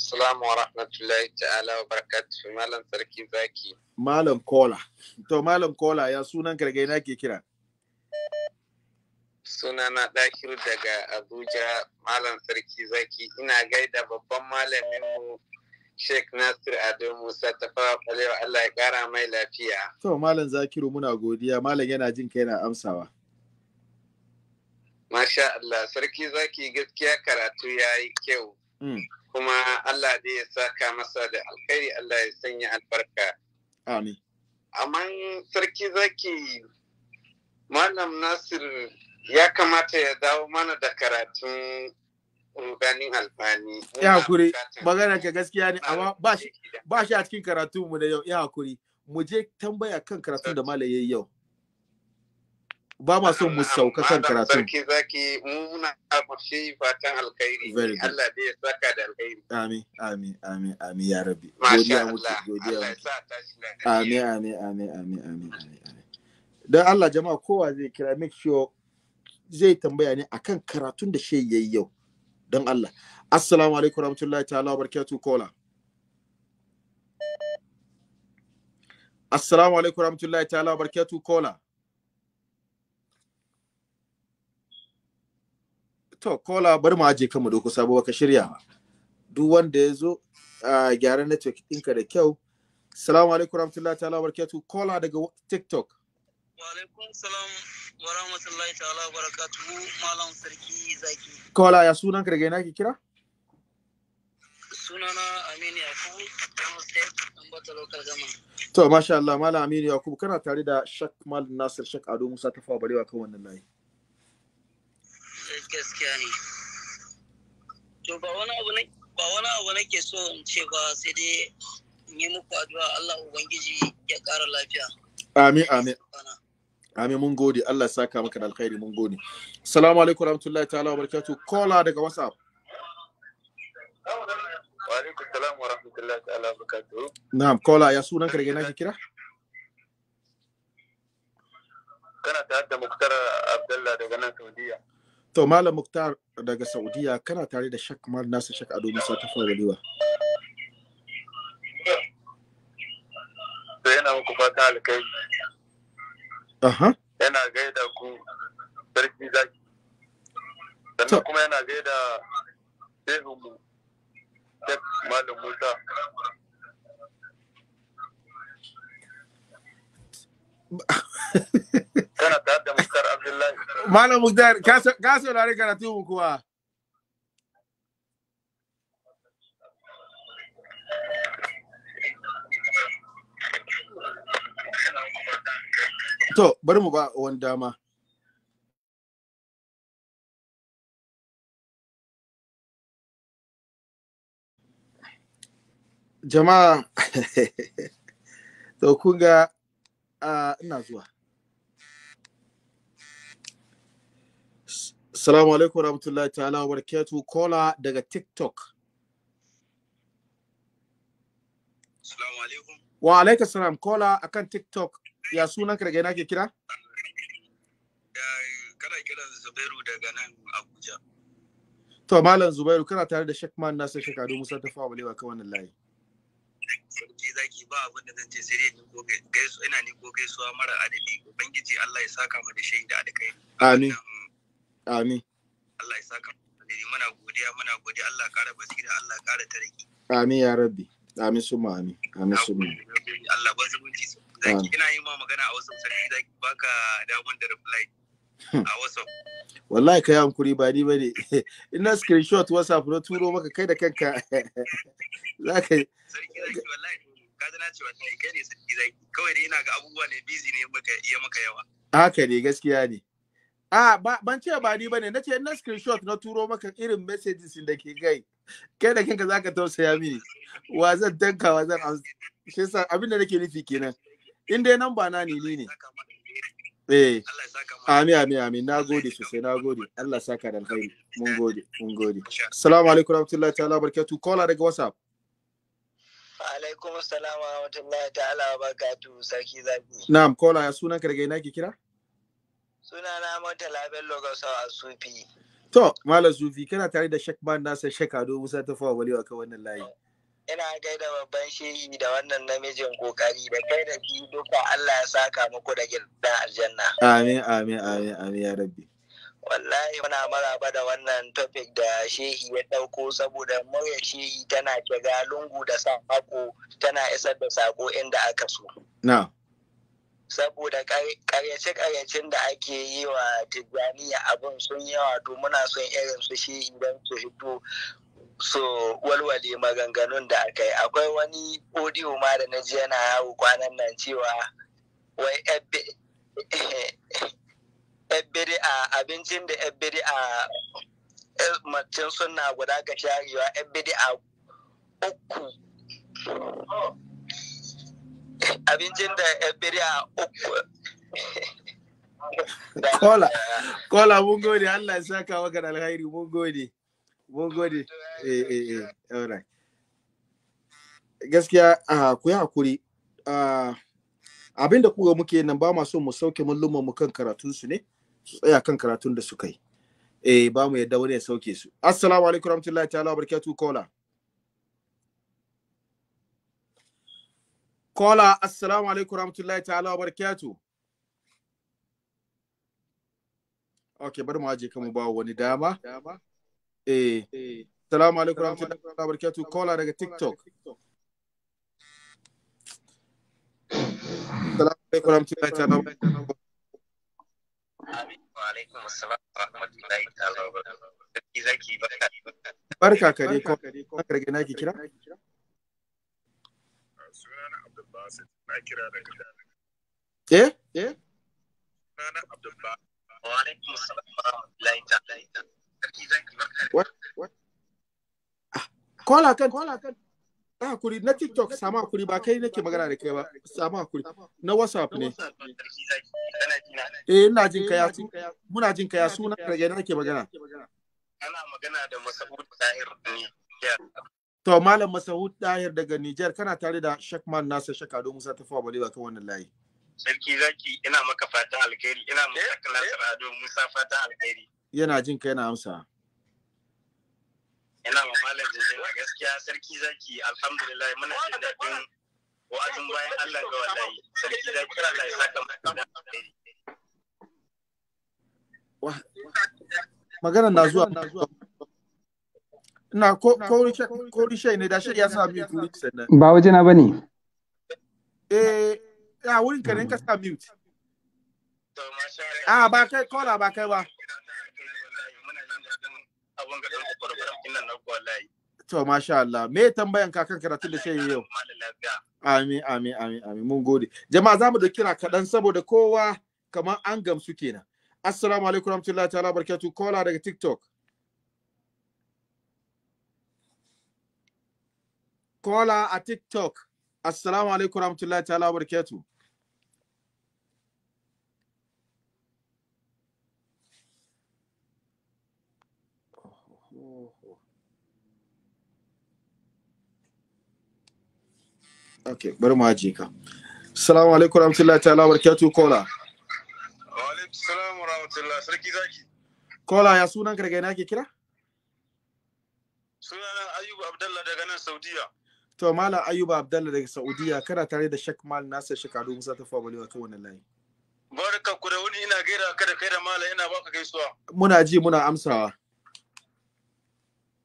salam wa rahmatullahi ta'ala wa barakatuh malam sarki zaki malam kola to malam kola ya sunan kargai na ke kira sunana dakiru daga abuja malam sarki zaki ina gaida babban malamin mu Sheikh Nasir Ado Musa ta fara kwalewa Allah ya kara mai lafiya. To Malam Zakiru muna godiya, Malam yana jin kai na amsawa. Masha Allah, Sarki Zaki gaskiya karatu ya yi kyau. Hmm. kuma Allah dai ya saka masa da alkhairi Allah ya sanya albarka amin amma sarki zaki malam Nasir ya kamata ya dawo mana da karatun ruganin alfani ya hakuri magana ka gaskiya ne amma ba shi a cikin karatun mu da yau ya hakuri mu je tambaya kan karatun da malam yayi yau ba ma son mu sauka kan karatun. Sarki zaki muna kurshi fatan alkhairi. Allah bai ya saka da alkhairi. Amin, amin, amin, amin ya rabbi. godiya muku, godiya ya Amin, amin, amin, amin, amin, amin. Don Allah jama'a kowa zai kira make sure zai tambaya ne akan karatun da shi yayi yau. Don Allah. Assalamu alaikum warahmatullahi ta'ala barakatuh kola. Assalamu alaikum warahmatullahi ta'ala barakatuh kola. to kola bari mu aje kanmu doko sabo ka shirya duk wanda ya zo a gyaran network ɗinka da kyau salamu alaikum rahmatullahi ta'ala barakatu kola daga tiktok wa alaikum salam wa rahmatullahi ta'ala barakatu malam sarki zaki kola ya sunan ka daga ina ke kira sunana aminu yakubu kano state ambata local government to masha Allah malam aminu yakubu kana tare da shak mal nasir shak ado musa tafawa barewa kan wannan layi gaskiya ne to ba wani abu ne ba wani abu nake so in ce ba sai dai in yi muku addu'a Allah ubangiji ya ƙara lafiya amin amin amin mun gode Allah ya saka maka da alkhairi mun gode assalamu alaikum warahmatullahi ta'ala wabarakatuh kola daga whatsapp wa alaikum salam wa rahmatullahi ta'ala wabarakatuh na'am kola ya sunan ka daga nake kira kana ta da Muktar abdullahi daga nan Saudiya To Malam Muktar daga Saudiya kana tare da Shak Mal Nasir Shak Ado Musa ta Fawaliwa. To yana muku fata alkai. Aha. Yana gaida ku sarki zaki. Sannan kuma yana gaida shehu Shak Malam Musa. kana tare da Muktar Abdullahi. Malam Muktar, ka saurari karatun kuwa. To, bari mu ba wani dama. Jama'a, to kun ga ah, ina zuwa. Assalamu alaikum rahmatullahi ta'ala wa barakatuh kola daga TikTok. Assalamu alaikum. Wa alaikum salam kola akan TikTok ya sunan ka daga ke kira? Kana kira Zubairu daga nan Abuja. To Malam Zubairu kana tare da Sheikh Man Nasir Sheikh Ado Musa Tafawa Balewa kan wannan layi. sarki zaki ba abin da zan ce sai dai ko gaisu ina ni ko gaisuwa mara adali ubangiji Allah ya saka mu da shaida da kai. Amin. Amin. Allah ya saka muna godiya muna godiya Allah kara basira Allah kara tariki. Amin ya rabbi. Amin su ma amin. Amin su ma. Allah ba zumunci su. Zaki ina yi ma magana a wasu sarki zaki baka damar da reply. A wasu. Wallahi kai hankuri ba ni bane. Ina screenshot WhatsApp na turo maka kai da kanka. Zaka Sarki zaki wallahi ka na ce wallahi kai ne sarki zaki. Kawai dai ina ga abubuwa ne busy ne ya maka yawa. Haka ne gaskiya ne. Ah, ba ban ce ba ni bane nace na screenshot na turo maka irin messages da ke gai. Kai da kanka zaka tausaya mini. Wa zan tanka wa zan amsa. Shi sa abin da nake nufi kenan. In dai nan ba na ni ne. Eh. Amin amin amin. Na gode sosai na gode. Allah saka da alkhairi. Mun gode mun gode. Assalamu alaikum warahmatullahi ta'ala barkatu. Kola daga WhatsApp. alaikum assalamu wa ta'ala wa barakatuh sarki zaki na'am kola ya sunanka daga ina ke kira Suna na Murtala Bello a Sufi. To, Malam Sufi, kana tare da Sheikh Ban Nasa Sheikh Ado Musa ta fawa walewa waka wannan layi. Ina gaida babban shehi da wannan namijin kokari da kai da shi duka Allah ya saka muku da gidan aljanna. Amin, amin, amin, amin ya rabbi. Wallahi muna maraba da wannan topic da shehi ya dauko saboda murya shehi tana shiga lungu da sako tana isar da sako inda aka so. Na'am. saboda karyace-karyacen da ake yi wa tijjaniya abin sun yawa to muna son irin su shi idan su hito so walwale maganganun da aka yi akwai wani odiyo ma da na ji yana yawo kwanan nan cewa wai ebbere a abincin da ebbere a macin suna guda ga sharewa ebbere a uku abincin da a uku kola kola mun gode Allah ya saka maka da alkhairi mun gode mun gode eh eh eh alright gaskiya a ku yi hakuri abin da kuka muke nan ba ma so mu sauke mallumman mu kan karatun su ne su tsaya kan karatun da suka yi eh ba mu yadda wani ya sauke su assalamu alaikum warahmatullahi ta'ala barakatuh kola Kola, assalamu alaikum rahmatullahi ta'ala wa barakatu. Ok, bari mu aje kan mu wani dama. Eh, eh, assalamu alaikum rahmatullahi ta'ala wa barakatu. Kola daga TikTok. Assalamu alaikum rahmatullahi ta'ala wa barakatu. alaikum assalam wa wa barakatu. Barka kare, ko kare sunana Abdul Basit na kira da gida. Eh? Eh? Sunana Abdul Basit. Wa alaikum salam wa rahmatullahi ta'ala. Sarki What? What? Kola kan, kola kan. Ah, kuri na TikTok sama ba kai nake magana da kai ba. Sama kuri. Na WhatsApp ne. Eh, ina jin kaya su. Eh, Muna jin kaya su na rage nake magana. Ana magana da Masa'ud Tahir ne. To Malam Masahud Dahir daga Nijar kana tare da Shakman Nasir Shakado Musa ta fawa balewa kan wannan layi. Sarki zaki ina maka fata alkhairi ina maka eh, Nasir eh. Ado Musa fata alkhairi. Yana jin kai na amsa. Ina ma Malam Jinjina gaskiya sarki zaki alhamdulillah muna jin daɗin wa'azin bayan Allah ga wallahi sarki zaki Allah ya saka maka Magana na zuwa na zuwa Na ko rishe ne da shirya sa mute wurin sannan. Ba waje na bane. Eh, a wurin ka ne ka sa mute. A ah, ba kai kola ba kai ba. To masha Allah, me tambayan ka kan karatun da shi yau? Amin, amin, amin, amin. Mun gode. Jama'a za mu da kira kaɗan saboda kowa kamar an gamsu kenan. Assalamu alaikum warahmatullahi ta'ala barakatuh. Kola daga TikTok. Kola a TikTok. Assalamu alaikum warahmatullahi ta'ala wa barakatuh. Ok, bari mu ajiye ka. Assalamu alaikum warahmatullahi ta'ala wa barakatuh Kola. Wa sarki zaki. Kola ya sunan ka daga ke kira? Sunan Ayyubu Abdallah daga nan Saudiya. To Malam Ayuba Abdallah daga Saudiya kana tare da Sheikh Mal Nasir Shekaru Musa ta fawa balewa kan wannan layi. Barka ku da wuni ina gaira ka da kai da Malam ina baka gaisuwa. Muna ji muna amsawa.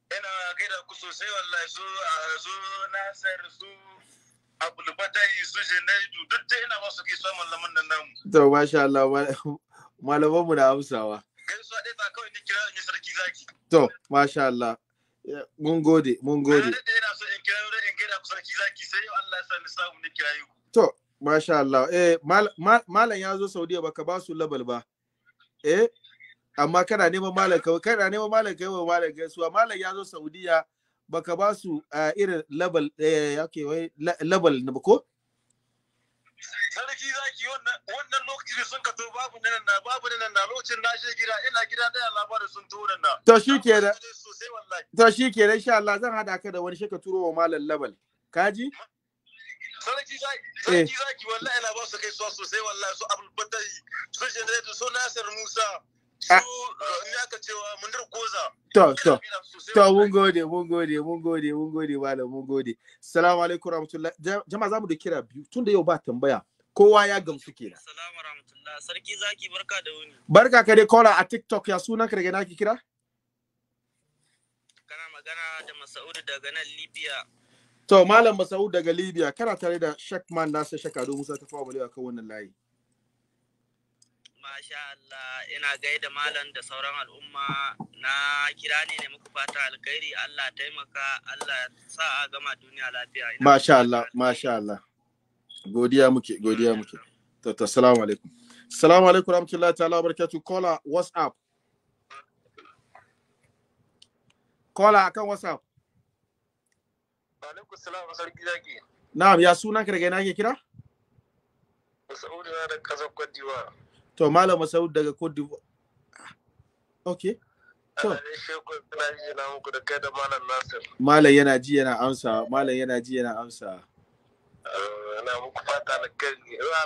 Ina gaira ku sosai wallahi su su Nasir su Abdul Fatai su Jinaidu duk da ina su gaisuwa mallaman nan namu. To masha Allah malaman mu da amsawa. Gaisuwa ɗaya ba kawai ni kira ni sarki zaki. To masha Allah. mun gode mun gode so in kira in kira Allah sa to masha Allah eh malam ya zo Saudiya baka ba su labal ba eh amma kana neman malam kai kana neman malam kai wa malam kai su malam ya zo Saudiya baka ba su ah, irin labal eh yake wai ne ba ko sarki zaki wannan lokaci sun ka to babu nan na babu nan na lokacin na je gida ina gida da labarin sun to nan na to shikenan to shikenan insha Allah zan hada ka da wani shi ka turo wa malam label kaji sarki zaki eh. zaki wallahi ina ba su kai sosai wallahi su abul batai su jenere su nasir musa Ah. Uh, to, to, to, mun gode, mun gode, mun gode, mun gode, malam, mun gode. Salamu alaikum rahmatullah. Jama'a za mu da kira biyu, tunda yau ba tambaya, kowa ya gamsu kenan. Salamu rahmatullah, sarki zaki barka da wuni. Barka ka dai kola a TikTok ya sunan ka daga naki kira? Kana magana da Masa'udu daga nan Libya. To, malam Masa'udu daga Libya, kana tare da Shekman Nasir shekaru Musa ta fawa balewa kan wannan layi. masha Allah ina gaida malam da sauran al'umma na kira ne ne muku fata alkhairi Allah taimaka Allah sa a gama duniya lafiya masha Allah masha Allah godiya muke godiya mm. muke to assalamu alaikum assalamu alaikum rahmatullahi ta'ala barakatuh kola whatsapp kola akan whatsapp alaikum assalam sarki zaki na'am ya sunan ka daga ina ke kira Sa'udu na da kazan Cote to malam Masaud daga Cote d'Ivoire okay to eh, malam yana ji yana amsa malam yana ji yana amsa eh, na muku fata na kan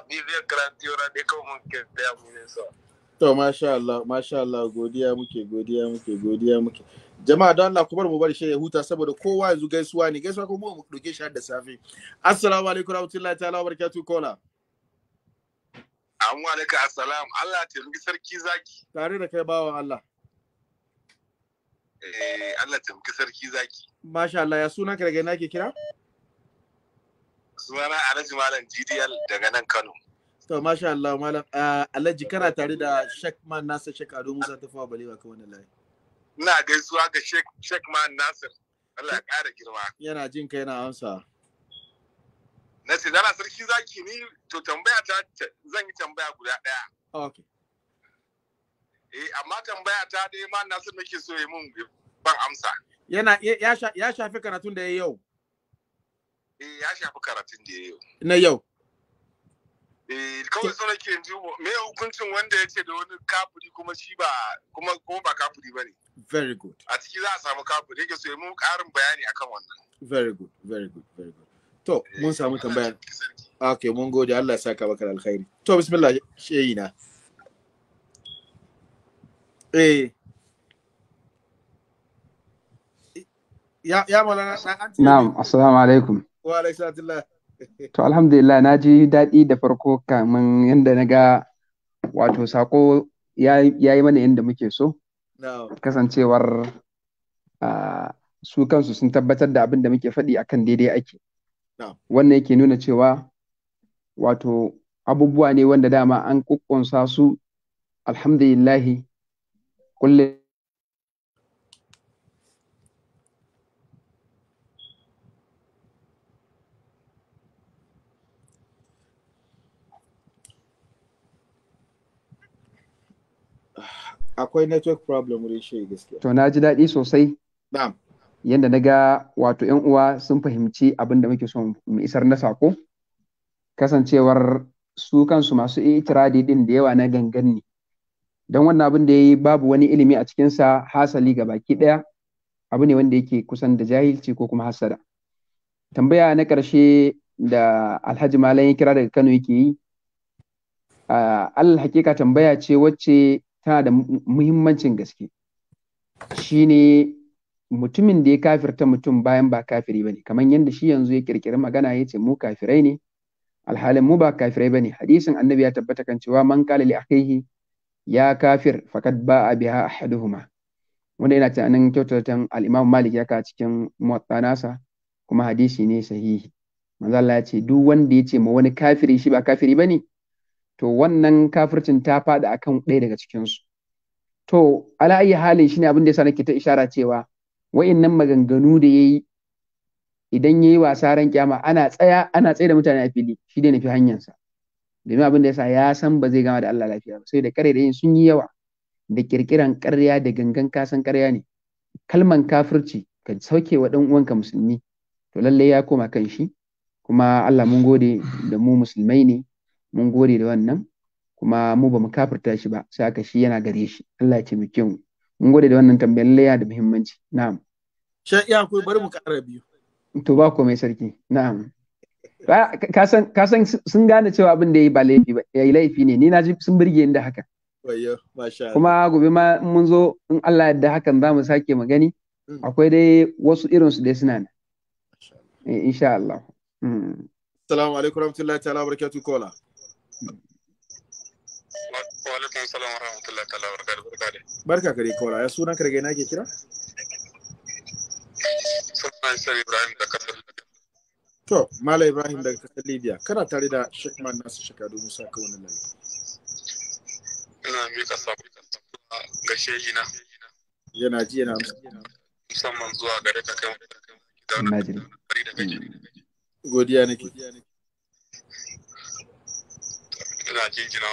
bibiyar karatu yana da kawo mun ke da mu ne To, masha Allah, masha Allah, godiya muke, godiya muke, godiya muke. Jama'a don Allah kuma mu bar shi ya huta saboda kowa yanzu gaisuwa ne, gaisuwa kuma mu ɗauke shi har da safe. Assalamu alaikum warahmatullahi ta'ala wa barakatuh kola. Amma alaikum assalam Allah taimaki sarki zaki. Tare da kai bawan Allah. Eh Allah taimaki sarki zaki. Masha Allah ya suna ka daga ke kira? Suna Alhaji Malam GDL daga nan Kano. To masha Allah Malam ah, Alhaji kana tare da Sheikh Man Nasir Sheikh Ado Musa ta Tafawa Balewa ka wannan layi. Ina gaisuwa ga Sheikh Man Nasir. Allah ya ƙara girma. Yana jin kai na amsa. na ce zara sarki zaki ni to tambaya ta zan yi tambaya guda ɗaya. Okay. Eh amma tambaya ta dai ma na sun nake so yi mun ban amsa. Yana ya shafi karatun da ya yau. Eh ya shafi karatun da ya yau. Na yau. Eh kawai so nake ji me hukuncin wanda ya ce da wani kafuri kuma shi ba kuma ko ba kafuri bane. Very good. A ciki za a samu kafuri yake so yi mun ƙarin bayani akan wannan. Very good, very good, very good. to eh, mun samu tambaya ok mun gode Allah ya saka baka alkhairi to bismillah shehi na eh ya ya maulana na'am assalamu alaikum wa alaikum to alhamdulillah na ji daɗi da farko kamin yadda na ga wato sako ya yi mana yadda muke so kasancewar ah, su kansu sun tabbatar da abin da muke faɗi akan daidai ake wannan yake nuna cewa wato abubuwa ne wanda dama an kukkunsa su alhamdulillahi kullum akwai network problem wurin shi gaskiya. To na ji daɗi sosai. Na'am. yadda na ga wato yan uwa sun fahimci abin da muke son mu isar na sako kasancewar su kansu masu itiradi din da yawa na gangan ne don wannan abin da ya yi babu wani ilimi a cikinsa hasali ga baki ɗaya abu ne wanda yake kusan da jahilci ko kuma hasada tambaya na ƙarshe da alhaji malam ya kira daga kano yake yi Allah hakika tambaya ce wacce tana da muhimmancin gaske shine mutumin da ya kafirta mutum bayan ba kafiri bane kamar yadda shi yanzu ya kirkiri magana ya ce mu kafirai ne alhalin mu ba kafirai bane hadisin annabi ya tabbata kan cewa man qala li akhihi ya kafir faqad ba'a biha ahaduhuma wanda yana tunanin kyautatan al-Imam Malik ya ka cikin muwatta kuma hadisi ne sahihi manzo Allah ya ce duk wanda ya ce ma wani kafiri shi ba kafiri bane to wannan kafircin ta faɗi akan ɗaya daga cikin su to ala ayi halin shine abin da yasa nake ta ishara cewa wa'innan maganganu da ya yi idan ya yi wasa ran kyama ana tsaya ana tsaye da mutane a fili shi dai nufi hanyarsa domin abin da ya yasa ya san ba zai gama da Allah lafiya ba sai da kare da yin sun yi yawa da kirkiran karya da gangan kasan karya ne kalman kafirci ka sauke wa ɗan uwanka musulmi to lallai ya koma kan shi kuma Allah mun gode da mu musulmai ne mun gode da wannan kuma mu ba mu kafirta shi ba sai aka shi yana gare shi Allah ya taimake mu mun gode da wannan tambayar laya da muhimmanci na'am shan iya akwai bari mu kara biyu to ba ko mai sarki na'am ka san sun gane cewa abin da ya yi ba laifi ba ya yi laifi ne ni na ji sun birge inda haka masha Allah kuma gobe ma mun zo in Allah yadda hakan za mu sake magani mm. akwai dai wasu irin su dai suna nan eh, insha Allah mm. assalamu alaikum warahmatullahi ta'ala barakatuh kola Wa alaikum salam wa rahmatullahi ta'ala wa Barka kare kawara, ya sunan ka daga ke kira? Sunan Ibrahim da kasar Libya. To, Mala Ibrahim daga kasar Libya, kana tare da Sheikh Man Nasir Musa ka wannan layi. Ina mika sabo ga shehina. Yana ji yana musamman zuwa gare ka kai wani da Godiya nake. Ina jinjina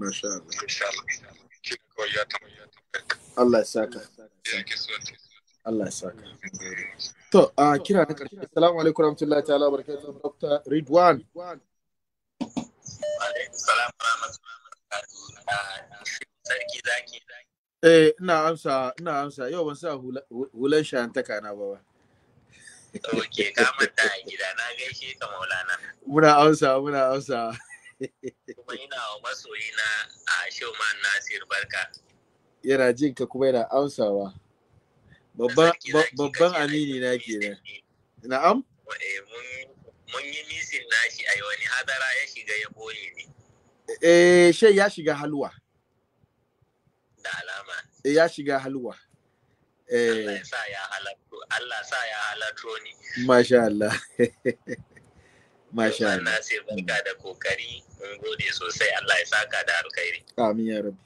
Masha Allah. Allah. ya tama ya tama. Allah ya saka. Allah ya saka. To, a kira na ƙarshe. Assalamu alaikum warahmatullahi ta'ala barakatuh Dr. Ridwan. Eh, ina amsa, ina amsa. Yau ban sa hulan shantaka na ba ba. Oke, ka manta a gida na gaishe ka Maulana. Muna amsa, muna amsa. kuma ina wa masoyi na a Shoman Nasir barka. Yana jin ka kuma yana amsawa. Babban amini na kenan. am eh, Mun yi misin nashi a wani hadara ya shiga ya boye ne. Eh, shai ya shiga halwa. Da alama. Eh, ya shiga halwa. Eh. Allah sa ya halatro ni. Masha Allah. Masha Allah. Na sai barka da kokari mun gode sosai Allah ya saka da alkhairi. Amin ya rabbi.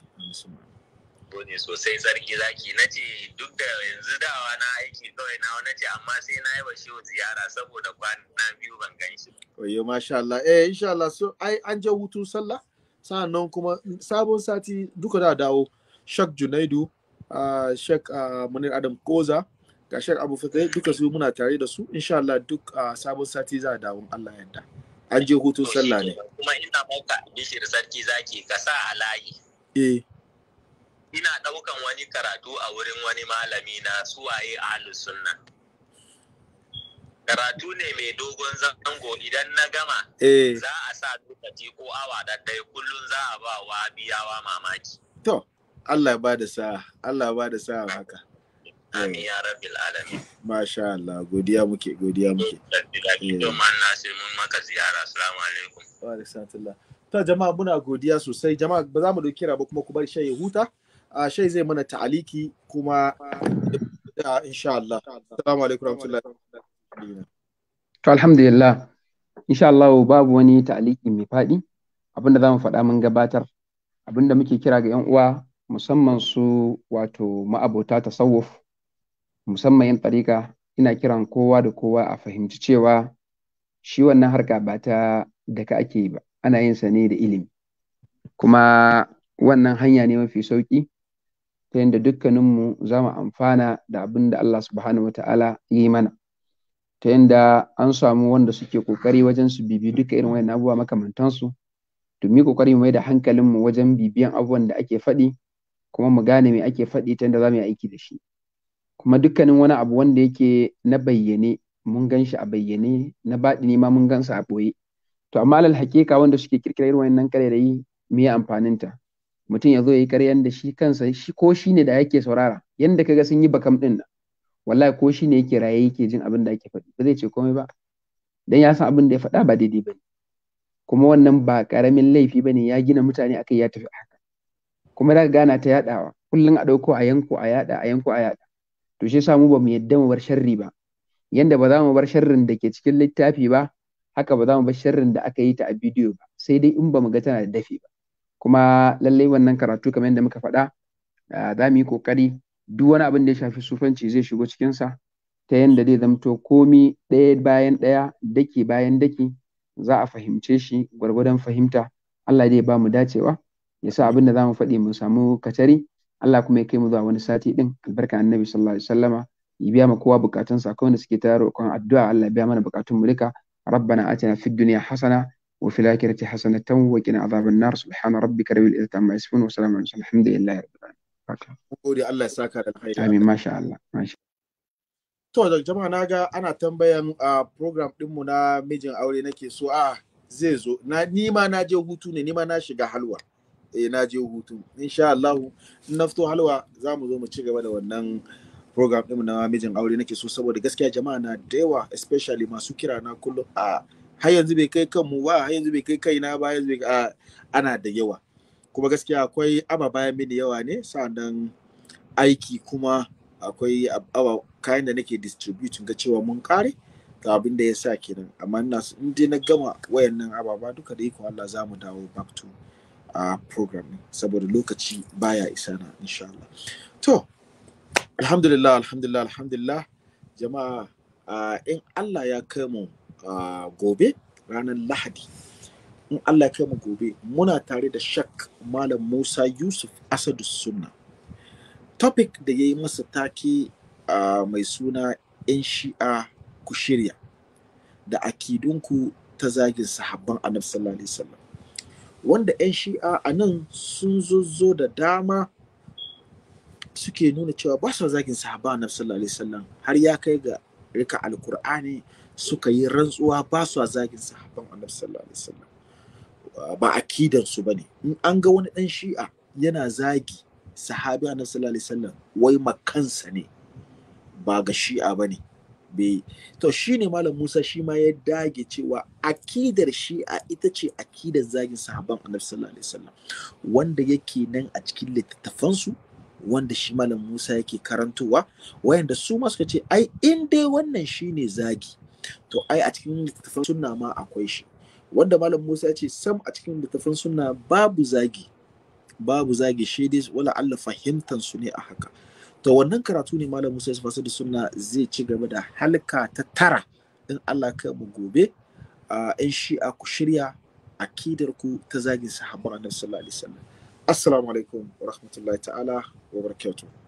Gode sosai sarki zaki na ce duk da yanzu dawa na aiki kawai na wani ce amma sai na yi wa shi ziyara saboda kwana biyu ban gan shi. Oyo masha Allah eh insha Allah so ai an je hutu sallah sa'annan kuma sabon sati duka da dawo Shak Junaidu, uh, ah, Shak ah, Munir Adam Koza, Gashar shar abu fakai duka su muna tare da su insha Allah duk a ah, sabon sati za a dawo Allah yadda an je hutun sallah ne kuma ina maka bishir sarki zaki ka sa a layi eh ina daukan wani karatu a wurin wani malami na suwaye ahli sunna karatu ne mai dogon zango idan na gama eh. za a sa lokaci ko awa da dai kullum za a ba wa biyawa mamaki to Allah ya bada sa'a Allah ya ba sa'a haka amin ya rabbil alamin masha Allah godiya muke godiya muke eh. maka ziyara alaikum wa ta jama'a muna godiya sosai jama'a ba za mu ɗauki kira ba kuma ku bar shai huta a shai zai mana ta'aliki kuma insha Allah assalamu alaikum warahmatullahi to alhamdulillah insha Allah babu wani ta'aliki mai faɗi abinda za mu faɗa mun gabatar abinda muke kira ga 'yan uwa musamman su wato ma'abota tasawuf musamman yan ɗarika ina kiran kowa da kowa a fahimci cewa shi wannan harka ba ta daka ake yi ba ana yin sa ne da ilimi kuma wannan hanya ne mafi sauƙi ta yadda dukkaninmu za mu amfana da abin da Allah subhanahu wata'ala ya yi mana ta yadda an samu wanda suke ƙoƙari wajen su bibi duka irin wayan abubuwa makamantansu domin ƙoƙari mai da hankalinmu wajen bibiyan abubuwan da ake faɗi kuma mu gane me ake faɗi ta yadda za mu yi aiki da shi kuma dukkanin wani abu wanda yake na bayyane mun gan shi a bayyane na baɗi ma mun gan su a ɓoye to amma alal hakika wanda suke kirkirar irin wannan yi me ya amfanin ta mutum ya zo ya yi ƙaryan da shi kansa shi ko shi ne da yake saurara yanda kaga sun yi bakam ɗin nan wallahi ko shi ne yake raye yake jin abin da ake faɗi ba zai ce komai ba dan ya san abin da ya faɗa ba daidai ba ne kuma wannan ba ƙaramin laifi ba ne ya gina mutane akai ya tafi haka kuma ga gana ta yaɗawa kullum a ɗauko a yanko a yaɗa a yanko a yaɗa to shi yasa mu ba mu yadda mu bar sharri ba yanda ba za mu bar sharrin da ke cikin littafi ba haka ba za mu bar sharrin da aka yi ta a bidiyo ba sai dai in ba mu ga tana da dafi ba kuma lallai wannan karatu kamar yadda muka faɗa za mu yi kokari duk wani abin da ya shafi sufanci zai shigo cikinsa ta yanda zai zamto komi ɗaya bayan ɗaya daki bayan daki za a fahimce shi gwargwadon fahimta Allah zai ba mu dacewa ya sa abin da za mu faɗi mu samu kacari. Allah kuma ya kai mu zuwa wani sati din albarka annabi sallallahu alaihi wasallama ya biya ma kowa bukatun sa kawai da suke taro, kan addu'a Allah biya mana bukatun mu duka ربنا آتنا في الدنيا حسنة وفي الآخرة حسنة وقنا عذاب النار سبحان ربك رب العزة عما يصفون وسلام على المرسلين الحمد لله رب العالمين الله يساك الخير آمين ما شاء الله ما شاء to da jama'a na ga ana tambayan a program dinmu na mijin aure nake so a ah, zai zo na nima na je hutu ne na shiga halwa eh na je hutu insha Allah na fito halwa za mu zo mu ci gaba da wannan program ɗin na mijin aure nake so saboda gaskiya jama'a na da yawa especially masu kira na kullum a har yanzu bai kai kanmu ba har yanzu bai kai kaina ba yanzu bai ana da yawa kuma gaskiya akwai ababa mini yawa ne sanan aiki kuma akwai kayan da nake distribute ga cewa mun kare ga abin da ya sa kenan amma ina in dai na gama wayannan ababa duka da iko Allah za mu dawo back to a program saboda lokaci baya isa na insha Allah to alhamdulillah alhamdulillah alhamdulillah jama'a uh, in Allah ya kai mu uh, gobe ranar lahadi in Allah ya kai mu gobe muna tare da shak malam Musa Yusuf Asadu Sunna topic da ya yi masa take uh, mai suna yan shi'a ku shirya da akidunku ta zagin sahabban annabi sallallahu alaihi wasallam wanda 'yan shi'a a nan sun zozo da dama suke nuna cewa ba su zagin sahaba na sallallahu alaihi wasallam har ya kai ga rika alkur'ani suka yi rantsuwa ba su zagin sahaban annabi sallallahu alaihi wasallam ba akidan su bane in an ga wani dan shi'a yana zagi sahabi annabi sallallahu alaihi wasallam wai makansa ne ba ga shi'a bane bai to shi ne malam musa shi ma ya dage cewa akidar shi'a ita ce akidar zagin sahabban annabi sallallahu alaihi wasallam wanda yake nan a cikin littattafansu wanda shi malam musa yake karantowa wayanda su ma suka ce ai in dai wannan shi ne zagi to ai a cikin littattafan sunna ma akwai shi wanda malam musa ya ce sam a cikin littattafan sunna babu zagi babu zagi shi dai wala Allah fahimtan su ne a haka to wannan karatu ne malam Musa Yusuf da Sunna zai ci gaba da halka ta tara in Allah ka mu gobe a in shi'a ku shirya akidar ku ta zagin sahabban Annabi sallallahu alaihi wasallam assalamu alaikum wa rahmatullahi ta'ala wa barakatuh